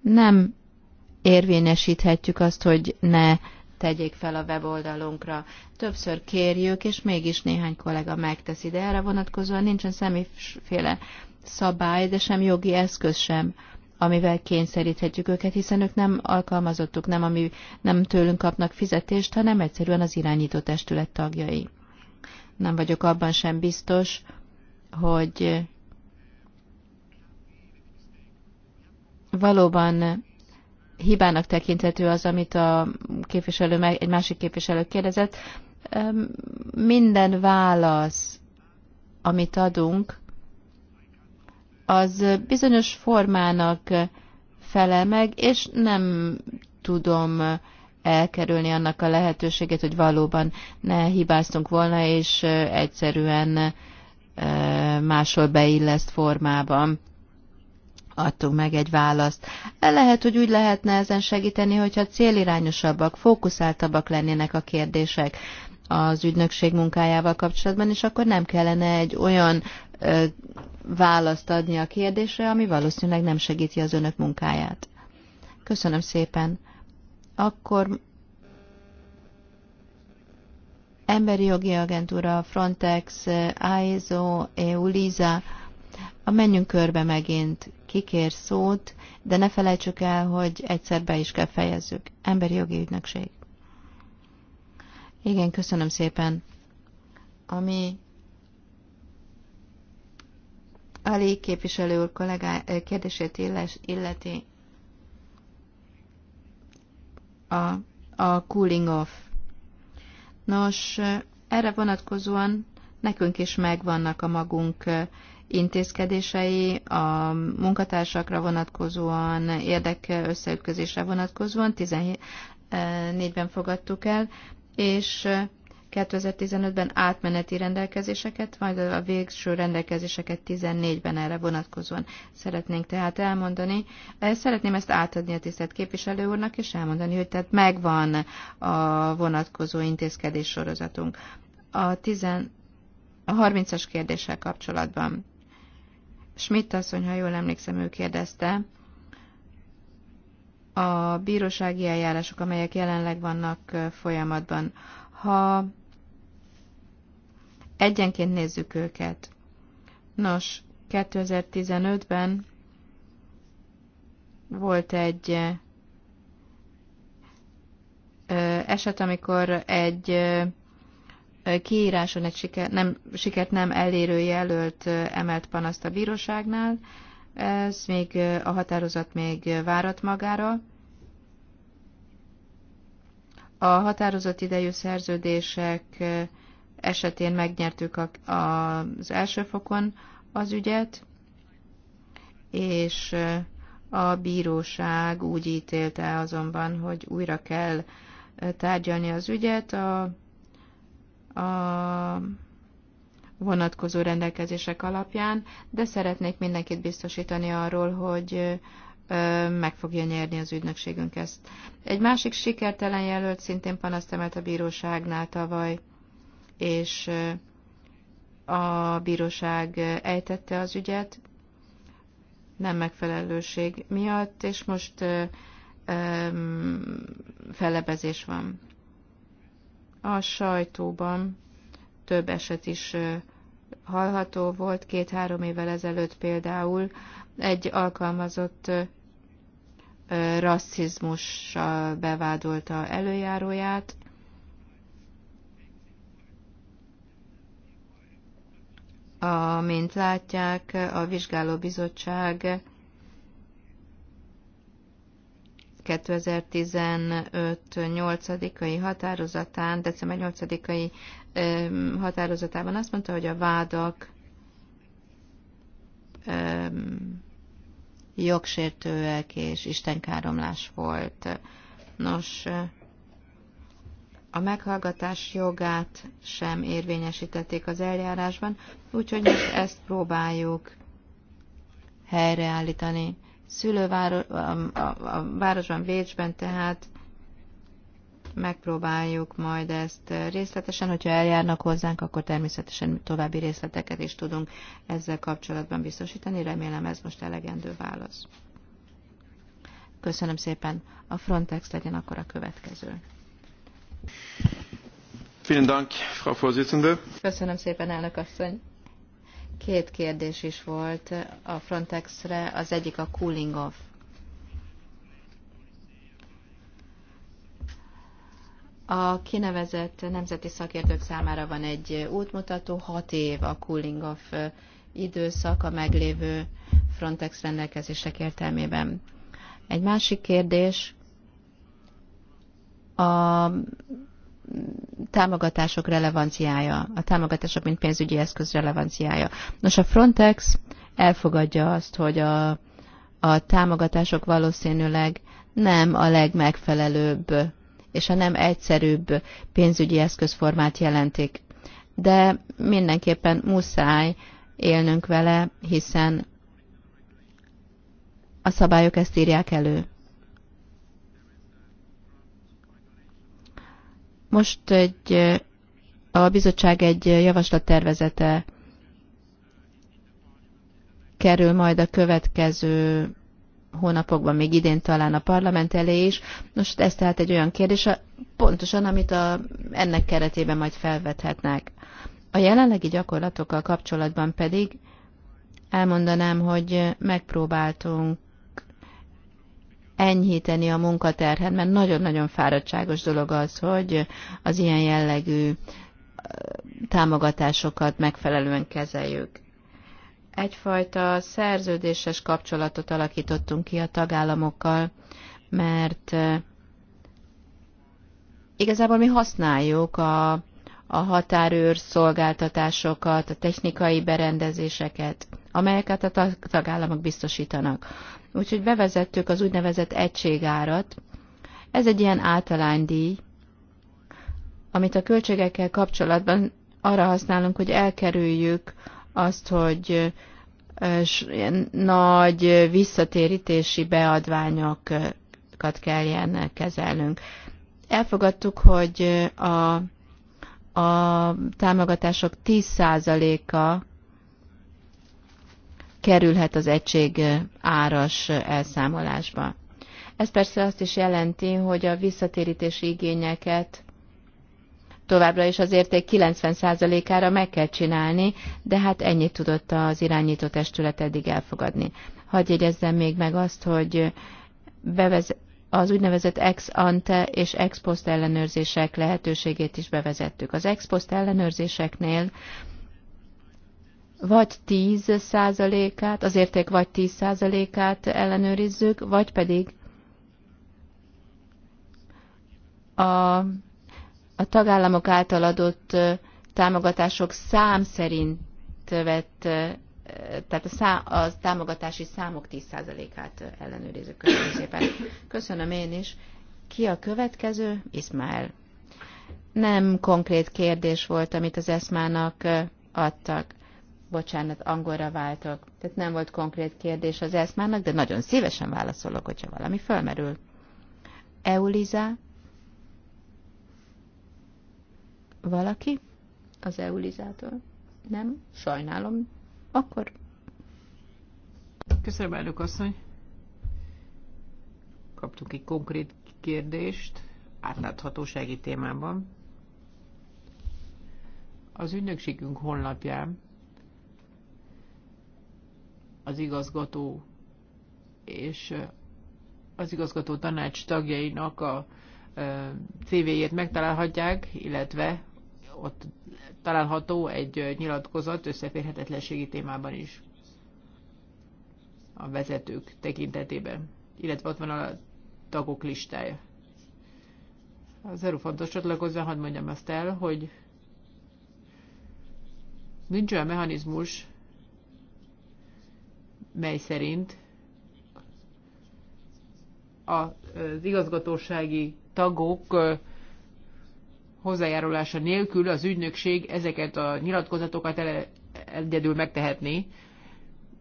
nem érvényesíthetjük azt, hogy ne tegyék fel a weboldalunkra. Többször kérjük, és mégis néhány kollega megteszi, de erre vonatkozóan nincsen semmiféle szabály, de sem jogi eszköz sem, amivel kényszeríthetjük őket, hiszen ők nem alkalmazottuk, nem, ami, nem tőlünk kapnak fizetést, hanem egyszerűen az irányító testület tagjai. Nem vagyok abban sem biztos, hogy valóban hibának tekinthető az, amit a képviselő, egy másik képviselő kérdezett. Minden válasz, amit adunk, az bizonyos formának fele meg, és nem tudom elkerülni annak a lehetőségét, hogy valóban ne hibáztunk volna, és egyszerűen máshol beilleszt formában adtunk meg egy választ. Lehet, hogy úgy lehetne ezen segíteni, hogyha célirányosabbak, fókuszáltabbak lennének a kérdések az ügynökség munkájával kapcsolatban, és akkor nem kellene egy olyan ö, választ adni a kérdésre, ami valószínűleg nem segíti az önök munkáját. Köszönöm szépen. Akkor Emberi Jogi Agentúra, Frontex, AESO, EU, LISA, a menjünk körbe megint, kikér szót, de ne felejtsük el, hogy egyszer be is kell fejezzük. Emberi jogi ügynökség. Igen, köszönöm szépen. Ami Ali képviselő úr kollégá, eh, kérdését illeti a, a cooling off. Nos, eh, erre vonatkozóan nekünk is megvannak a magunk eh, intézkedései a munkatársakra vonatkozóan, érdekösszeütközésre vonatkozóan 14-ben eh, fogadtuk el, és 2015-ben eh, átmeneti rendelkezéseket, majd a végső rendelkezéseket 14-ben erre vonatkozóan szeretnénk tehát elmondani. Eh, szeretném ezt átadni a tisztelt képviselő úrnak, és elmondani, hogy tehát megvan a vonatkozó intézkedés sorozatunk. A, 10, a 30-as kérdéssel kapcsolatban Schmidt asszony, ha jól emlékszem, ő kérdezte, a bírósági eljárások, amelyek jelenleg vannak folyamatban, ha egyenként nézzük őket, nos, 2015-ben volt egy eset, amikor egy kiíráson egy siker, nem, sikert nem elérő jelölt emelt panaszt a bíróságnál, ez még a határozat még várat magára. A határozott idejű szerződések esetén megnyertük a, az első fokon az ügyet, és a bíróság úgy ítélte azonban, hogy újra kell tárgyalni az ügyet. A a vonatkozó rendelkezések alapján, de szeretnék mindenkit biztosítani arról, hogy meg fogja nyerni az ügynökségünk ezt. Egy másik sikertelen jelölt szintén panaszt emelt a bíróságnál tavaly, és a bíróság ejtette az ügyet, nem megfelelőség miatt, és most um, fellebezés van. A sajtóban több eset is hallható volt, két-három évvel ezelőtt például egy alkalmazott rasszizmussal bevádolta előjáróját, a, mint látják, a vizsgálóbizottság 2015 8-ai határozatán, december 8-ai határozatában azt mondta, hogy a vádak jogsértőek és istenkáromlás volt. Nos, a meghallgatás jogát sem érvényesítették az eljárásban, úgyhogy most ezt próbáljuk helyreállítani szülővárosban, a, a, a városban, Bécsben tehát megpróbáljuk majd ezt részletesen, hogyha eljárnak hozzánk, akkor természetesen további részleteket is tudunk ezzel kapcsolatban biztosítani. Remélem ez most elegendő válasz. Köszönöm szépen. A Frontex legyen akkor a következő. Vielen Dank, Frau Vorsitzende. Köszönöm szépen, elnök asszony. Két kérdés is volt a Frontexre, az egyik a cooling off. A kinevezett nemzeti szakértők számára van egy útmutató, hat év a cooling off időszak a meglévő Frontex rendelkezések értelmében. Egy másik kérdés a támogatások relevanciája, a támogatások mint pénzügyi eszköz relevanciája. Nos, a Frontex elfogadja azt, hogy a, a támogatások valószínűleg nem a legmegfelelőbb és a nem egyszerűbb pénzügyi eszközformát jelentik. De mindenképpen muszáj élnünk vele, hiszen a szabályok ezt írják elő. Most egy, a bizottság egy javaslattervezete kerül majd a következő hónapokban, még idén talán a parlament elé is. Most ez tehát egy olyan kérdés, pontosan, amit a, ennek keretében majd felvethetnek. A jelenlegi gyakorlatokkal kapcsolatban pedig elmondanám, hogy megpróbáltunk enyhíteni a munkaterhet, mert nagyon-nagyon fáradtságos dolog az, hogy az ilyen jellegű támogatásokat megfelelően kezeljük. Egyfajta szerződéses kapcsolatot alakítottunk ki a tagállamokkal, mert igazából mi használjuk a, a határőr szolgáltatásokat, a technikai berendezéseket, amelyeket a tagállamok biztosítanak. Úgyhogy bevezettük az úgynevezett egységárat. Ez egy ilyen általánydíj, amit a költségekkel kapcsolatban arra használunk, hogy elkerüljük azt, hogy nagy visszatérítési beadványokat kelljen kezelnünk. Elfogadtuk, hogy a, a támogatások 10%-a kerülhet az egység áras elszámolásba. Ez persze azt is jelenti, hogy a visszatérítési igényeket továbbra is az érték 90%-ára meg kell csinálni, de hát ennyit tudott az irányító testület eddig elfogadni. Hadd jegyezzem még meg azt, hogy bevez- az úgynevezett ex ante és ex post ellenőrzések lehetőségét is bevezettük. Az ex post ellenőrzéseknél vagy 10%-át, az érték vagy 10%-át ellenőrizzük, vagy pedig a, a tagállamok által adott támogatások szám szerint vett, tehát a, szám, a támogatási számok 10%-át ellenőrizzük. Köszönöm szépen. Köszönöm én is. Ki a következő? Ismael. Nem konkrét kérdés volt, amit az eszmának adtak. Bocsánat, angolra váltok. Tehát nem volt konkrét kérdés az eszmának, de nagyon szívesen válaszolok, hogyha valami fölmerül. Euliza? Valaki? Az Eulizától? Nem? Sajnálom. Akkor... Köszönöm, elnök asszony. Kaptunk egy konkrét kérdést átláthatósági témában. Az ügynökségünk honlapján az igazgató és az igazgató tanács tagjainak a CV-jét megtalálhatják, illetve ott található egy nyilatkozat összeférhetetlenségi témában is a vezetők tekintetében, illetve ott van a tagok listája. Az fontos csatlakozva, hadd mondjam azt el, hogy nincs olyan mechanizmus, mely szerint az igazgatósági tagok hozzájárulása nélkül az ügynökség ezeket a nyilatkozatokat egyedül megtehetné.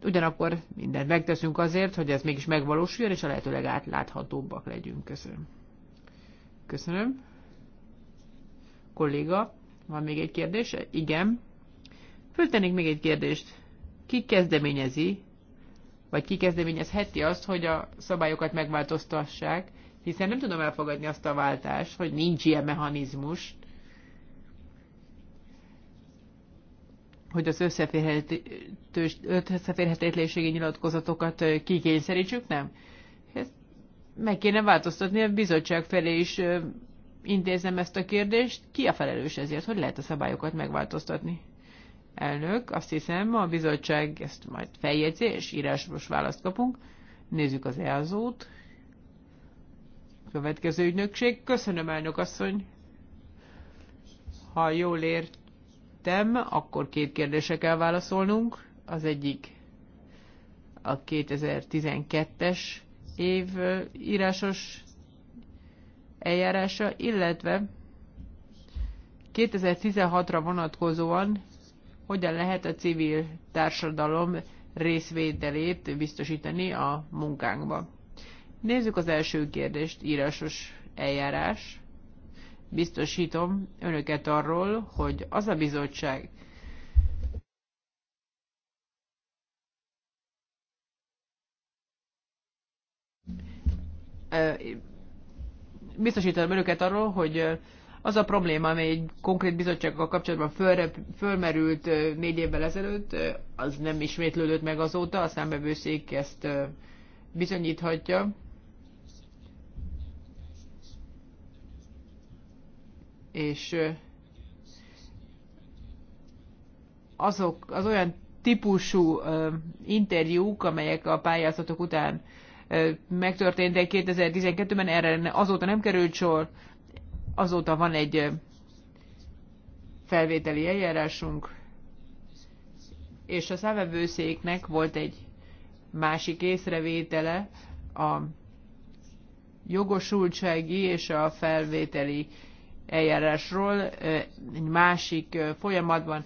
Ugyanakkor mindent megteszünk azért, hogy ez mégis megvalósuljon, és a lehetőleg átláthatóbbak legyünk. Köszönöm. Köszönöm. Kolléga, van még egy kérdése? Igen. Föltennék még egy kérdést. Ki kezdeményezi vagy kikezdeményezheti azt, hogy a szabályokat megváltoztassák, hiszen nem tudom elfogadni azt a váltást, hogy nincs ilyen mechanizmus, hogy az összeférhetetlenségi nyilatkozatokat kikényszerítsük, nem? Ezt meg kéne változtatni, a bizottság felé is intézem ezt a kérdést. Ki a felelős ezért? Hogy lehet a szabályokat megváltoztatni? Elnök, azt hiszem a bizottság ezt majd feljegyzi, és írásos választ kapunk. Nézzük az EASO-t. Következő ügynökség. Köszönöm, elnök asszony. Ha jól értem, akkor két kérdésre kell válaszolnunk. Az egyik a 2012-es év írásos eljárása, illetve 2016-ra vonatkozóan hogyan lehet a civil társadalom részvételét biztosítani a munkánkba. Nézzük az első kérdést, írásos eljárás. Biztosítom önöket arról, hogy az a bizottság, biztosítom önöket arról, hogy az a probléma, amely egy konkrét bizottsággal kapcsolatban fölre, fölmerült négy évvel ezelőtt, az nem ismétlődött meg azóta, a számbevőszék ezt bizonyíthatja. És azok, az olyan típusú ö, interjúk, amelyek a pályázatok után ö, megtörténtek 2012-ben, erre azóta nem került sor, Azóta van egy felvételi eljárásunk, és a számvevőszéknek volt egy másik észrevétele a jogosultsági és a felvételi eljárásról egy másik folyamatban.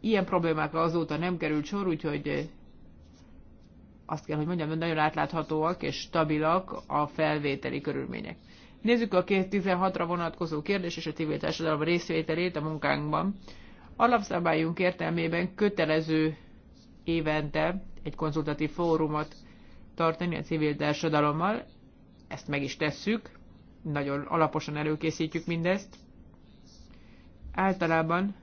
Ilyen problémákra azóta nem került sor, úgyhogy azt kell, hogy mondjam, hogy nagyon átláthatóak és stabilak a felvételi körülmények. Nézzük a 2016-ra vonatkozó kérdés és a civil társadalom részvételét a munkánkban. Alapszabályunk értelmében kötelező évente egy konzultatív fórumot tartani a civil társadalommal. Ezt meg is tesszük, nagyon alaposan előkészítjük mindezt. Általában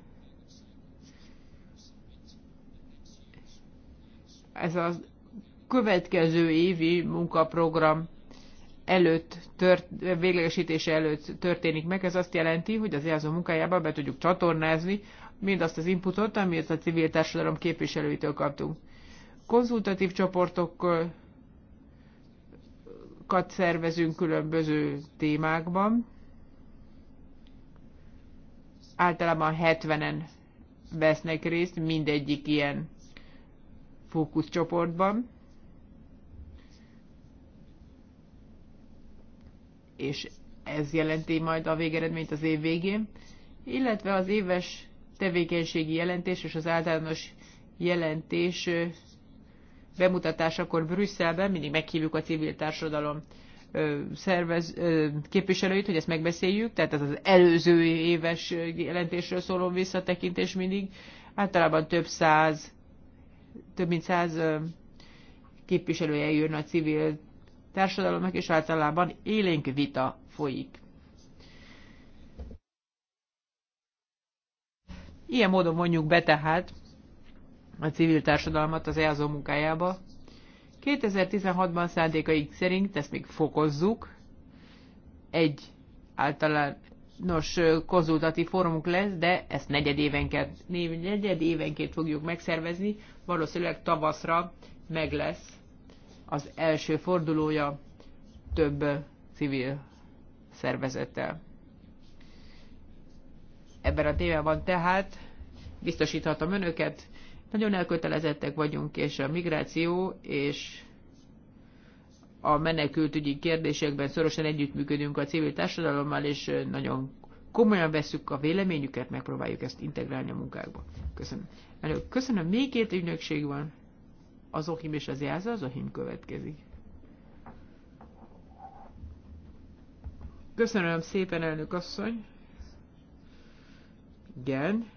ez a következő évi munkaprogram előtt, tört, véglegesítése előtt történik meg. Ez azt jelenti, hogy az jelző munkájába be tudjuk csatornázni mindazt az inputot, amit a civil társadalom képviselőitől kaptunk. Konzultatív csoportokat szervezünk különböző témákban. Általában 70-en vesznek részt mindegyik ilyen fókuszcsoportban. és ez jelenti majd a végeredményt az év végén, illetve az éves tevékenységi jelentés és az általános jelentés bemutatásakor Brüsszelben mindig meghívjuk a civil társadalom szervez, képviselőit, hogy ezt megbeszéljük, tehát ez az előző éves jelentésről szóló visszatekintés mindig. Általában több száz, több mint száz képviselője jön a civil társadalomnak is általában élénk vita folyik. Ilyen módon vonjuk be tehát a civil társadalmat az EASO munkájába. 2016-ban szándékaik szerint ezt még fokozzuk. Egy általános konzultatív fórumunk lesz, de ezt negyed évenként, negyed évenként fogjuk megszervezni. Valószínűleg tavaszra meg lesz az első fordulója több civil szervezettel. Ebben a témában tehát biztosíthatom önöket, nagyon elkötelezettek vagyunk, és a migráció és a menekültügyi kérdésekben szorosan együttműködünk a civil társadalommal, és nagyon komolyan vesszük a véleményüket, megpróbáljuk ezt integrálni a munkákba. Köszönöm. köszönöm, még két ügynökség van az Ohim és az jelző, az Ohim következik. Köszönöm szépen, elnök asszony. Igen.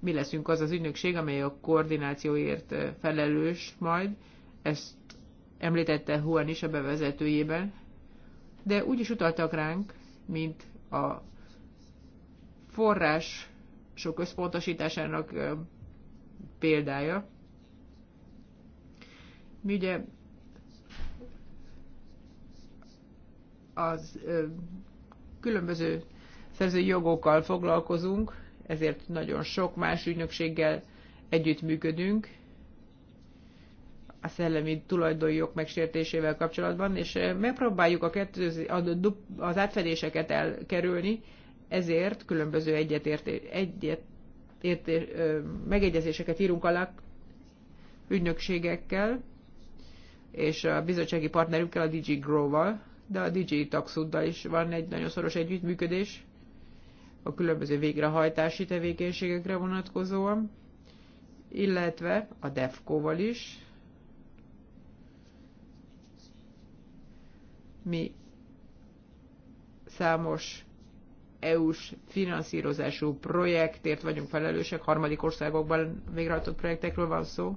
Mi leszünk az az ügynökség, amely a koordinációért felelős majd. Ezt említette Huan is a bevezetőjében. De úgy is utaltak ránk, mint a forrás sok összpontosításának példája. Mi ugye az ö, különböző szerzői jogokkal foglalkozunk, ezért nagyon sok más ügynökséggel együttműködünk a szellemi tulajdonjog megsértésével kapcsolatban, és megpróbáljuk a kettő, az átfedéseket elkerülni, ezért különböző egyetérté, egyetérté, megegyezéseket írunk alá ügynökségekkel, és a bizottsági partnerünkkel, a DG Grow-val, de a DG Taxuddal is van egy nagyon szoros együttműködés a különböző végrehajtási tevékenységekre vonatkozóan, illetve a DEFCO-val is. Mi számos EU-s finanszírozású projektért vagyunk felelősek, harmadik országokban végrehajtott projektekről van szó.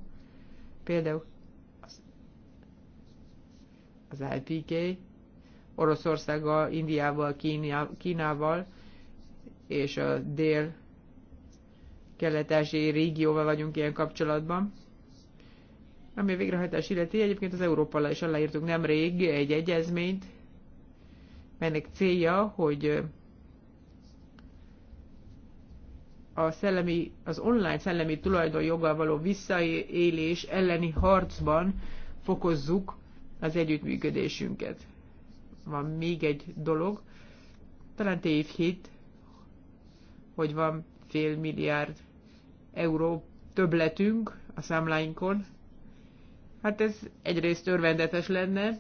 Például az LPG, Oroszországgal, Indiával, Kínával és a dél kelet régióval vagyunk ilyen kapcsolatban. Ami a végrehajtás illeti, egyébként az Európallal is aláírtuk nemrég egy egyezményt, melynek célja, hogy a szellemi, az online szellemi tulajdonjoggal való visszaélés elleni harcban fokozzuk az együttműködésünket. Van még egy dolog, talán tévhit, hogy van fél milliárd euró többletünk a számláinkon. Hát ez egyrészt örvendetes lenne,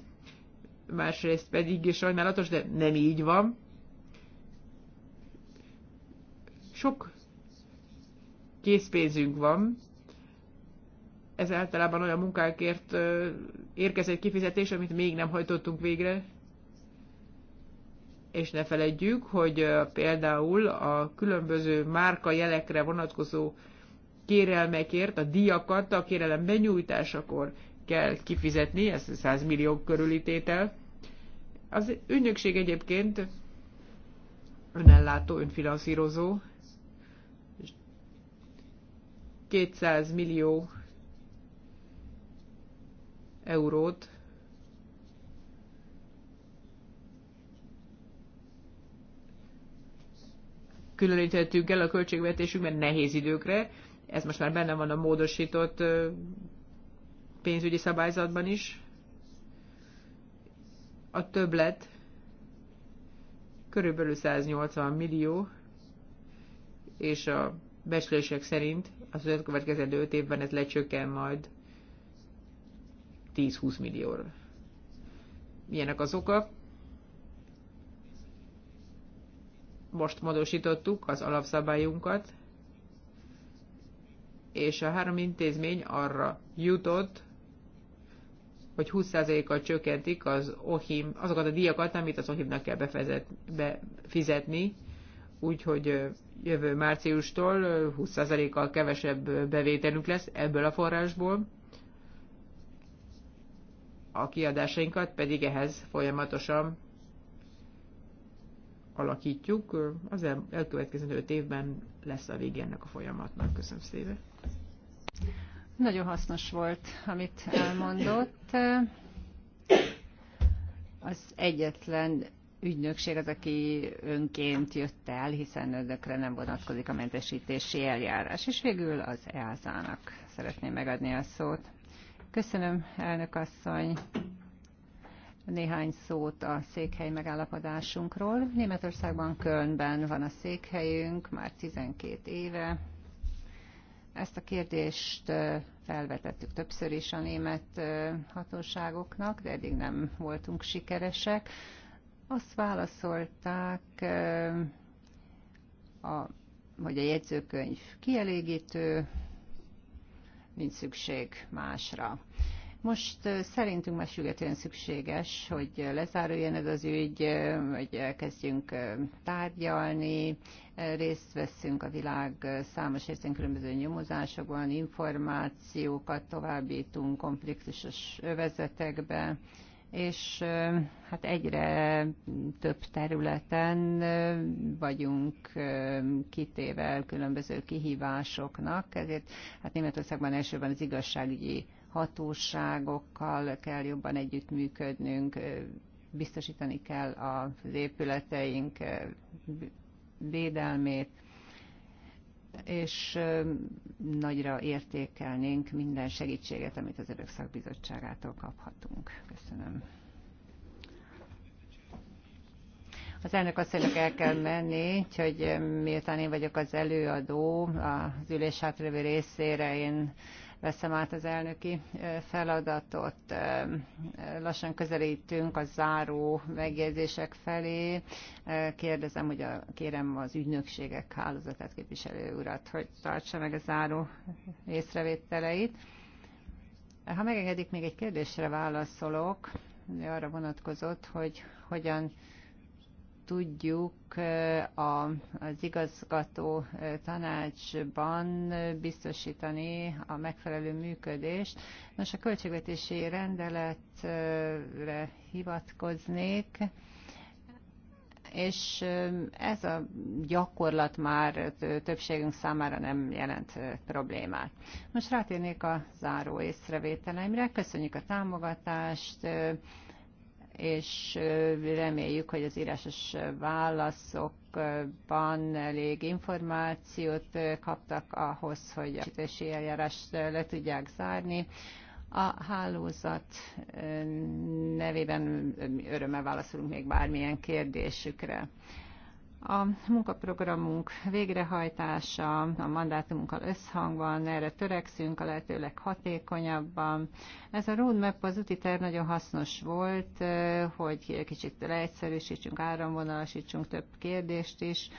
másrészt pedig is sajnálatos, de nem így van. Sok készpénzünk van, ez általában olyan munkákért érkezett kifizetés, amit még nem hajtottunk végre. És ne feledjük, hogy például a különböző márka jelekre vonatkozó kérelmekért, a díjakat a kérelem benyújtásakor kell kifizetni, ez 100 millió körüli tétel. Az ügynökség egyébként önellátó, önfinanszírozó, 200 millió eurót. Különítettük el a költségvetésünkben nehéz időkre, ez most már benne van a módosított pénzügyi szabályzatban is. A többlet körülbelül 180 millió, és a becslések szerint az következő 5 évben ez lecsökken majd 10-20 millióra. Milyenek az oka? Most módosítottuk az alapszabályunkat, és a három intézmény arra jutott, hogy 20%-kal csökkentik az OHIM, azokat a díjakat, amit az OHIM-nak kell befizetni, úgyhogy jövő márciustól 20%-kal kevesebb bevételünk lesz ebből a forrásból a kiadásainkat pedig ehhez folyamatosan alakítjuk. Az el, elkövetkező öt évben lesz a vége ennek a folyamatnak. Köszönöm szépen. Nagyon hasznos volt, amit elmondott. Az egyetlen ügynökség az, aki önként jött el, hiszen önökre nem vonatkozik a mentesítési eljárás. És végül az EASA-nak szeretném megadni a szót. Köszönöm, elnök asszony. Néhány szót a székhely megállapodásunkról. Németországban, Kölnben van a székhelyünk már 12 éve. Ezt a kérdést felvetettük többször is a német hatóságoknak, de eddig nem voltunk sikeresek. Azt válaszolták a hogy a jegyzőkönyv kielégítő, nincs szükség másra. Most szerintünk már sügetően szükséges, hogy lezáruljon ez az ügy, hogy elkezdjünk tárgyalni, részt veszünk a világ számos részén különböző nyomozásokban, információkat továbbítunk konfliktusos övezetekbe, és hát egyre több területen vagyunk kitéve különböző kihívásoknak, ezért hát Németországban elsőben az igazságügyi hatóságokkal kell jobban együttműködnünk, biztosítani kell az épületeink védelmét, és nagyra értékelnénk minden segítséget, amit az Örök Szakbizottságától kaphatunk. Köszönöm. Az elnök asszonynak el kell menni, úgyhogy miután én vagyok az előadó az ülés hátrövő részére, én veszem át az elnöki feladatot. Lassan közelítünk a záró megjegyzések felé. Kérdezem, hogy a, kérem az ügynökségek hálózatát képviselő urat, hogy tartsa meg a záró észrevételeit. Ha megengedik, még egy kérdésre válaszolok, arra vonatkozott, hogy hogyan tudjuk, eh, az igazgató eh, tanácsban biztosítani a megfelelő működést. Nos, a költségvetési rendeletre hivatkoznék és eh, ez a gyakorlat már többségünk számára nem jelent problémát. Most rátérnék a záró észrevételeimre. Köszönjük a támogatást, és reméljük, hogy az írásos válaszokban elég információt kaptak ahhoz, hogy a kisítési eljárást le tudják zárni. A hálózat nevében örömmel válaszolunk még bármilyen kérdésükre. A munkaprogramunk végrehajtása, a mandátumunkkal összhangban, erre törekszünk a lehetőleg hatékonyabban. Ez a roadmap az úti terv nagyon hasznos volt, hogy kicsit leegyszerűsítsünk, áramvonalasítsunk több kérdést is.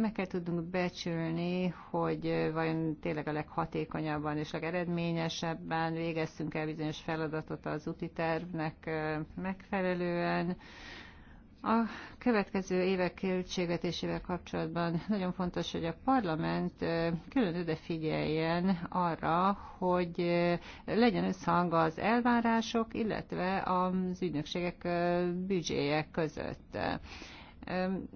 Meg kell tudnunk becsülni, hogy vajon tényleg a leghatékonyabban és legeredményesebben végeztünk el bizonyos feladatot az úti tervnek megfelelően a következő évek költségvetésével kapcsolatban nagyon fontos, hogy a parlament külön odafigyeljen arra, hogy legyen összhang az elvárások, illetve az ügynökségek büdzséje között.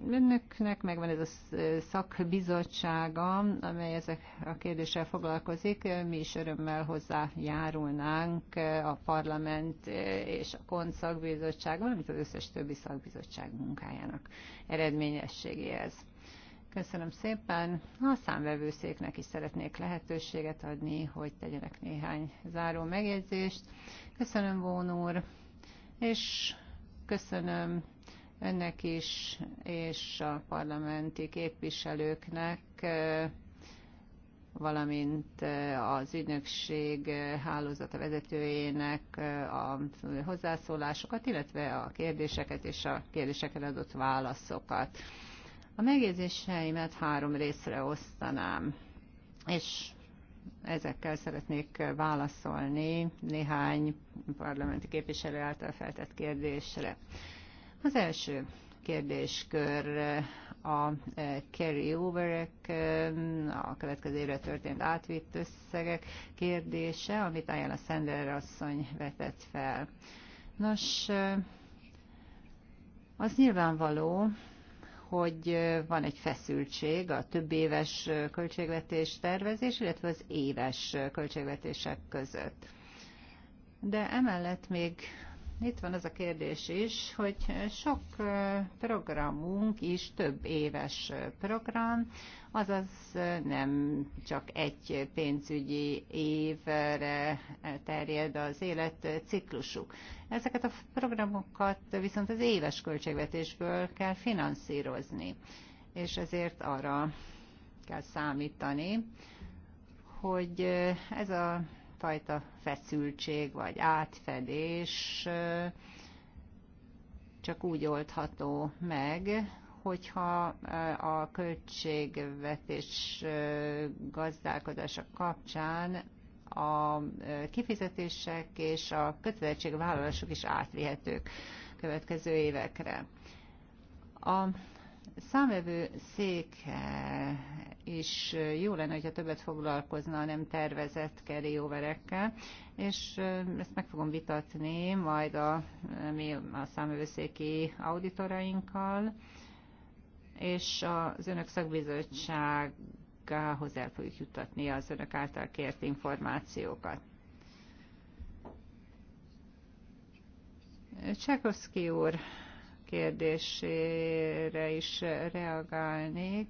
Önöknek megvan ez a szakbizottsága, amely ezek a kérdéssel foglalkozik. Mi is örömmel hozzájárulnánk a parlament és a KONT szakbizottság, valamint az összes többi szakbizottság munkájának eredményességéhez. Köszönöm szépen. A számvevőszéknek is szeretnék lehetőséget adni, hogy tegyenek néhány záró megjegyzést. Köszönöm, Vón úr, és köszönöm önnek is, és a parlamenti képviselőknek, valamint az ügynökség hálózata vezetőjének a hozzászólásokat, illetve a kérdéseket és a kérdésekre adott válaszokat. A megjegyzéseimet három részre osztanám, és ezekkel szeretnék válaszolni néhány parlamenti képviselő által feltett kérdésre. Az első kérdéskör a e, carry e, a következő évre történt átvitt összegek kérdése, amit a Sender asszony vetett fel. Nos, e, az nyilvánvaló, hogy van egy feszültség a több éves költségvetés tervezés, illetve az éves költségvetések között. De emellett még itt van ez a kérdés is, hogy sok programunk is több éves program, azaz nem csak egy pénzügyi évre terjed az életciklusuk. Ezeket a programokat viszont az éves költségvetésből kell finanszírozni, és ezért arra kell számítani, hogy ez a fajta feszültség vagy átfedés csak úgy oldható meg, hogyha a költségvetés gazdálkodása kapcsán a kifizetések és a kötelezettségvállalások is átvihetők következő évekre. A számvevő szék eh, is jó lenne, hogyha többet foglalkozna a nem tervezett carryoverekkel, és eh, ezt meg fogom vitatni majd a, eh, mi a számvevőszéki auditorainkkal, és az önök szakbizottságához el fogjuk juttatni az önök által kért információkat. Csákoszki úr kérdésére is reagálnék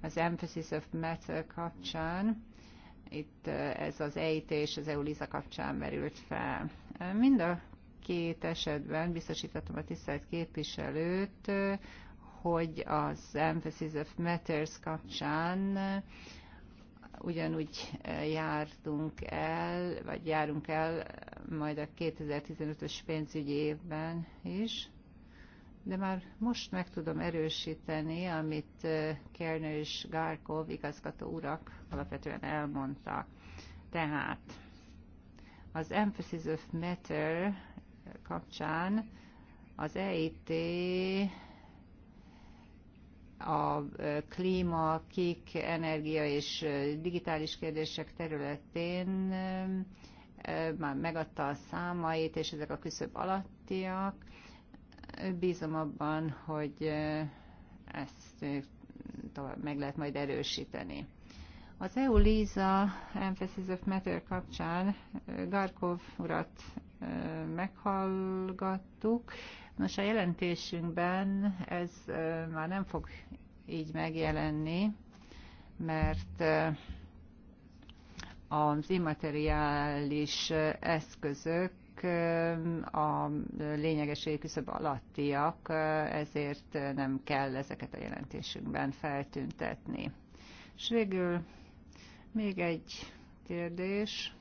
az Emphasis of Matter kapcsán. Itt ez az EIT és az EULISA kapcsán merült fel. Mind a két esetben biztosítottam a tisztelt képviselőt, hogy az Emphasis of Matters kapcsán ugyanúgy jártunk el, vagy járunk el majd a 2015-ös pénzügyi évben is de már most meg tudom erősíteni, amit Kernő és Gárkov igazgató urak alapvetően elmondta. Tehát az Emphasis of Matter kapcsán az EIT a klíma, kik, energia és digitális kérdések területén már megadta a számait, és ezek a küszöb alattiak, Bízom abban, hogy ezt tovább meg lehet majd erősíteni. Az EU Liza Emphasis of Matter kapcsán Garkov urat meghallgattuk. Nos, a jelentésünkben ez már nem fog így megjelenni, mert az immateriális eszközök a lényeges küszöb alattiak, ezért nem kell ezeket a jelentésünkben feltüntetni. És végül még egy kérdés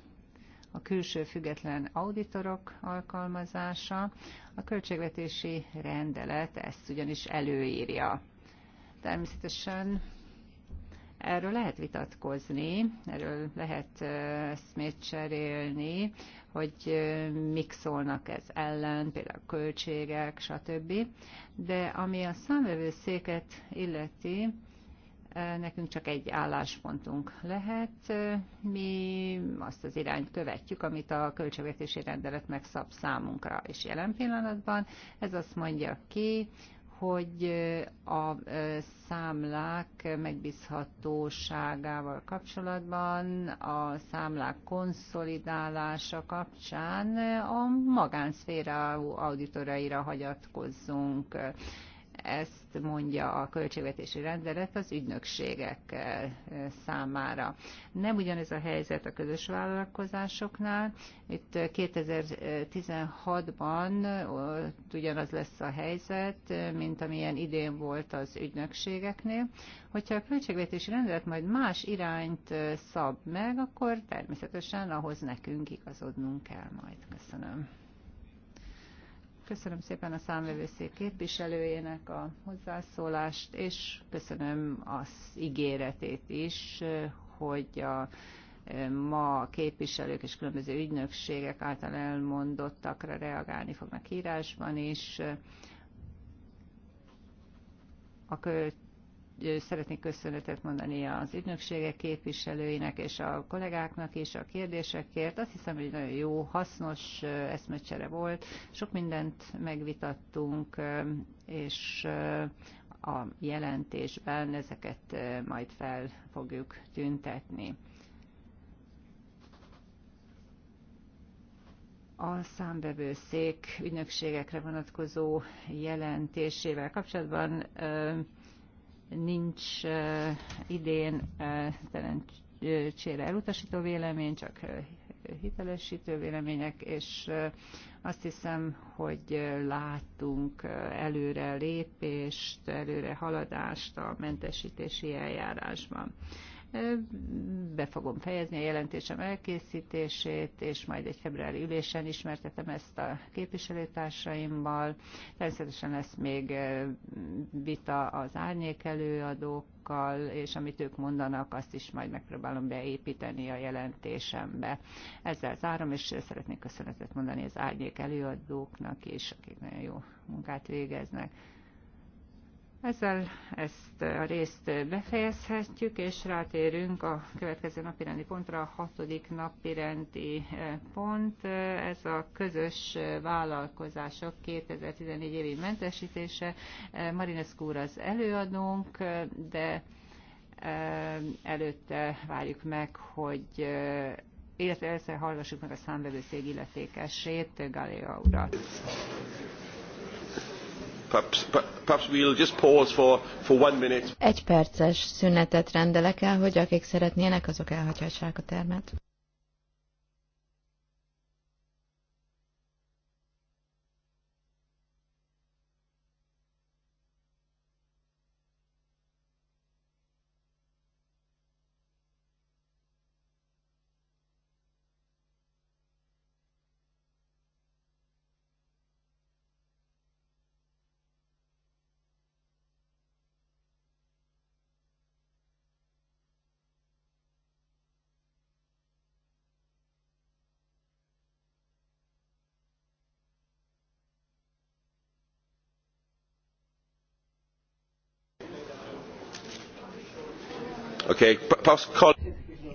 a külső független auditorok alkalmazása. A költségvetési rendelet ezt ugyanis előírja. Természetesen erről lehet vitatkozni, erről lehet eszmét cserélni, hogy mik szólnak ez ellen, például költségek, stb. De ami a számvevőszéket illeti, nekünk csak egy álláspontunk lehet. Mi azt az irányt követjük, amit a költségvetési rendelet megszab számunkra. is jelen pillanatban ez azt mondja ki, hogy a számlák megbízhatóságával kapcsolatban, a számlák konszolidálása kapcsán a magánszféra auditoraira hagyatkozzunk. Ezt mondja a költségvetési rendelet az ügynökségek eh, számára. Nem ugyanez a helyzet a közös vállalkozásoknál. Itt 2016-ban eh, eh, ugyanaz lesz a helyzet, mint amilyen idén volt az ügynökségeknél. Hogyha a költségvetési rendelet majd más irányt szab meg, akkor természetesen ahhoz nekünk igazodnunk kell majd. Köszönöm. Köszönöm szépen a számvevőszék képviselőjének a hozzászólást, és köszönöm az ígéretét is, hogy a eh, ma a képviselők és különböző ügynökségek által elmondottakra reagálni fognak írásban is. A költ szeretnék köszönetet mondani az ügynökségek képviselőinek és a kollégáknak is a kérdésekért. Azt hiszem, hogy nagyon jó, hasznos eszmecsere volt. Sok mindent megvitattunk, és a jelentésben ezeket majd fel fogjuk tüntetni. a számbevőszék ügynökségekre vonatkozó jelentésével kapcsolatban nincs idén szerencsére elutasító vélemény, csak hitelesítő vélemények, és azt hiszem, hogy látunk előre lépést, előre haladást a mentesítési eljárásban. Be fogom fejezni a jelentésem elkészítését, és majd egy februári ülésen ismertetem ezt a képviselőtársaimmal. Természetesen lesz még vita az árnyék előadókkal, és amit ők mondanak, azt is majd megpróbálom beépíteni a jelentésembe. Ezzel zárom, és szeretnék köszönetet mondani az árnyék előadóknak is, akik nagyon jó munkát végeznek. Ezzel ezt a részt befejezhetjük, és rátérünk a következő napirendi pontra, a hatodik napirendi eh, pont. Ez a közös vállalkozások 2014 évi mentesítése. Eh, Marinescu úr az előadónk, de eh, előtte várjuk meg, hogy illetve először hallgassuk meg a számvevőszég illetékesét, Galéa urat. Egy perces szünetet rendelek el, hogy akik szeretnének, azok elhagyhassák a termet.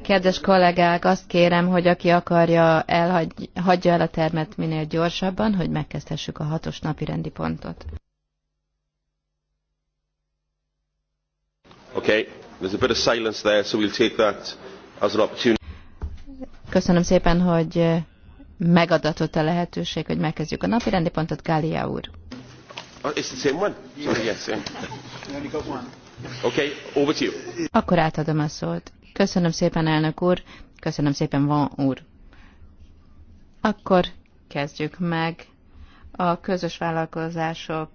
Kedves kollégák, azt kérem, hogy aki akarja, hagyja el a termet minél gyorsabban, hogy megkezdhessük a hatos napi rendi pontot. There's a bit of silence there, so we'll take that as an opportunity. Köszönöm szépen, hogy eh, megadatott a lehetőség, hogy megkezdjük a napi rendi pontot, Gália úr. Oh, it's the same one. Sorry, yes, same. Okay, over to you. Akkor átadom a szót. Köszönöm szépen, elnök úr. Köszönöm szépen, van úr. Akkor kezdjük meg a közös vállalkozások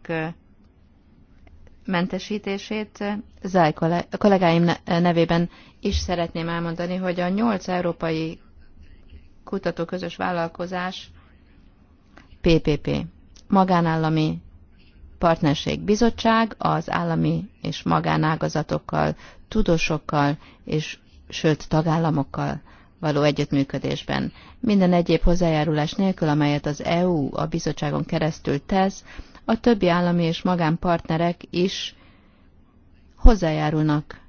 mentesítését. Zaj kollégáim nevében is szeretném elmondani, hogy a nyolc európai kutató közös vállalkozás PPP, magánállami Partnerség Bizottság az állami és magánágazatokkal, tudósokkal és sőt tagállamokkal való együttműködésben. Minden egyéb hozzájárulás nélkül, amelyet az EU a bizottságon keresztül tesz, a többi állami és magánpartnerek is hozzájárulnak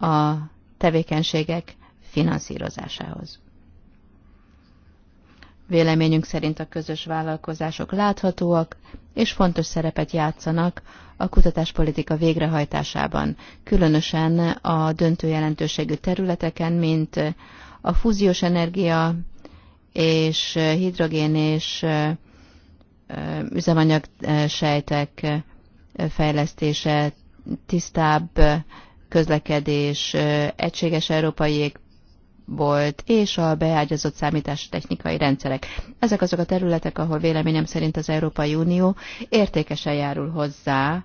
a tevékenységek finanszírozásához. Véleményünk szerint a közös vállalkozások láthatóak, és fontos szerepet játszanak a kutatáspolitika végrehajtásában, különösen a döntő jelentőségű területeken, mint a fúziós energia és hidrogén és üzemanyag sejtek fejlesztése, tisztább közlekedés, egységes európai volt, és a beágyazott technikai rendszerek. Ezek azok a területek, ahol véleményem szerint az Európai Unió értékesen járul hozzá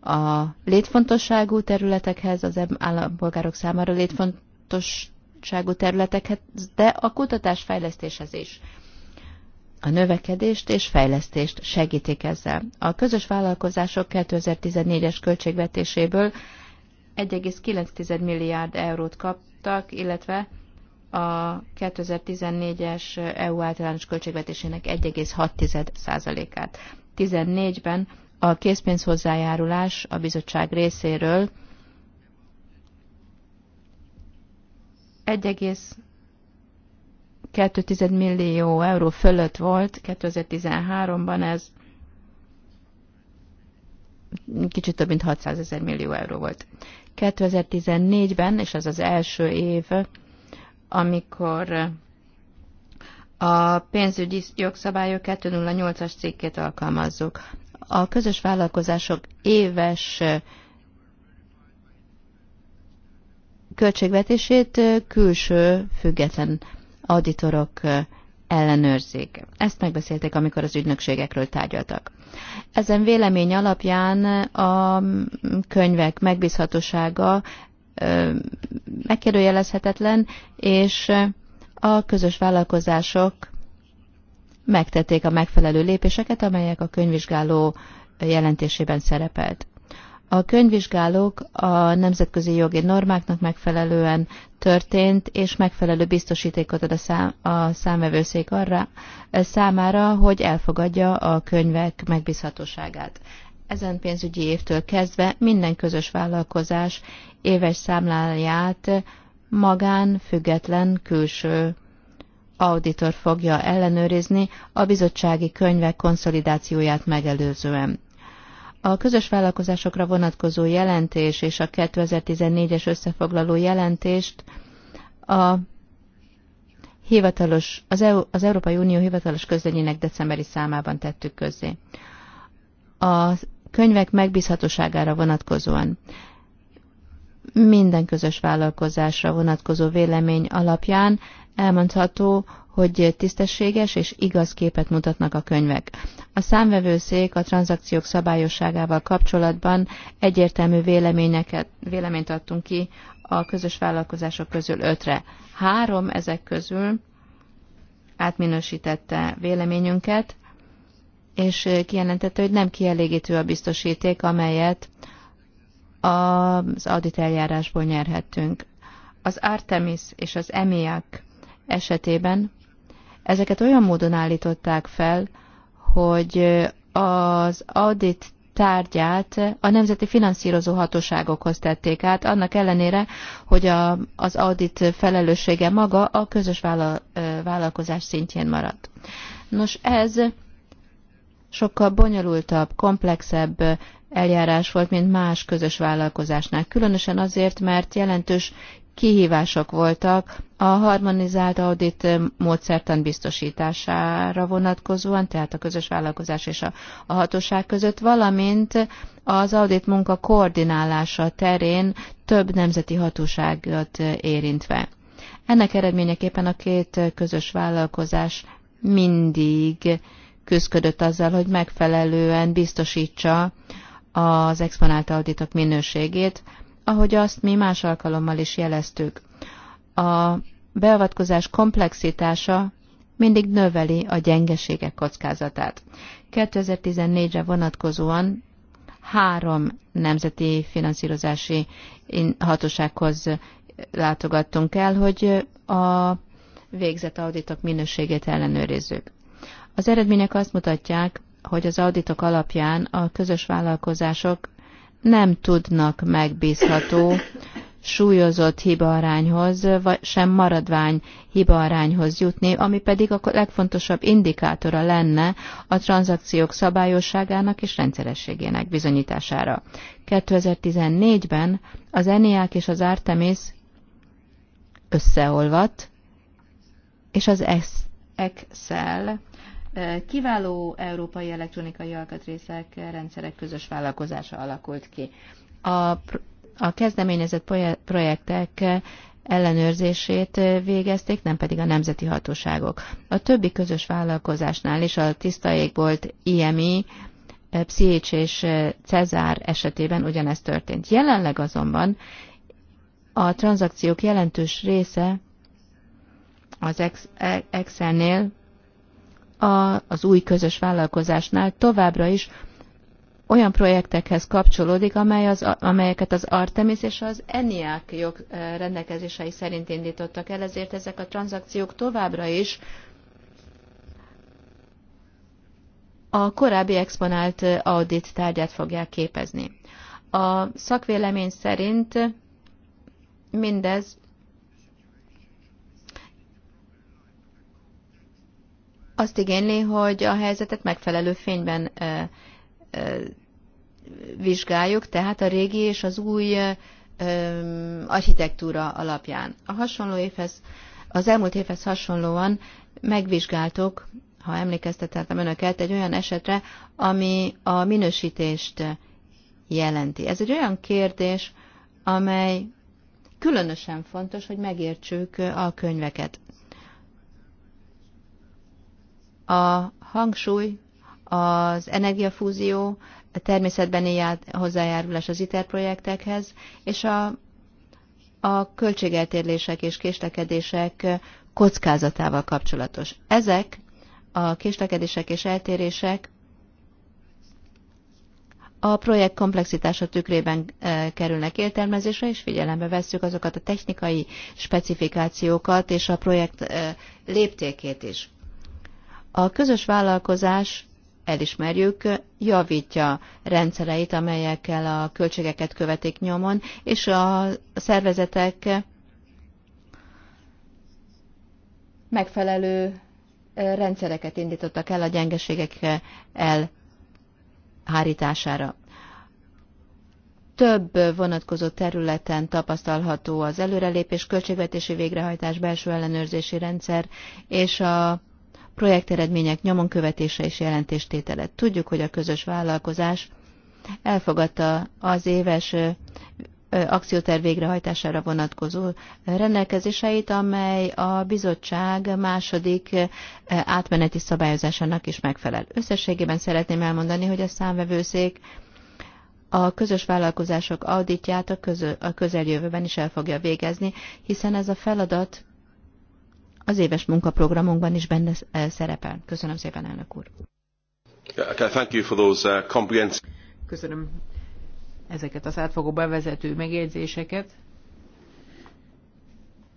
a létfontosságú területekhez, az állampolgárok számára létfontosságú területekhez, de a kutatás fejlesztéshez is a növekedést és fejlesztést segítik ezzel. A közös vállalkozások 2014-es költségvetéséből 1,9 milliárd eurót kap tudtak, illetve a 2014-es EU általános költségvetésének 1,6%-át. 14-ben a készpénz hozzájárulás a bizottság részéről 1,2 millió euró fölött volt, 2013-ban ez kicsit több mint 600 ezer millió euró volt. 2014-ben, és az az első év, amikor a pénzügyi jogszabályok 208-as cikkét alkalmazzuk. A közös vállalkozások éves költségvetését külső független auditorok ellenőrzik. Ezt megbeszélték, amikor az ügynökségekről tárgyaltak. Ezen vélemény alapján a könyvek megbízhatósága megkérdőjelezhetetlen, és a közös vállalkozások megtették a megfelelő lépéseket, amelyek a könyvvizsgáló jelentésében szerepelt. A könyvvizsgálók a nemzetközi jogi normáknak megfelelően történt, és megfelelő biztosítékot ad a, szám, a számvevőszék arra e, számára, hogy elfogadja a könyvek megbízhatóságát. Ezen pénzügyi évtől kezdve minden közös vállalkozás éves számláját magán, független, külső auditor fogja ellenőrizni a bizottsági könyvek konszolidációját megelőzően. A közös vállalkozásokra vonatkozó jelentés és a 2014-es összefoglaló jelentést a hivatalos, az, EU, az Európai Unió hivatalos közlönyének decemberi számában tettük közzé. A könyvek megbízhatóságára vonatkozóan minden közös vállalkozásra vonatkozó vélemény alapján elmondható, hogy tisztességes és igaz képet mutatnak a könyvek. A számvevőszék a tranzakciók szabályosságával kapcsolatban egyértelmű véleményeket, véleményt adtunk ki a közös vállalkozások közül ötre. Három ezek közül átminősítette véleményünket, és kijelentette, hogy nem kielégítő a biztosíték, amelyet az audit eljárásból nyerhettünk. Az Artemis és az EMIAC esetében ezeket olyan módon állították fel, hogy az audit tárgyát a nemzeti finanszírozó hatóságokhoz tették át, annak ellenére, hogy a, az audit felelőssége maga a közös vála, vállalkozás szintjén maradt. Nos, ez sokkal bonyolultabb, komplexebb eljárás volt, mint más közös vállalkozásnál. Különösen azért, mert jelentős kihívások voltak a harmonizált audit eh, módszertan biztosítására vonatkozóan, tehát a közös vállalkozás és a, a hatóság között, valamint az audit munka koordinálása terén több nemzeti hatóságot eh, érintve. Ennek eredményeképpen a két eh, közös vállalkozás mindig küzdött azzal, hogy megfelelően biztosítsa az exponált auditok minőségét, ahogy azt mi más alkalommal is jeleztük. A beavatkozás komplexitása mindig növeli a gyengeségek kockázatát. 2014-re vonatkozóan három nemzeti finanszírozási hatósághoz látogattunk el, hogy a végzett auditok minőségét ellenőrizzük. Az eredmények azt mutatják, hogy az auditok alapján a közös vállalkozások nem tudnak megbízható súlyozott hibaarányhoz, vagy sem maradvány hibaarányhoz jutni, ami pedig a legfontosabb indikátora lenne a tranzakciók szabályosságának és rendszerességének bizonyítására. 2014-ben az ENIAC és az Artemis összeolvadt, és az Excel kiváló európai elektronikai alkatrészek rendszerek közös vállalkozása alakult ki. A, a kezdeményezett projektek ellenőrzését végezték, nem pedig a nemzeti hatóságok. A többi közös vállalkozásnál is a tiszta égbolt IMI, Pszichics és Cezár esetében ugyanezt történt. Jelenleg azonban a tranzakciók jelentős része az Excel-nél a, az új közös vállalkozásnál továbbra is olyan projektekhez kapcsolódik, amely az, amelyeket az Artemis és az ENIAC jog rendelkezései szerint indítottak el, ezért ezek a tranzakciók továbbra is a korábbi exponált audit tárgyát fogják képezni. A szakvélemény szerint mindez azt igényli, hogy a helyzetet megfelelő fényben vizsgáljuk, tehát a régi és az új architektúra alapján. A hasonló évhez, az elmúlt évhez hasonlóan megvizsgáltuk, ha emlékeztetettem önöket, egy olyan esetre, ami a minősítést jelenti. Ez egy olyan kérdés, amely különösen fontos, hogy megértsük a könyveket. A hangsúly, az energiafúzió, a természetbeni hozzájárulás az ITER projektekhez, és a, a költségeltérlések és késlekedések kockázatával kapcsolatos. Ezek a késlekedések és eltérések a projekt komplexitása tükrében e, kerülnek értelmezésre, és figyelembe vesszük azokat a technikai specifikációkat és a projekt e, léptékét is. A közös vállalkozás elismerjük, javítja rendszereit, amelyekkel a költségeket követik nyomon, és a szervezetek megfelelő rendszereket indítottak el a gyengeségek elhárítására. Több vonatkozó területen tapasztalható az előrelépés, költségvetési végrehajtás, belső ellenőrzési rendszer és a projekteredmények nyomon követése és jelentéstételet. Tudjuk, hogy a közös vállalkozás elfogadta az éves akcióterv végrehajtására vonatkozó rendelkezéseit, amely a bizottság második átmeneti szabályozásának is megfelel. Összességében szeretném elmondani, hogy a számvevőszék a közös vállalkozások auditját a, közö, a közeljövőben is el fogja végezni, hiszen ez a feladat az éves munkaprogramunkban is benne e, szerepel. Köszönöm szépen, elnök úr. Uh, Köszönöm ezeket az átfogó bevezető megjegyzéseket.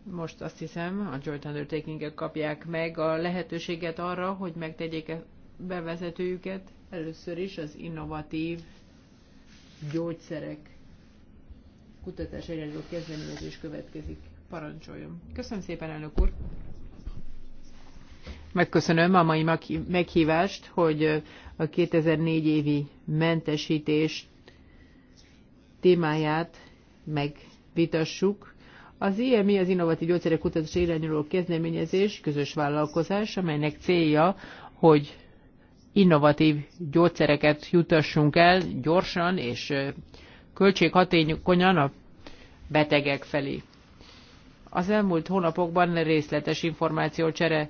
Most azt hiszem, a joint undertaking kapják meg a lehetőséget arra, hogy megtegyék a bevezetőjüket. Először is az innovatív gyógyszerek kutatás irányuló kezdeményezés következik. Parancsoljon. Köszönöm szépen, elnök úr! megköszönöm a mai meghívást, hogy a 2004 évi mentesítés témáját megvitassuk. Az IMI az Innovatív Gyógyszerek Kutatási Irányuló Kezdeményezés közös vállalkozás, amelynek célja, hogy innovatív gyógyszereket jutassunk el gyorsan és költséghatékonyan a betegek felé. Az elmúlt hónapokban részletes információcsere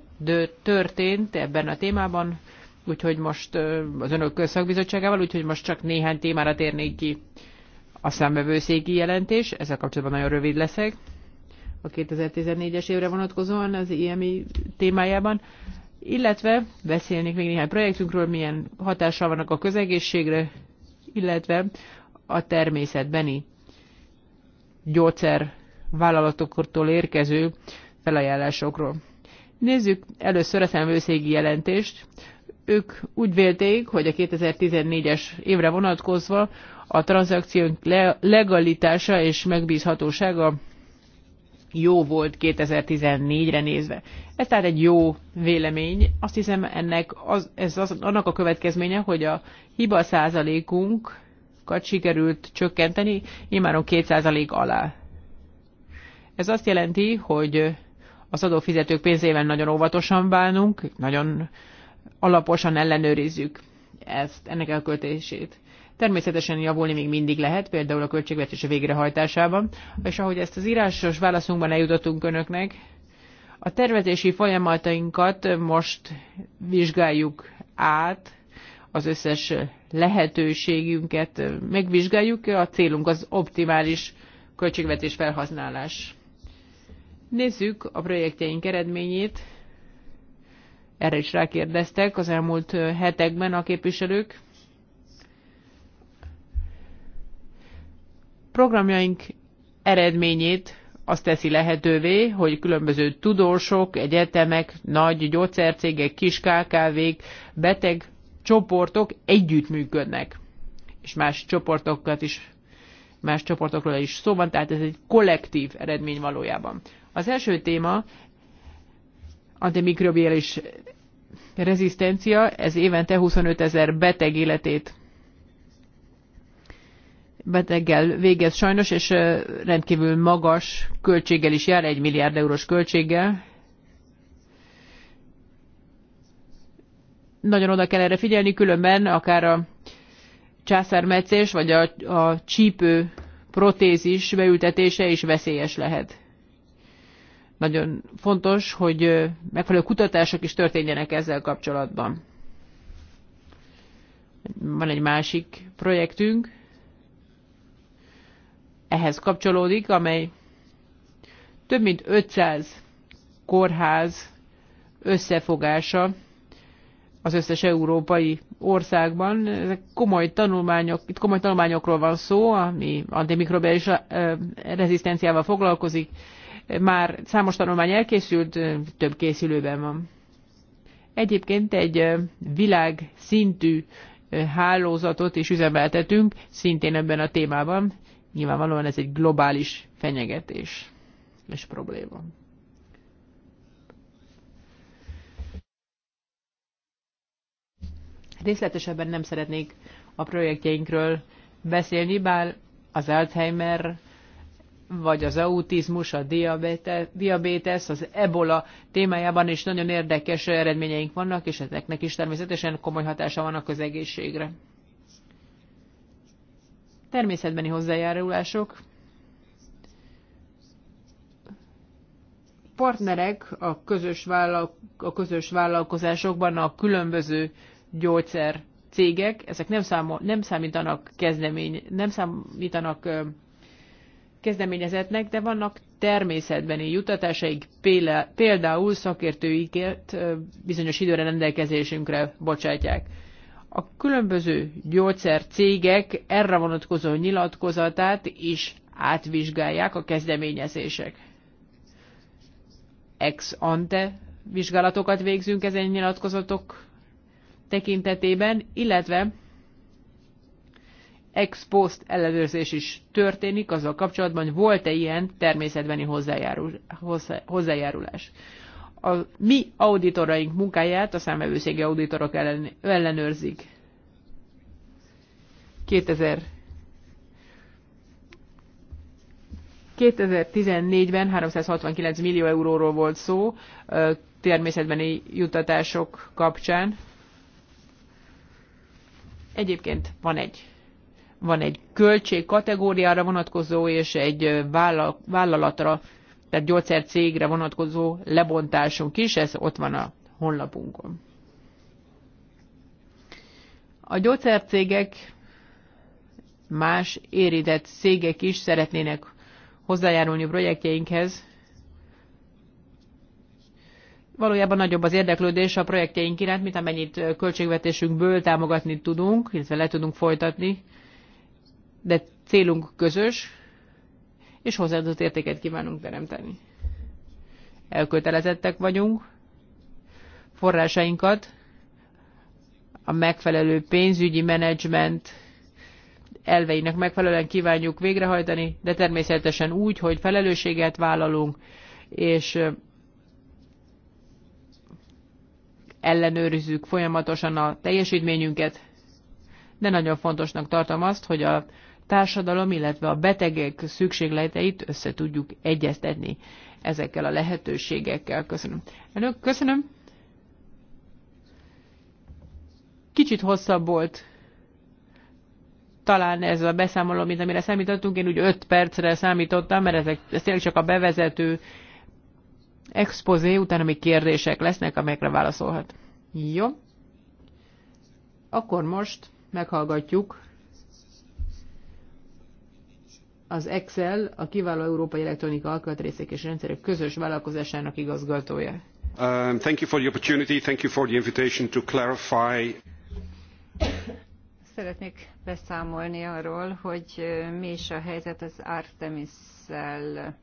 történt ebben a témában, úgyhogy most az önök közszakbizottságával, úgyhogy most csak néhány témára térnék ki. A számbevőszéki jelentés, ezzel kapcsolatban nagyon rövid leszek, a 2014-es évre vonatkozóan az IMI témájában, illetve beszélnék még néhány projektünkről, milyen hatással vannak a közegészségre, illetve a természetbeni gyógyszer vállalatoktól érkező felajánlásokról. Nézzük először a szemvőszégi jelentést. Ők úgy vélték, hogy a 2014-es évre vonatkozva a tranzakciónk legalitása és megbízhatósága jó volt 2014-re nézve. Ez tehát egy jó vélemény. Azt hiszem, ennek az, ez az, annak a következménye, hogy a hiba százalékunkat sikerült csökkenteni, immáron 2 százalék alá ez azt jelenti, hogy az adófizetők pénzével nagyon óvatosan bánunk, nagyon alaposan ellenőrizzük ezt, ennek elköltését. Természetesen javulni még mindig lehet, például a költségvetés végrehajtásában, és ahogy ezt az írásos válaszunkban eljutottunk önöknek, a tervezési folyamatainkat most vizsgáljuk át, az összes lehetőségünket megvizsgáljuk, a célunk az optimális költségvetés felhasználás. Nézzük a projektjeink eredményét. Erre is rákérdeztek az elmúlt hetekben a képviselők. Programjaink eredményét azt teszi lehetővé, hogy különböző tudósok, egyetemek, nagy gyógyszercégek, kis KKV-k, beteg csoportok együttműködnek. És más csoportokat is, más csoportokról is szó van, tehát ez egy kollektív eredmény valójában. Az első téma antimikrobiális rezisztencia, ez évente 25 ezer beteg életét beteggel végez sajnos, és rendkívül magas költséggel is jár, egy milliárd eurós költséggel. Nagyon oda kell erre figyelni, különben akár a császármetszés vagy a, a csípő protézis beültetése is veszélyes lehet. Nagyon fontos, hogy megfelelő kutatások is történjenek ezzel kapcsolatban. Van egy másik projektünk, ehhez kapcsolódik, amely több mint 500 kórház összefogása az összes európai országban. Ezek komoly tanulmányok, itt komoly tanulmányokról van szó, ami antimikrobiális rezisztenciával foglalkozik, már számos tanulmány elkészült, több készülőben van. Egyébként egy világszintű hálózatot is üzemeltetünk, szintén ebben a témában. Nyilvánvalóan ez egy globális fenyegetés és probléma. Részletesebben nem szeretnék a projektjeinkről beszélni, bár az Alzheimer vagy az autizmus, a diabétesz, az ebola témájában is nagyon érdekes eredményeink vannak, és ezeknek is természetesen komoly hatása vannak az egészségre. Természetbeni hozzájárulások. Partnerek a közös, vállalko- a közös vállalkozásokban a különböző gyógyszer cégek, ezek nem, számol, nem számítanak kezdemény, nem számítanak kezdeményezetnek, de vannak természetbeni jutatásaik, például szakértőiket bizonyos időre rendelkezésünkre bocsátják. A különböző gyógyszercégek erre vonatkozó nyilatkozatát is átvizsgálják a kezdeményezések. Ex ante vizsgálatokat végzünk ezen nyilatkozatok tekintetében, illetve ex post ellenőrzés is történik azzal kapcsolatban, hogy volt-e ilyen természetbeni hozzájárul, hozzá, hozzájárulás. A mi auditoraink munkáját a számvevőszégi auditorok ellen, ellenőrzik. 2000 2014-ben 369 millió euróról volt szó természetbeni juttatások kapcsán. Egyébként van egy van egy költség kategóriára vonatkozó és egy vállalatra, tehát gyógyszercégre vonatkozó lebontásunk is, ez ott van a honlapunkon. A gyógyszercégek más érintett cégek is szeretnének hozzájárulni a projektjeinkhez. Valójában nagyobb az érdeklődés a projektjeink iránt, mint amennyit költségvetésünkből támogatni tudunk, illetve le tudunk folytatni de célunk közös, és hozzáadott értéket kívánunk teremteni. Elkötelezettek vagyunk, forrásainkat a megfelelő pénzügyi menedzsment elveinek megfelelően kívánjuk végrehajtani, de természetesen úgy, hogy felelősséget vállalunk, és ellenőrizzük folyamatosan a teljesítményünket, de nagyon fontosnak tartom azt, hogy a társadalom, illetve a betegek szükségleteit össze tudjuk egyeztetni ezekkel a lehetőségekkel. Köszönöm. Önök, köszönöm. Kicsit hosszabb volt talán ez a beszámoló, mint amire számítottunk. Én úgy 5 percre számítottam, mert ezek, ez tényleg csak a bevezető expozé, utána még kérdések lesznek, amelyekre válaszolhat. Jó. Akkor most meghallgatjuk az Excel a kiváló európai elektronika alkatrészek és rendszerek közös vállalkozásának igazgatója. Um, thank you for the opportunity, thank you for the invitation to clarify. Szeretnék beszámolni arról, hogy mi is a helyzet az Artemis-szel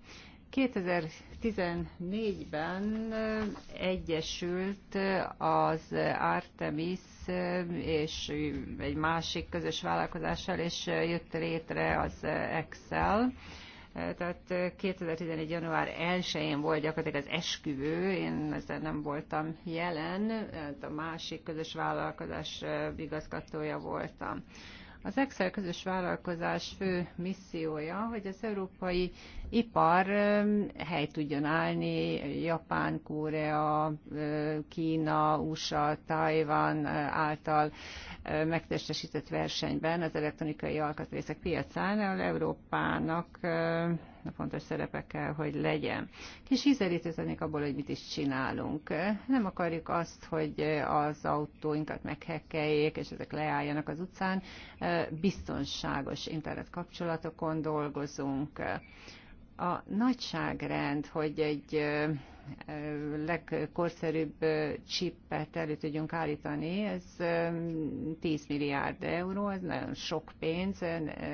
2014-ben eh, egyesült eh, az Artemis eh, és egy másik közös vállalkozással, és jött létre az Excel. Tehát 2011. január 1-én volt gyakorlatilag az esküvő, én ezzel nem voltam jelen, a másik közös vállalkozás igazgatója voltam. Az Excel közös vállalkozás fő missziója, hogy az európai ipar hely tudjon állni Japán, Korea, Kína, USA, Tajvan által megtestesített versenyben az elektronikai alkatrészek piacán, ahol Európának a fontos szerepe kell, hogy legyen. Kis ízelítőzenék abból, hogy mit is csinálunk. Nem akarjuk azt, hogy az autóinkat meghekkeljék, és ezek leálljanak az utcán. Biztonságos internet kapcsolatokon dolgozunk a nagyságrend, hogy egy legkorszerűbb csippet elő tudjunk állítani, ez 10 milliárd euró, ez nagyon sok pénz,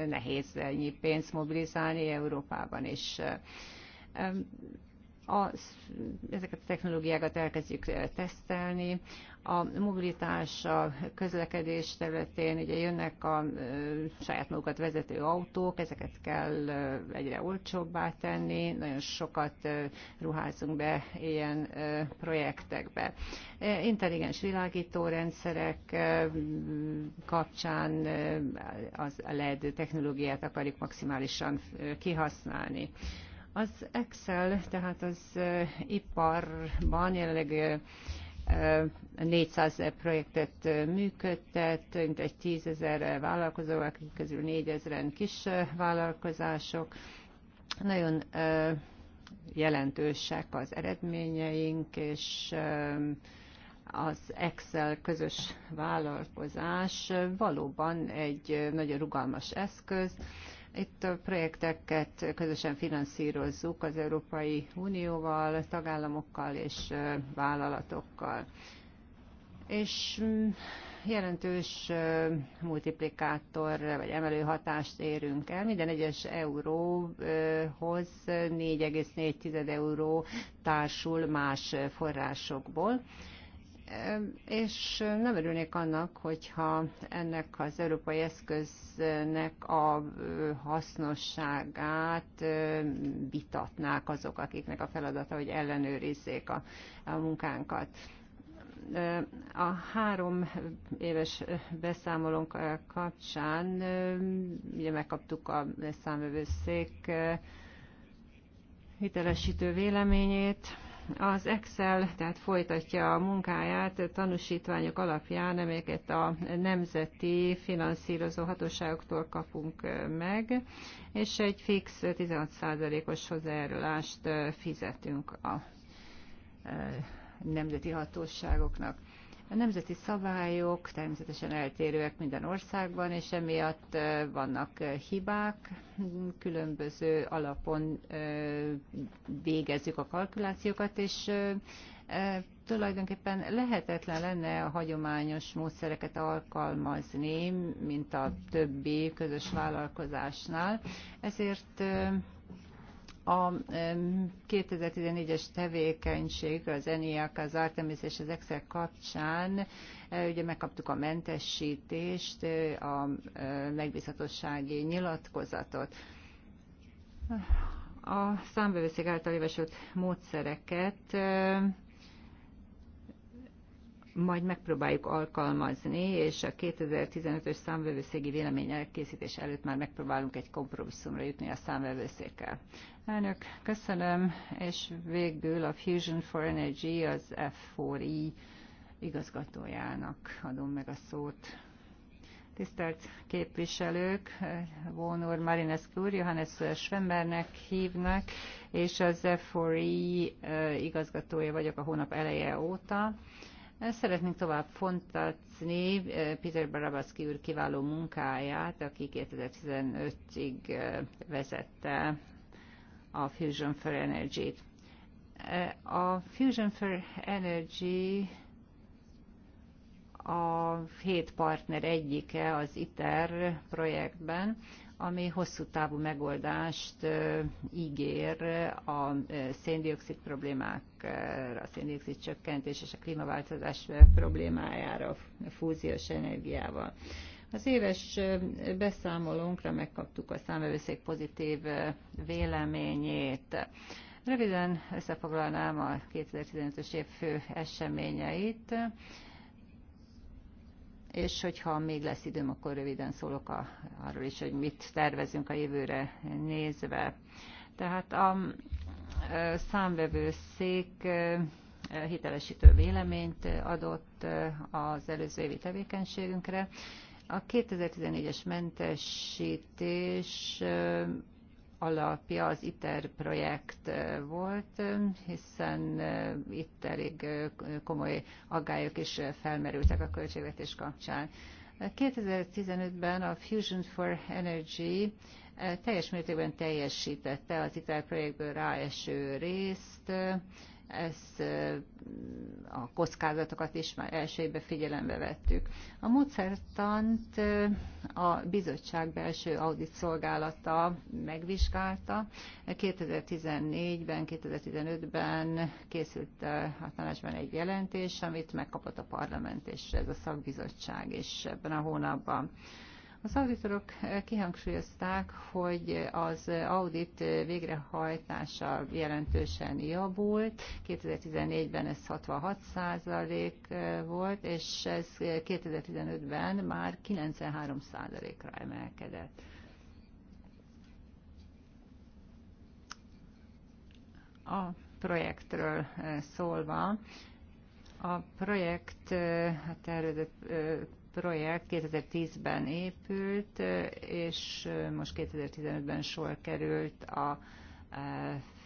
nehéz ennyi pénzt mobilizálni Európában is a, ezeket a technológiákat elkezdjük eh, tesztelni. A mobilitás, a közlekedés területén ugye jönnek a eh, saját magukat vezető autók, ezeket kell eh, egyre olcsóbbá tenni, nagyon sokat ruházunk be ilyen projektekbe. Intelligens világító rendszerek kapcsán az LED technológiát akarjuk maximálisan kihasználni. Az Excel, tehát az iparban jelenleg 400 projektet működtet, mint egy 10 ezer vállalkozó, akik közül 4 ezeren kis vállalkozások. Nagyon jelentősek az eredményeink, és az Excel közös vállalkozás valóban egy nagyon rugalmas eszköz, itt a projekteket közösen finanszírozzuk az Európai Unióval, tagállamokkal és vállalatokkal. És mm, jelentős multiplikátor vagy emelő hatást érünk el. Minden egyes euróhoz 4,4 euró társul más forrásokból és nem örülnék annak, hogyha ennek az európai eszköznek a hasznosságát vitatnák azok, akiknek a feladata, hogy ellenőrizzék a, a munkánkat a három éves beszámolónk kapcsán ugye megkaptuk a számövőszék hitelesítő véleményét, az Excel tehát folytatja a munkáját tanúsítványok alapján, amelyeket a nemzeti finanszírozó hatóságoktól kapunk meg, és egy fix 16%-os hozzájárulást fizetünk a nemzeti hatóságoknak. A nemzeti szabályok természetesen eltérőek minden országban, és emiatt vannak hibák, különböző alapon végezzük a kalkulációkat, és tulajdonképpen lehetetlen lenne a hagyományos módszereket alkalmazni, mint a többi közös vállalkozásnál. Ezért a 2014-es tevékenység az ENIAC, az Artemis és az Excel kapcsán e, ugye megkaptuk a mentesítést, e, a e, megbízhatósági nyilatkozatot. A számbevőszék által javasolt módszereket majd megpróbáljuk alkalmazni, és a 2015-ös számvevőszégi vélemény elkészítés előtt már megpróbálunk egy kompromisszumra jutni a számvevőszékkel. Elnök, köszönöm, és végül a Fusion for Energy, az F4I igazgatójának adom meg a szót. Tisztelt képviselők, Vónor Marinescu úr, Johannes Svembernek hívnak, és az F4I igazgatója vagyok a hónap eleje óta Szeretnénk tovább fontatni eh, Peter Barabaszki úr kiváló munkáját, aki 2015-ig eh, vezette a Fusion for Energy-t. Eh, a Fusion for Energy a hét partner egyike az ITER projektben, ami hosszú távú megoldást ígér a széndiokszid problémákra, a széndiokszid csökkentés és a klímaváltozás problémájára, a fúziós energiával. Az éves beszámolónkra megkaptuk a számvevőszék pozitív véleményét. Röviden összefoglalnám a 2015-ös év fő eseményeit és hogyha még lesz időm, akkor röviden szólok a, arról is, hogy mit tervezünk a jövőre nézve. Tehát a számvevőszék hitelesítő véleményt adott az előző évi tevékenységünkre. A 2014-es mentesítés alapja az ITER projekt volt, hiszen itt elég komoly aggályok is felmerültek a költségvetés kapcsán. 2015-ben a Fusion for Energy teljes mértékben teljesítette az ITER projektből ráeső részt, ezt a kockázatokat is már elsőbe figyelembe vettük. A módszertant a bizottság belső audit szolgálata megvizsgálta. 2014-ben, 2015-ben készült a tanácsban egy jelentés, amit megkapott a parlament és ez a szakbizottság is ebben a hónapban. Az auditorok kihangsúlyozták, hogy az audit végrehajtása jelentősen javult. 2014-ben ez 66 százalék eh, volt, és ez 2015-ben már 93 százalékra emelkedett. A projektről eh, szólva, a projekt, eh, hát erről projekt 2010-ben épült, és most 2015-ben sor került a e,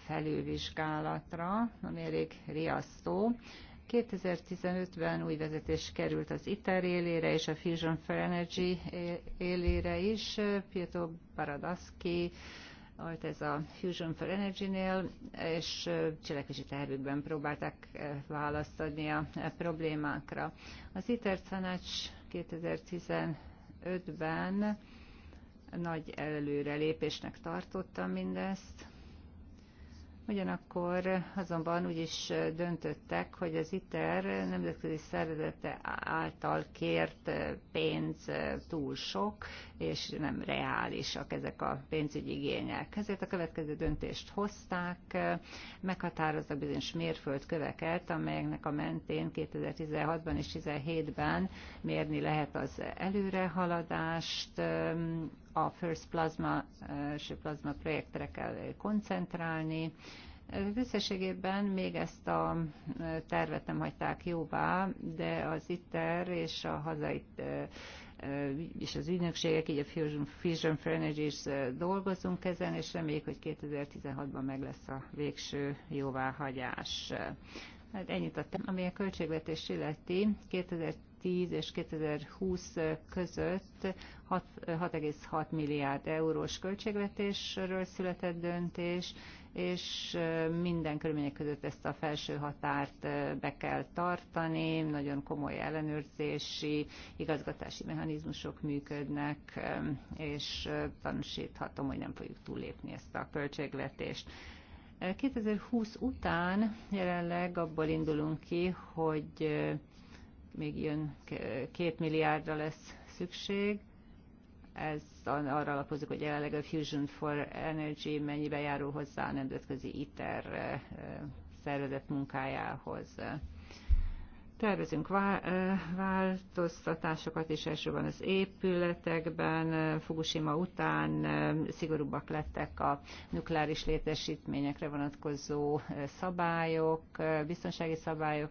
felülvizsgálatra, ami elég riasztó. 2015-ben új vezetés került az ITER élére és a Fusion for Energy élére is. Pietro Baradaski volt ez a Fusion for Energy-nél, és cselekvési tervükben próbálták e, választ adni a e, problémákra. Az ITER tanács 2015-ben nagy előrelépésnek tartottam mindezt. Ugyanakkor azonban úgy is döntöttek, hogy az ITER nemzetközi szervezete által kért pénz túl sok, és nem reálisak ezek a pénzügyi igények. Ezért a következő döntést hozták, meghatároztak bizonyos mérföldköveket, amelyeknek a mentén 2016-ban és 2017-ben mérni lehet az előrehaladást, a First Plasma és Plasma projektre kell koncentrálni. Összességében még ezt a tervet nem hagyták jóvá, de az ITER és a hazai és az ügynökségek, így a Fusion, Fusion for Energy is dolgozunk ezen, és reméljük, hogy 2016-ban meg lesz a végső jóváhagyás. Hát ennyit a ami a költségvetés illeti. 2010 és 2020 között 6,6 milliárd eurós költségvetésről született döntés, és minden körülmények között ezt a felső határt be kell tartani, nagyon komoly ellenőrzési, igazgatási mechanizmusok működnek, és tanúsíthatom, hogy nem fogjuk túllépni ezt a költségvetést. 2020 után jelenleg abból indulunk ki, hogy még jön két milliárdra lesz szükség. Ez arra alapozik, hogy jelenleg a Fusion for Energy mennyibe járul hozzá a nemzetközi ITER szervezet munkájához. Tervezünk változtatásokat is elsősorban az épületekben. Fukushima után szigorúbbak lettek a nukleáris létesítményekre vonatkozó szabályok, biztonsági szabályok,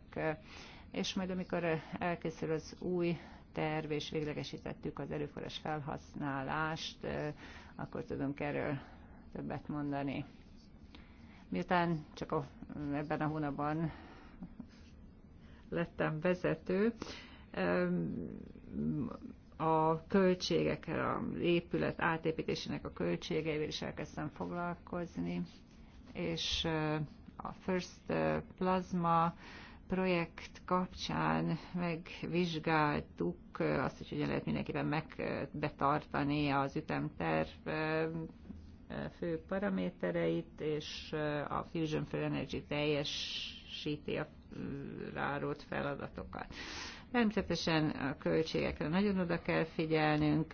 és majd amikor elkészül az új terv, és véglegesítettük az erőforrás felhasználást, akkor tudunk erről többet mondani. Miután csak a, ebben a hónapban lettem vezető, a költségekkel, a épület átépítésének a költségeivel is elkezdtem foglalkozni, és a First Plasma projekt kapcsán megvizsgáltuk azt, hogy hogyan lehet mindenképpen megbetartani az ütemterv e, fő paramétereit, és a Fusion for Energy teljesíti a e, rárót feladatokat. Természetesen a költségekre nagyon oda kell figyelnünk,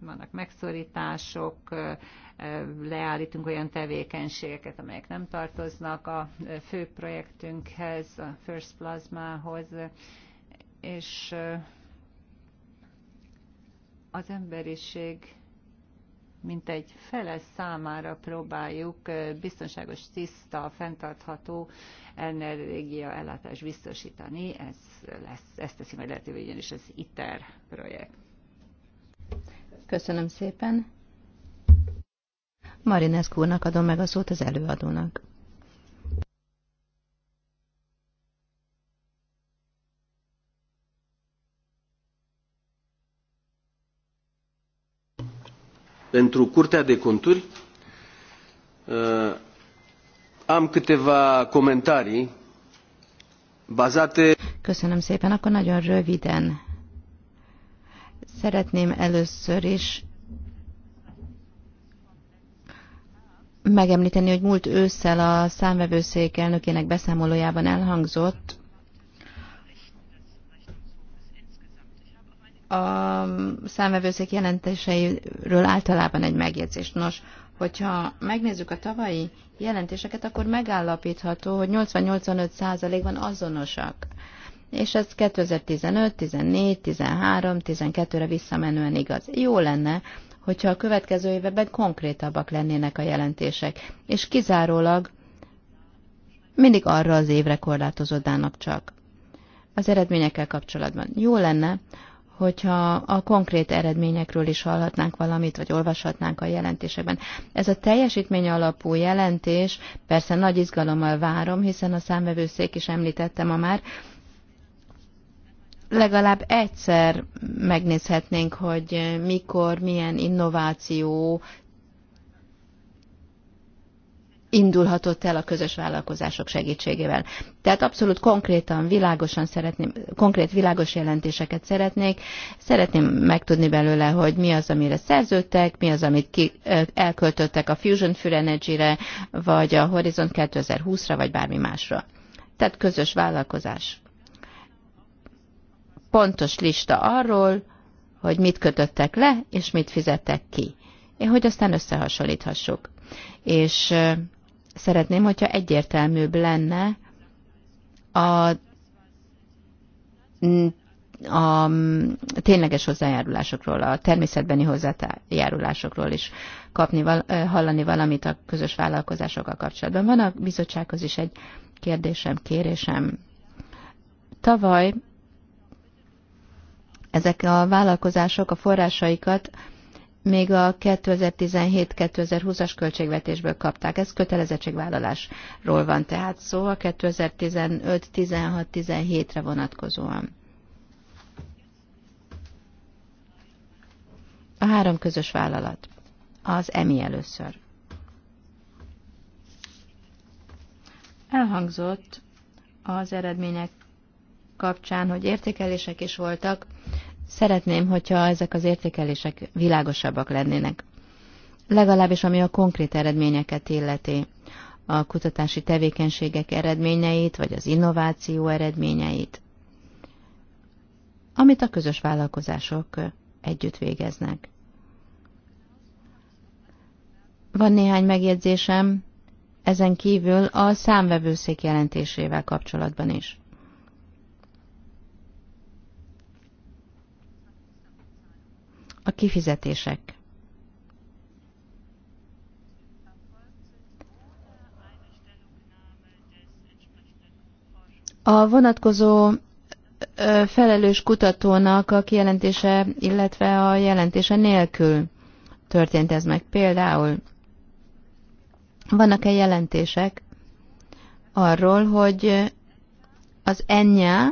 vannak megszorítások, leállítunk olyan tevékenységeket, amelyek nem tartoznak a fő projektünkhez, a First Plasmához, és az emberiség mint egy fele számára próbáljuk biztonságos, tiszta, fenntartható energia ellátást biztosítani. Ez lesz, ezt teszi majd lehetővé ugyanis az ITER projekt. Köszönöm szépen. Marinescu-nak adom meg a szót az előadónak. pentru Curtea de Conturi. Uh, am câteva comentarii bazate... Köszönöm szépen, akkor nagyon röviden. Szeretném először is megemlíteni, hogy múlt ősszel a számvevőszék elnökének beszámolójában elhangzott, a számvevőszék jelentéseiről általában egy megjegyzést. Nos, hogyha megnézzük a tavalyi jelentéseket, akkor megállapítható, hogy 80-85%-ban azonosak. És ez 2015, 14, 13, 12-re visszamenően igaz. Jó lenne, hogyha a következő években konkrétabbak lennének a jelentések, és kizárólag mindig arra az évre korlátozódának csak. Az eredményekkel kapcsolatban jó lenne, hogyha a konkrét eredményekről is hallhatnánk valamit, vagy olvashatnánk a jelentésekben. Ez a teljesítmény alapú jelentés, persze nagy izgalommal várom, hiszen a számvevőszék is említette ma már, legalább egyszer megnézhetnénk, hogy mikor, milyen innováció indulhatott el a közös vállalkozások segítségével. Tehát abszolút konkrétan, világosan szeretném, konkrét világos jelentéseket szeretnék. Szeretném megtudni belőle, hogy mi az, amire szerződtek, mi az, amit ki, elköltöttek a Fusion for Energy-re, vagy a Horizon 2020-ra, vagy bármi másra. Tehát közös vállalkozás. Pontos lista arról, hogy mit kötöttek le, és mit fizettek ki. Én, hogy aztán összehasonlíthassuk. És szeretném, hogyha egyértelműbb lenne a, a tényleges hozzájárulásokról, a természetbeni hozzájárulásokról is kapni, hallani valamit a közös vállalkozásokkal kapcsolatban. Van a bizottsághoz is egy kérdésem, kérésem. Tavaly ezek a vállalkozások a forrásaikat még a 2017-2020-as költségvetésből kapták. Ez kötelezettségvállalásról van tehát szó a 2015-16-17-re vonatkozóan. A három közös vállalat. Az EMI először. Elhangzott az eredmények kapcsán, hogy értékelések is voltak, Szeretném, hogyha ezek az értékelések világosabbak lennének. Legalábbis ami a konkrét eredményeket illeti, a kutatási tevékenységek eredményeit, vagy az innováció eredményeit, amit a közös vállalkozások együtt végeznek. Van néhány megjegyzésem, ezen kívül a számvevőszék jelentésével kapcsolatban is. a kifizetések. A vonatkozó felelős kutatónak a kijelentése, illetve a jelentése nélkül történt ez meg. Például vannak-e jelentések arról, hogy az ennyá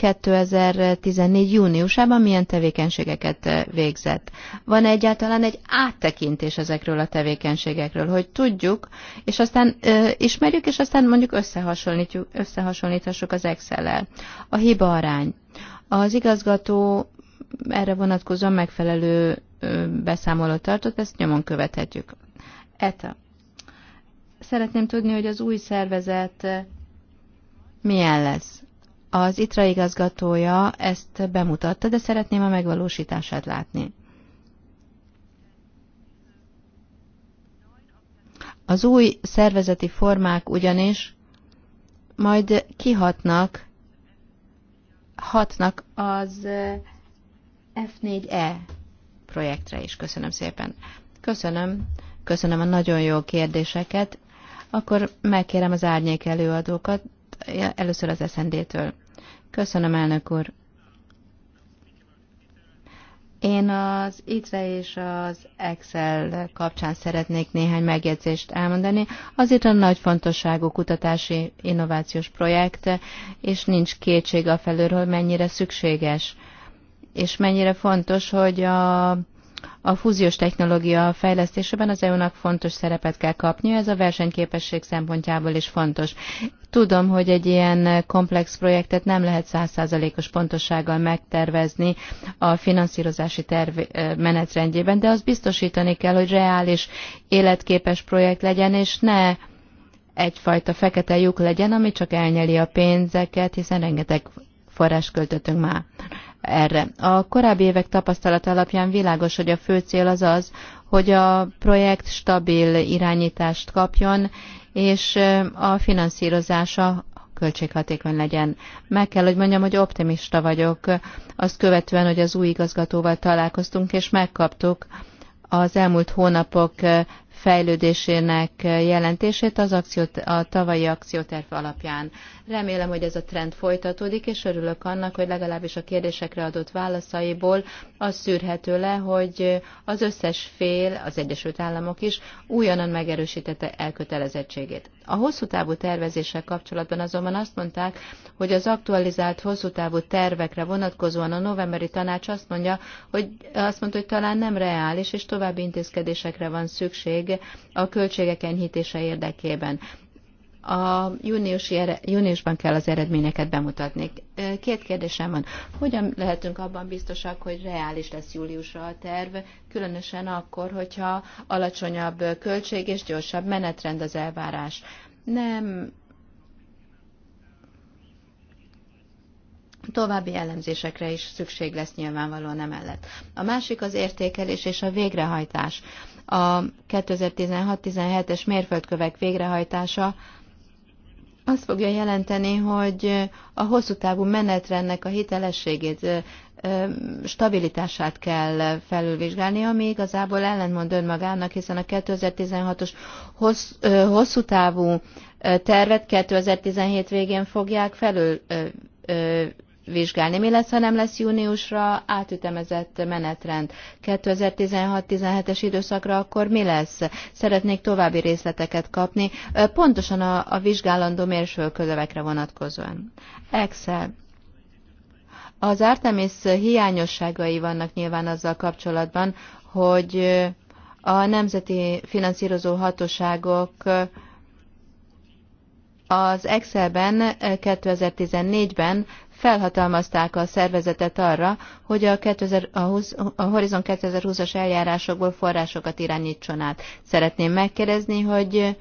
2014. júniusában milyen tevékenységeket eh, végzett. Van -e egyáltalán egy áttekintés ezekről a tevékenységekről, hogy tudjuk, és aztán ö, eh, ismerjük, és aztán mondjuk összehasonlítjuk, összehasonlíthassuk az Excel-el. A hiba arány. Az igazgató erre vonatkozóan megfelelő eh, beszámolót tartott, ezt nyomon követhetjük. ETA. Szeretném tudni, hogy az új szervezet milyen lesz. Az ITRA igazgatója ezt bemutatta, de szeretném a megvalósítását látni. Az új szervezeti formák ugyanis majd kihatnak, hatnak az eh, F4E projektre is. Köszönöm szépen. Köszönöm. Köszönöm a nagyon jó kérdéseket. Akkor megkérem az árnyék előadókat, először az SND-től. Köszönöm, elnök úr. Én az ITRE és az Excel kapcsán szeretnék néhány megjegyzést elmondani. Az ITRE nagy fontosságú kutatási innovációs projekt, és nincs kétség a felől, hogy mennyire szükséges, és mennyire fontos, hogy a a fúziós technológia fejlesztésében az EU-nak fontos szerepet kell kapnia, ez a versenyképesség szempontjából is fontos. Tudom, hogy egy ilyen komplex projektet nem lehet százszázalékos pontossággal megtervezni a finanszírozási terv menetrendjében, de azt biztosítani kell, hogy reális, életképes projekt legyen, és ne egyfajta fekete lyuk legyen, ami csak elnyeli a pénzeket, hiszen rengeteg forrás költöttünk már erre. A korábbi évek tapasztalata alapján világos, hogy a fő cél az az, hogy a projekt stabil irányítást kapjon, és a finanszírozása költséghatékony legyen. Meg kell, hogy mondjam, hogy optimista vagyok. Azt követően, hogy az új igazgatóval találkoztunk, és megkaptuk az elmúlt hónapok fejlődésének jelentését az akció, a tavalyi akcióterv alapján. Remélem, hogy ez a trend folytatódik, és örülök annak, hogy legalábbis a kérdésekre adott válaszaiból az szűrhető le, hogy az összes fél, az Egyesült Államok is újonnan megerősítette elkötelezettségét. A hosszú távú tervezéssel kapcsolatban azonban azt mondták, hogy az aktualizált hosszú távú tervekre vonatkozóan a novemberi tanács azt mondja, hogy azt mondta, hogy talán nem reális, és további intézkedésekre van szükség a költségek enyhítése érdekében. A júniusi, júniusban kell az eredményeket bemutatni. Két kérdésem van. Hogyan lehetünk abban biztosak, hogy reális lesz júliusra a terv, különösen akkor, hogyha alacsonyabb költség és gyorsabb menetrend az elvárás? Nem További elemzésekre is szükség lesz nyilvánvalóan emellett. A másik az értékelés és a végrehajtás a 2016-17-es mérföldkövek végrehajtása azt fogja jelenteni, hogy a hosszú távú menetrendnek a hitelességét, stabilitását kell felülvizsgálni, ami igazából ellentmond önmagának, hiszen a 2016-os hossz, hosszú távú tervet 2017 végén fogják felül vizsgálni. Mi lesz, ha nem lesz júniusra átütemezett menetrend? 2016-17-es időszakra akkor mi lesz? Szeretnék további részleteket kapni, pontosan a, a vizsgálandó mérföldkövekre vonatkozóan. Excel. Az Artemis hiányosságai vannak nyilván azzal kapcsolatban, hogy a nemzeti finanszírozó hatóságok az Excelben 2014-ben felhatalmazták a szervezetet arra, hogy a, 2020, a Horizon 2020-as eljárásokból forrásokat irányítson át. Szeretném megkérdezni, hogy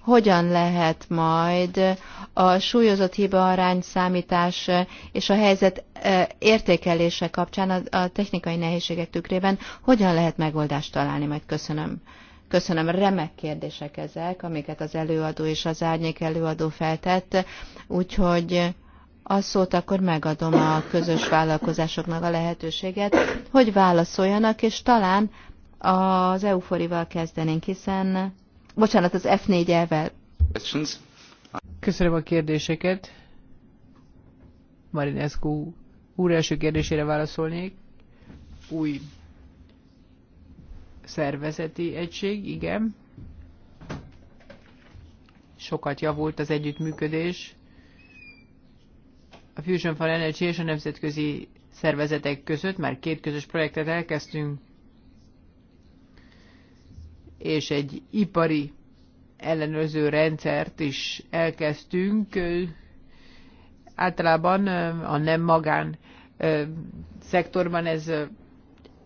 hogyan lehet majd a súlyozott hiba arány számítás és a helyzet e, értékelése kapcsán a technikai nehézségek tükrében hogyan lehet megoldást találni, majd köszönöm. Köszönöm, remek kérdések ezek, amiket az előadó és az árnyék előadó feltett, úgyhogy a szót, akkor megadom a közös vállalkozásoknak a lehetőséget, hogy válaszoljanak, és talán az euforival kezdenénk, hiszen, bocsánat, az F4 elvel. Köszönöm a kérdéseket. Marinescu úr első kérdésére válaszolnék. Új szervezeti egység, igen. Sokat javult az együttműködés a Fusion for Energy és a nemzetközi szervezetek között már két közös projektet elkezdtünk, és egy ipari ellenőrző rendszert is elkezdtünk. Általában a nem magán szektorban ez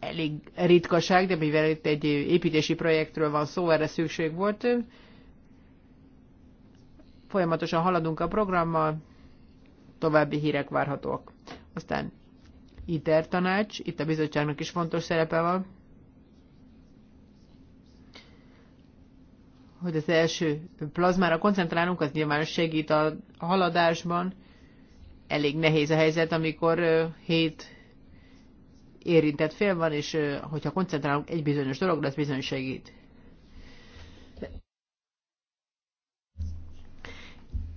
elég ritkaság, de mivel itt egy építési projektről van szó, erre szükség volt. Folyamatosan haladunk a programmal, további hírek várhatóak. Aztán ITER tanács, itt a bizottságnak is fontos szerepe van, hogy az első plazmára koncentrálunk, az nyilván segít a haladásban. Elég nehéz a helyzet, amikor hét érintett fél van, és hogyha koncentrálunk egy bizonyos dologra, az bizony segít.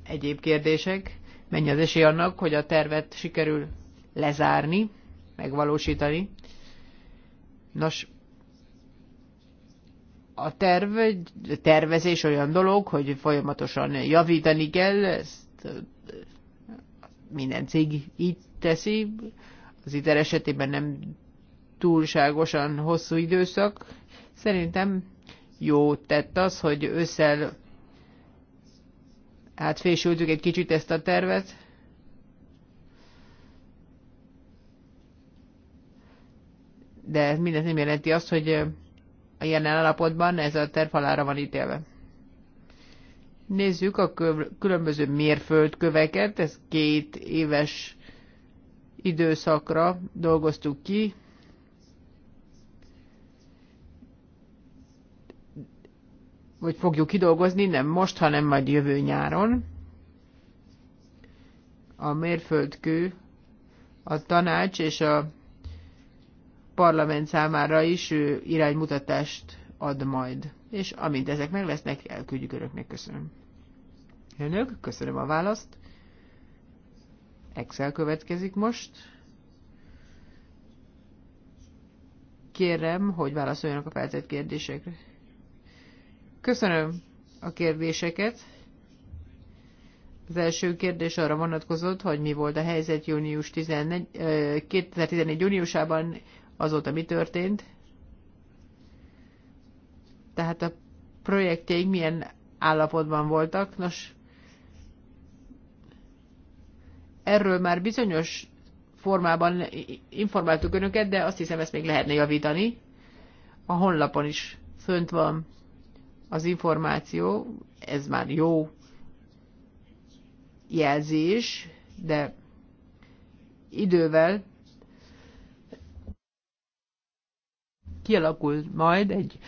Egyéb kérdések? mennyi az esély annak, hogy a tervet sikerül lezárni, megvalósítani. Nos, a terv, a tervezés olyan dolog, hogy folyamatosan javítani kell, ezt minden cég így teszi. Az ITER esetében nem túlságosan hosszú időszak. Szerintem jó tett az, hogy összel átfésültük egy kicsit ezt a tervet. De ez mindez nem jelenti azt, hogy a jelen állapotban ez a terv halára van ítélve. Nézzük a különböző mérföldköveket, ez két éves időszakra dolgoztuk ki, vagy fogjuk kidolgozni, nem most, hanem majd jövő nyáron. A mérföldkő a tanács és a parlament számára is iránymutatást ad majd. És amint ezek meg lesznek, elküldjük önöknek. Köszönöm. Önök, köszönöm a választ. Excel következik most. Kérem, hogy válaszoljanak a feltett kérdésekre. Köszönöm a kérdéseket. Az első kérdés arra vonatkozott, hogy mi volt a helyzet június 14, 2014 júniusában, azóta mi történt. Tehát a projektjeink milyen állapotban voltak. Nos, erről már bizonyos formában informáltuk önöket, de azt hiszem ezt még lehetne javítani. A honlapon is fönt van az információ, ez már jó jelzés, de idővel kialakul majd egy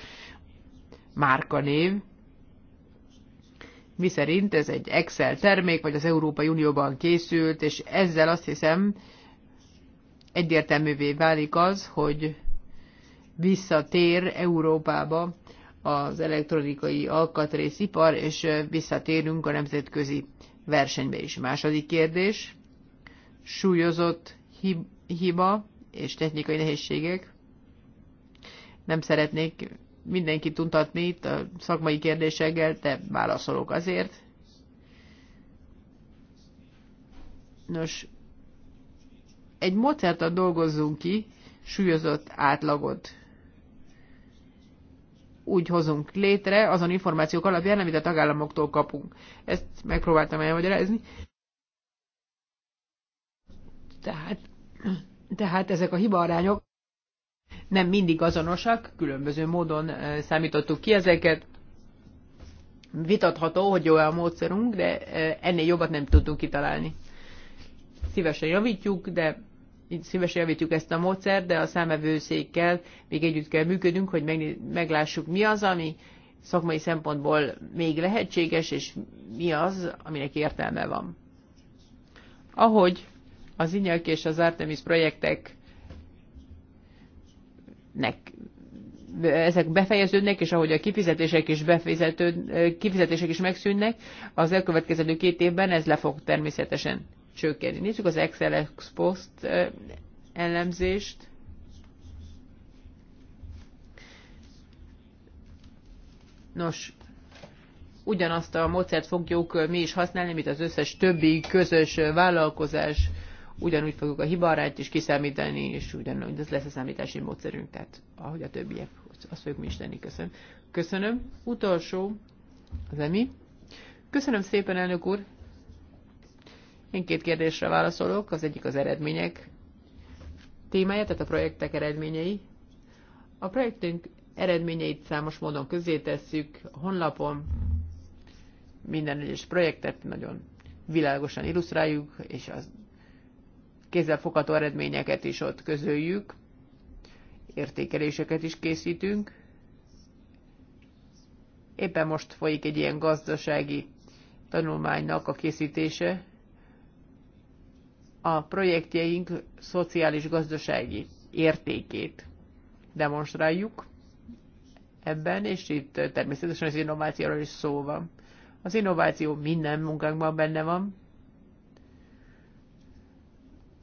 márkanév, mi szerint ez egy Excel termék, vagy az Európai Unióban készült, és ezzel azt hiszem egyértelművé válik az, hogy visszatér Európába az elektronikai alkatrészipar, és visszatérünk a nemzetközi versenybe is. Második kérdés, súlyozott hiba és technikai nehézségek. Nem szeretnék mindenkit tuntatni itt a szakmai kérdésekkel, de válaszolok azért. Nos, egy módszertat dolgozzunk ki, súlyozott átlagot úgy hozunk létre azon információk alapján, amit a tagállamoktól kapunk. Ezt megpróbáltam elmagyarázni. Tehát, tehát ezek a hibaarányok nem mindig azonosak, különböző módon számítottuk ki ezeket. Vitatható, hogy jó a módszerünk, de ennél jobbat nem tudtunk kitalálni. Szívesen javítjuk, de szívesen javítjuk ezt a módszert, de a számevőszékkel még együtt kell működnünk, hogy meglássuk mi az, ami szakmai szempontból még lehetséges, és mi az, aminek értelme van. Ahogy az Inyak és az Artemis projekteknek ezek befejeződnek, és ahogy a kifizetések is, kifizetések is megszűnnek, az elkövetkező két évben ez le fog természetesen csökkenni. Nézzük az Excel Expost elemzést. Nos, ugyanazt a módszert fogjuk mi is használni, mint az összes többi közös vállalkozás. Ugyanúgy fogjuk a hibarányt is kiszámítani, és ugyanúgy ez lesz a számítási módszerünk, tehát ahogy a többiek. Azt fogjuk mi is tenni. Köszönöm. Köszönöm. Utolsó, az Emi. Köszönöm szépen, elnök úr. Én két kérdésre válaszolok, az egyik az eredmények témája, tehát a projektek eredményei. A projektünk eredményeit számos módon tesszük, a honlapon, minden egyes projektet nagyon világosan illusztráljuk, és az kézzelfogható eredményeket is ott közöljük, értékeléseket is készítünk. Éppen most folyik egy ilyen gazdasági tanulmánynak a készítése, a projektjeink szociális-gazdasági értékét demonstráljuk ebben, és itt természetesen az innovációról is szó van. Az innováció minden munkánkban benne van.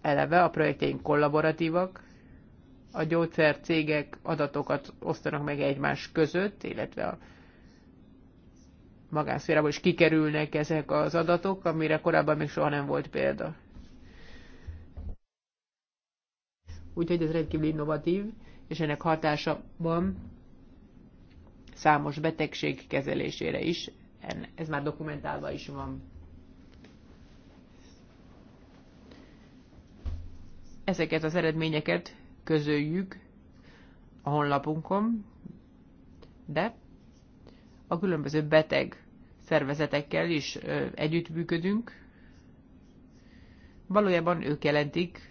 Eleve a projektjeink kollaboratívak, a cégek adatokat osztanak meg egymás között, illetve a magánszférából is kikerülnek ezek az adatok, amire korábban még soha nem volt példa. úgyhogy ez rendkívül innovatív, és ennek hatása van számos betegség kezelésére is. Ez már dokumentálva is van. Ezeket az eredményeket közöljük a honlapunkon, de a különböző beteg szervezetekkel is együttműködünk. Valójában ők jelentik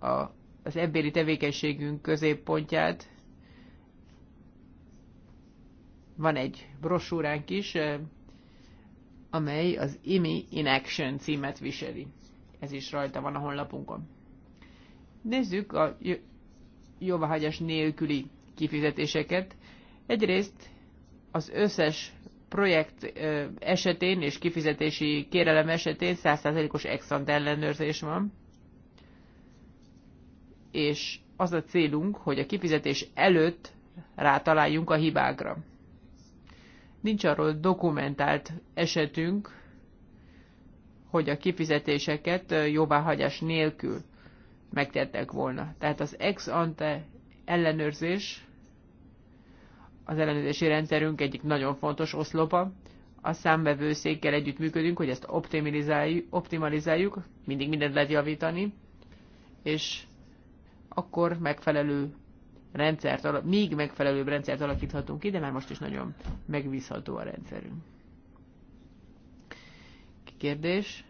a az ebbéli tevékenységünk középpontját. Van egy brosúránk is, eh, amely az IMI in Action címet viseli. Ez is rajta van a honlapunkon. Nézzük a jóváhagyás nélküli kifizetéseket. Egyrészt az összes projekt eh, esetén és kifizetési kérelem esetén 100%-os ex ellenőrzés van és az a célunk, hogy a kifizetés előtt rátaláljunk a hibákra. Nincs arról dokumentált esetünk, hogy a kifizetéseket jóváhagyás nélkül megtettek volna. Tehát az ex ante ellenőrzés, az ellenőrzési rendszerünk egyik nagyon fontos oszlopa. A számvevőszékkel működünk, hogy ezt optimalizáljuk, mindig mindent lehet javítani, és akkor megfelelő rendszert, még megfelelőbb rendszert alakíthatunk ki, de már most is nagyon megbízható a rendszerünk. Kérdés.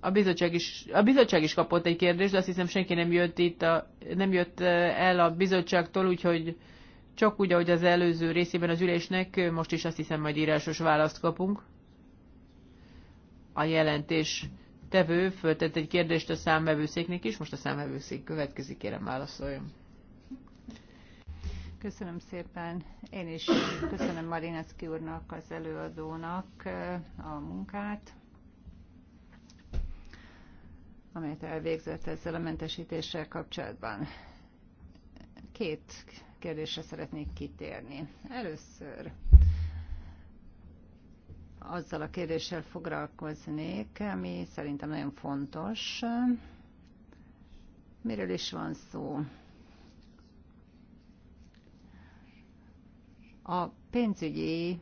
A bizottság, is, a bizottság is kapott egy kérdést, de azt hiszem senki nem jött, itt a, nem jött eh, el a bizottságtól, úgyhogy csak úgy, ahogy az előző részében az ülésnek, most is azt hiszem majd írásos választ kapunk. A jelentés tevő föltett egy kérdést a számvevőszéknek is, most a számvevőszék következik, kérem válaszoljon. Köszönöm szépen. Én is köszönöm Marinecki úrnak, az előadónak eh, a munkát, amelyet elvégzett ezzel a mentesítéssel kapcsolatban. Két kérdésre szeretnék kitérni. Először azzal a kérdéssel foglalkoznék, ami szerintem nagyon fontos. Miről is van szó? A pénzügyi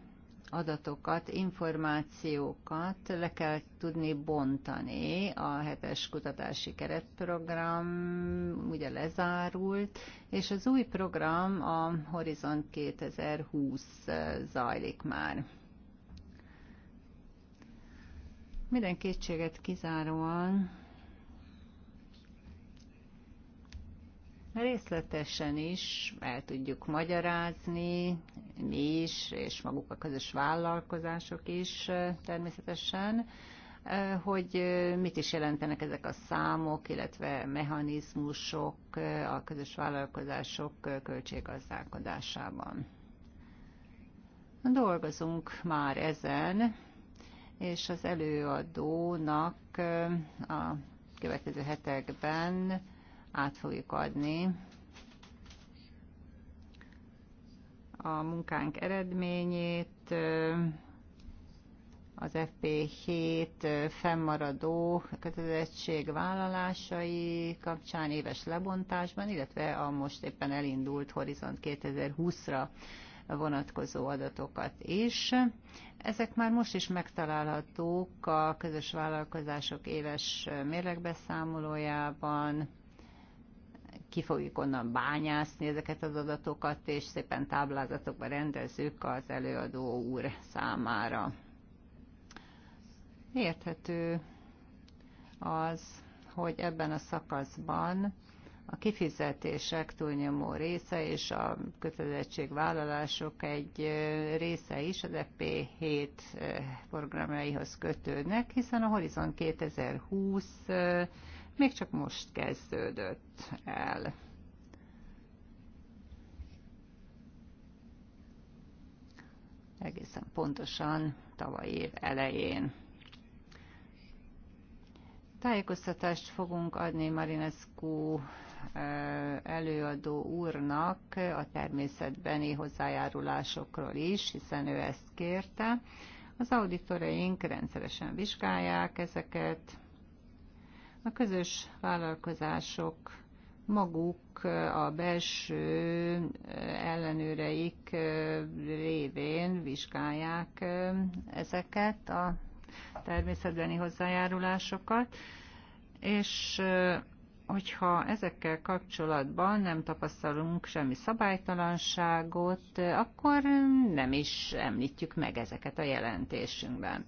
adatokat, információkat le kell tudni bontani. A hetes kutatási keretprogram ugye lezárult, és az új program a Horizont 2020 zajlik már. Minden kétséget kizáróan részletesen is el tudjuk magyarázni, mi is, és maguk a közös vállalkozások is természetesen, hogy mit is jelentenek ezek a számok, illetve mechanizmusok a közös vállalkozások költséggazdálkodásában. Dolgozunk már ezen, és az előadónak a következő hetekben át fogjuk adni a munkánk eredményét, az FP7 fennmaradó kötelezettség vállalásai kapcsán éves lebontásban, illetve a most éppen elindult Horizont 2020-ra vonatkozó adatokat is. Ezek már most is megtalálhatók a közös vállalkozások éves mérlegbeszámolójában, ki fogjuk onnan bányászni ezeket az adatokat, és szépen táblázatokba rendezzük az előadó úr számára. Érthető az, hogy ebben a szakaszban a kifizetések túlnyomó része és a kötelezettségvállalások egy része is az EP7 programjaihoz kötődnek, hiszen a Horizon 2020 még csak most kezdődött el. egészen pontosan tavaly év elején. Tájékoztatást fogunk adni Marinescu előadó úrnak a természetbeni hozzájárulásokról is, hiszen ő ezt kérte. Az auditoraink rendszeresen vizsgálják ezeket. A közös vállalkozások maguk a belső ellenőreik révén vizsgálják ezeket a természetbeni hozzájárulásokat, és hogyha ezekkel kapcsolatban nem tapasztalunk semmi szabálytalanságot, akkor nem is említjük meg ezeket a jelentésünkben.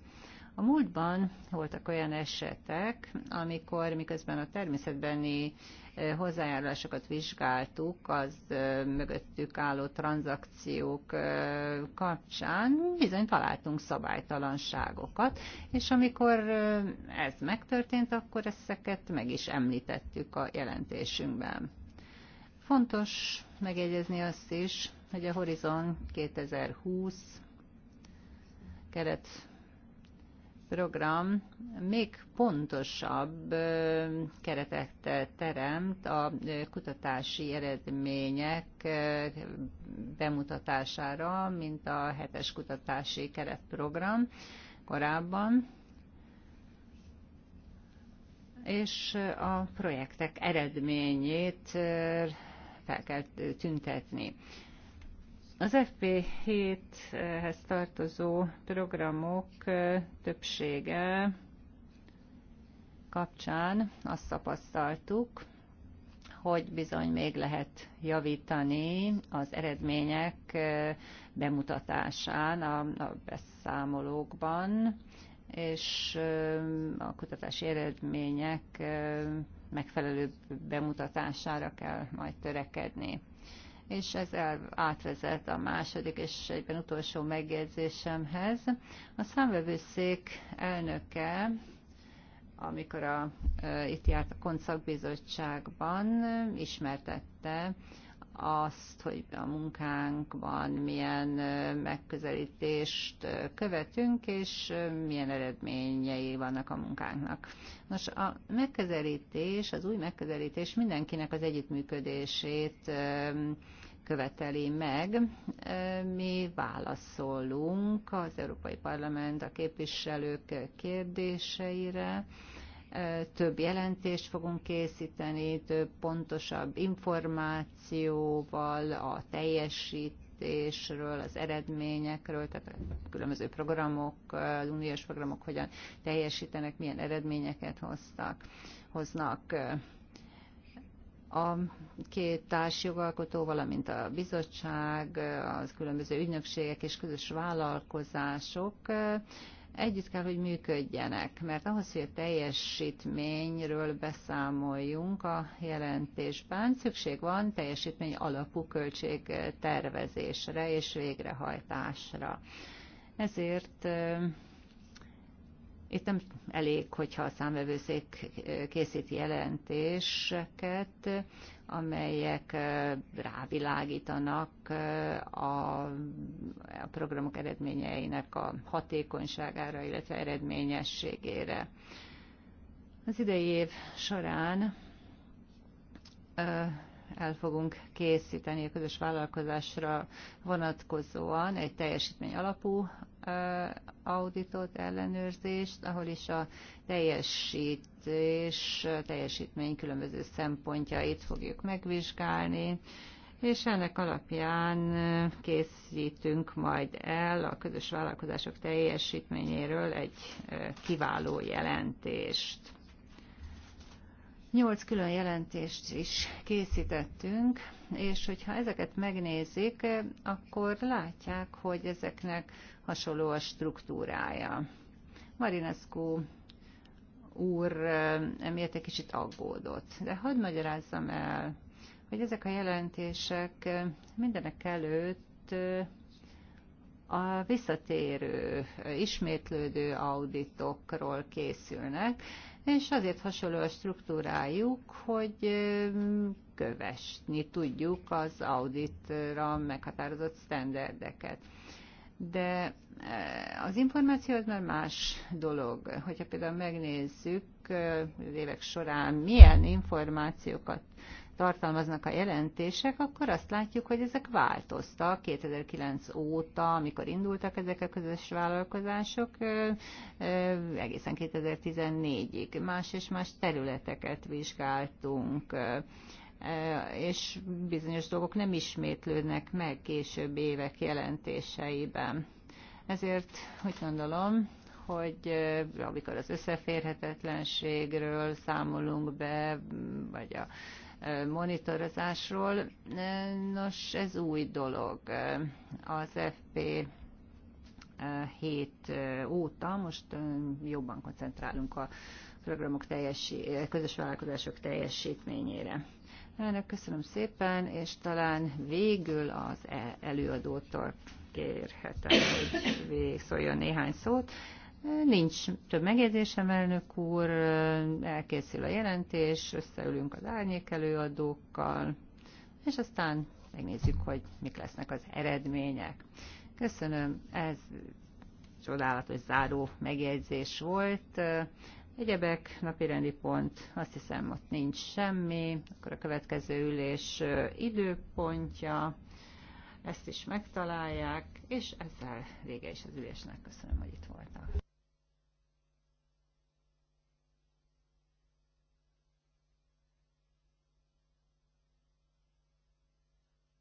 A múltban voltak olyan esetek, amikor miközben a természetbeni hozzájárulásokat vizsgáltuk az mögöttük álló tranzakciók kapcsán, bizony találtunk szabálytalanságokat, és amikor ez megtörtént, akkor ezeket meg is említettük a jelentésünkben. Fontos megjegyezni azt is, hogy a Horizon 2020 keret program még pontosabb keretet teremt a kutatási eredmények bemutatására, mint a hetes kutatási keretprogram korábban és a projektek eredményét fel kell tüntetni. Az FP7-hez tartozó programok többsége kapcsán azt tapasztaltuk, hogy bizony még lehet javítani az eredmények bemutatásán a, beszámolókban, és a kutatási eredmények megfelelő bemutatására kell majd törekedni és ez el, átvezet a második és egyben utolsó megjegyzésemhez. A számvevőszék elnöke amikor a, e, itt járt a koncakbizottságban, ismertette azt, hogy a munkánkban milyen megközelítést követünk, és milyen eredményei vannak a munkánknak. Nos, a megközelítés, az új megközelítés mindenkinek az együttműködését követeli meg. Mi válaszolunk az Európai Parlament a képviselők kérdéseire, több jelentést fogunk készíteni, több pontosabb információval a teljesítésről, az eredményekről, tehát a különböző programok, az uniós programok hogyan teljesítenek, milyen eredményeket hoztak, hoznak a két társjogalkotó, valamint a bizottság, az különböző ügynökségek és közös vállalkozások együtt kell, hogy működjenek, mert ahhoz, hogy a teljesítményről beszámoljunk a jelentésben, szükség van teljesítmény alapú költségtervezésre és végrehajtásra. Ezért itt nem elég, hogyha a számvevőszék készít jelentéseket, amelyek rávilágítanak a, a programok eredményeinek a hatékonyságára, illetve eredményességére. Az idei év során el fogunk készíteni a közös vállalkozásra vonatkozóan egy teljesítmény alapú auditot, ellenőrzést, ahol is a teljesítés, teljesítmény különböző szempontjait fogjuk megvizsgálni, és ennek alapján készítünk majd el a közös vállalkozások teljesítményéről egy kiváló jelentést. Nyolc külön jelentést is készítettünk, és hogyha ezeket megnézik, akkor látják, hogy ezeknek hasonló a struktúrája. Marinescu úr eh, emiatt egy kicsit aggódott. De hadd magyarázzam el, hogy ezek a jelentések eh, mindenek előtt eh, a visszatérő, ismétlődő auditokról készülnek, és azért hasonló a struktúrájuk, hogy kövesni tudjuk az auditra meghatározott standardeket. De eh, az információ az már más dolog. Hogyha például megnézzük eh, az évek során, milyen információkat tartalmaznak a jelentések, akkor azt látjuk, hogy ezek változtak 2009 óta, amikor indultak ezek a közös vállalkozások, eh, egészen 2014-ig. Más és más területeket vizsgáltunk és bizonyos dolgok nem ismétlődnek meg később évek jelentéseiben. Ezért úgy gondolom, hogy amikor az összeférhetetlenségről számolunk be, vagy a monitorozásról, nos, ez új dolog. Az FP 7 óta most jobban koncentrálunk a programok teljesi, közös vállalkozások teljesítményére. Elnök, köszönöm szépen, és talán végül az e- előadótól kérhetem, hogy végszóljon néhány szót. Nincs több megjegyzésem, elnök úr, elkészül a jelentés, összeülünk az árnyék előadókkal, és aztán megnézzük, hogy mik lesznek az eredmények. Köszönöm, ez csodálatos záró megjegyzés volt. Egyebek, napirendi pont, azt hiszem ott nincs semmi, akkor a következő ülés időpontja, ezt is megtalálják, és ezzel vége is az ülésnek. Köszönöm, hogy itt voltak.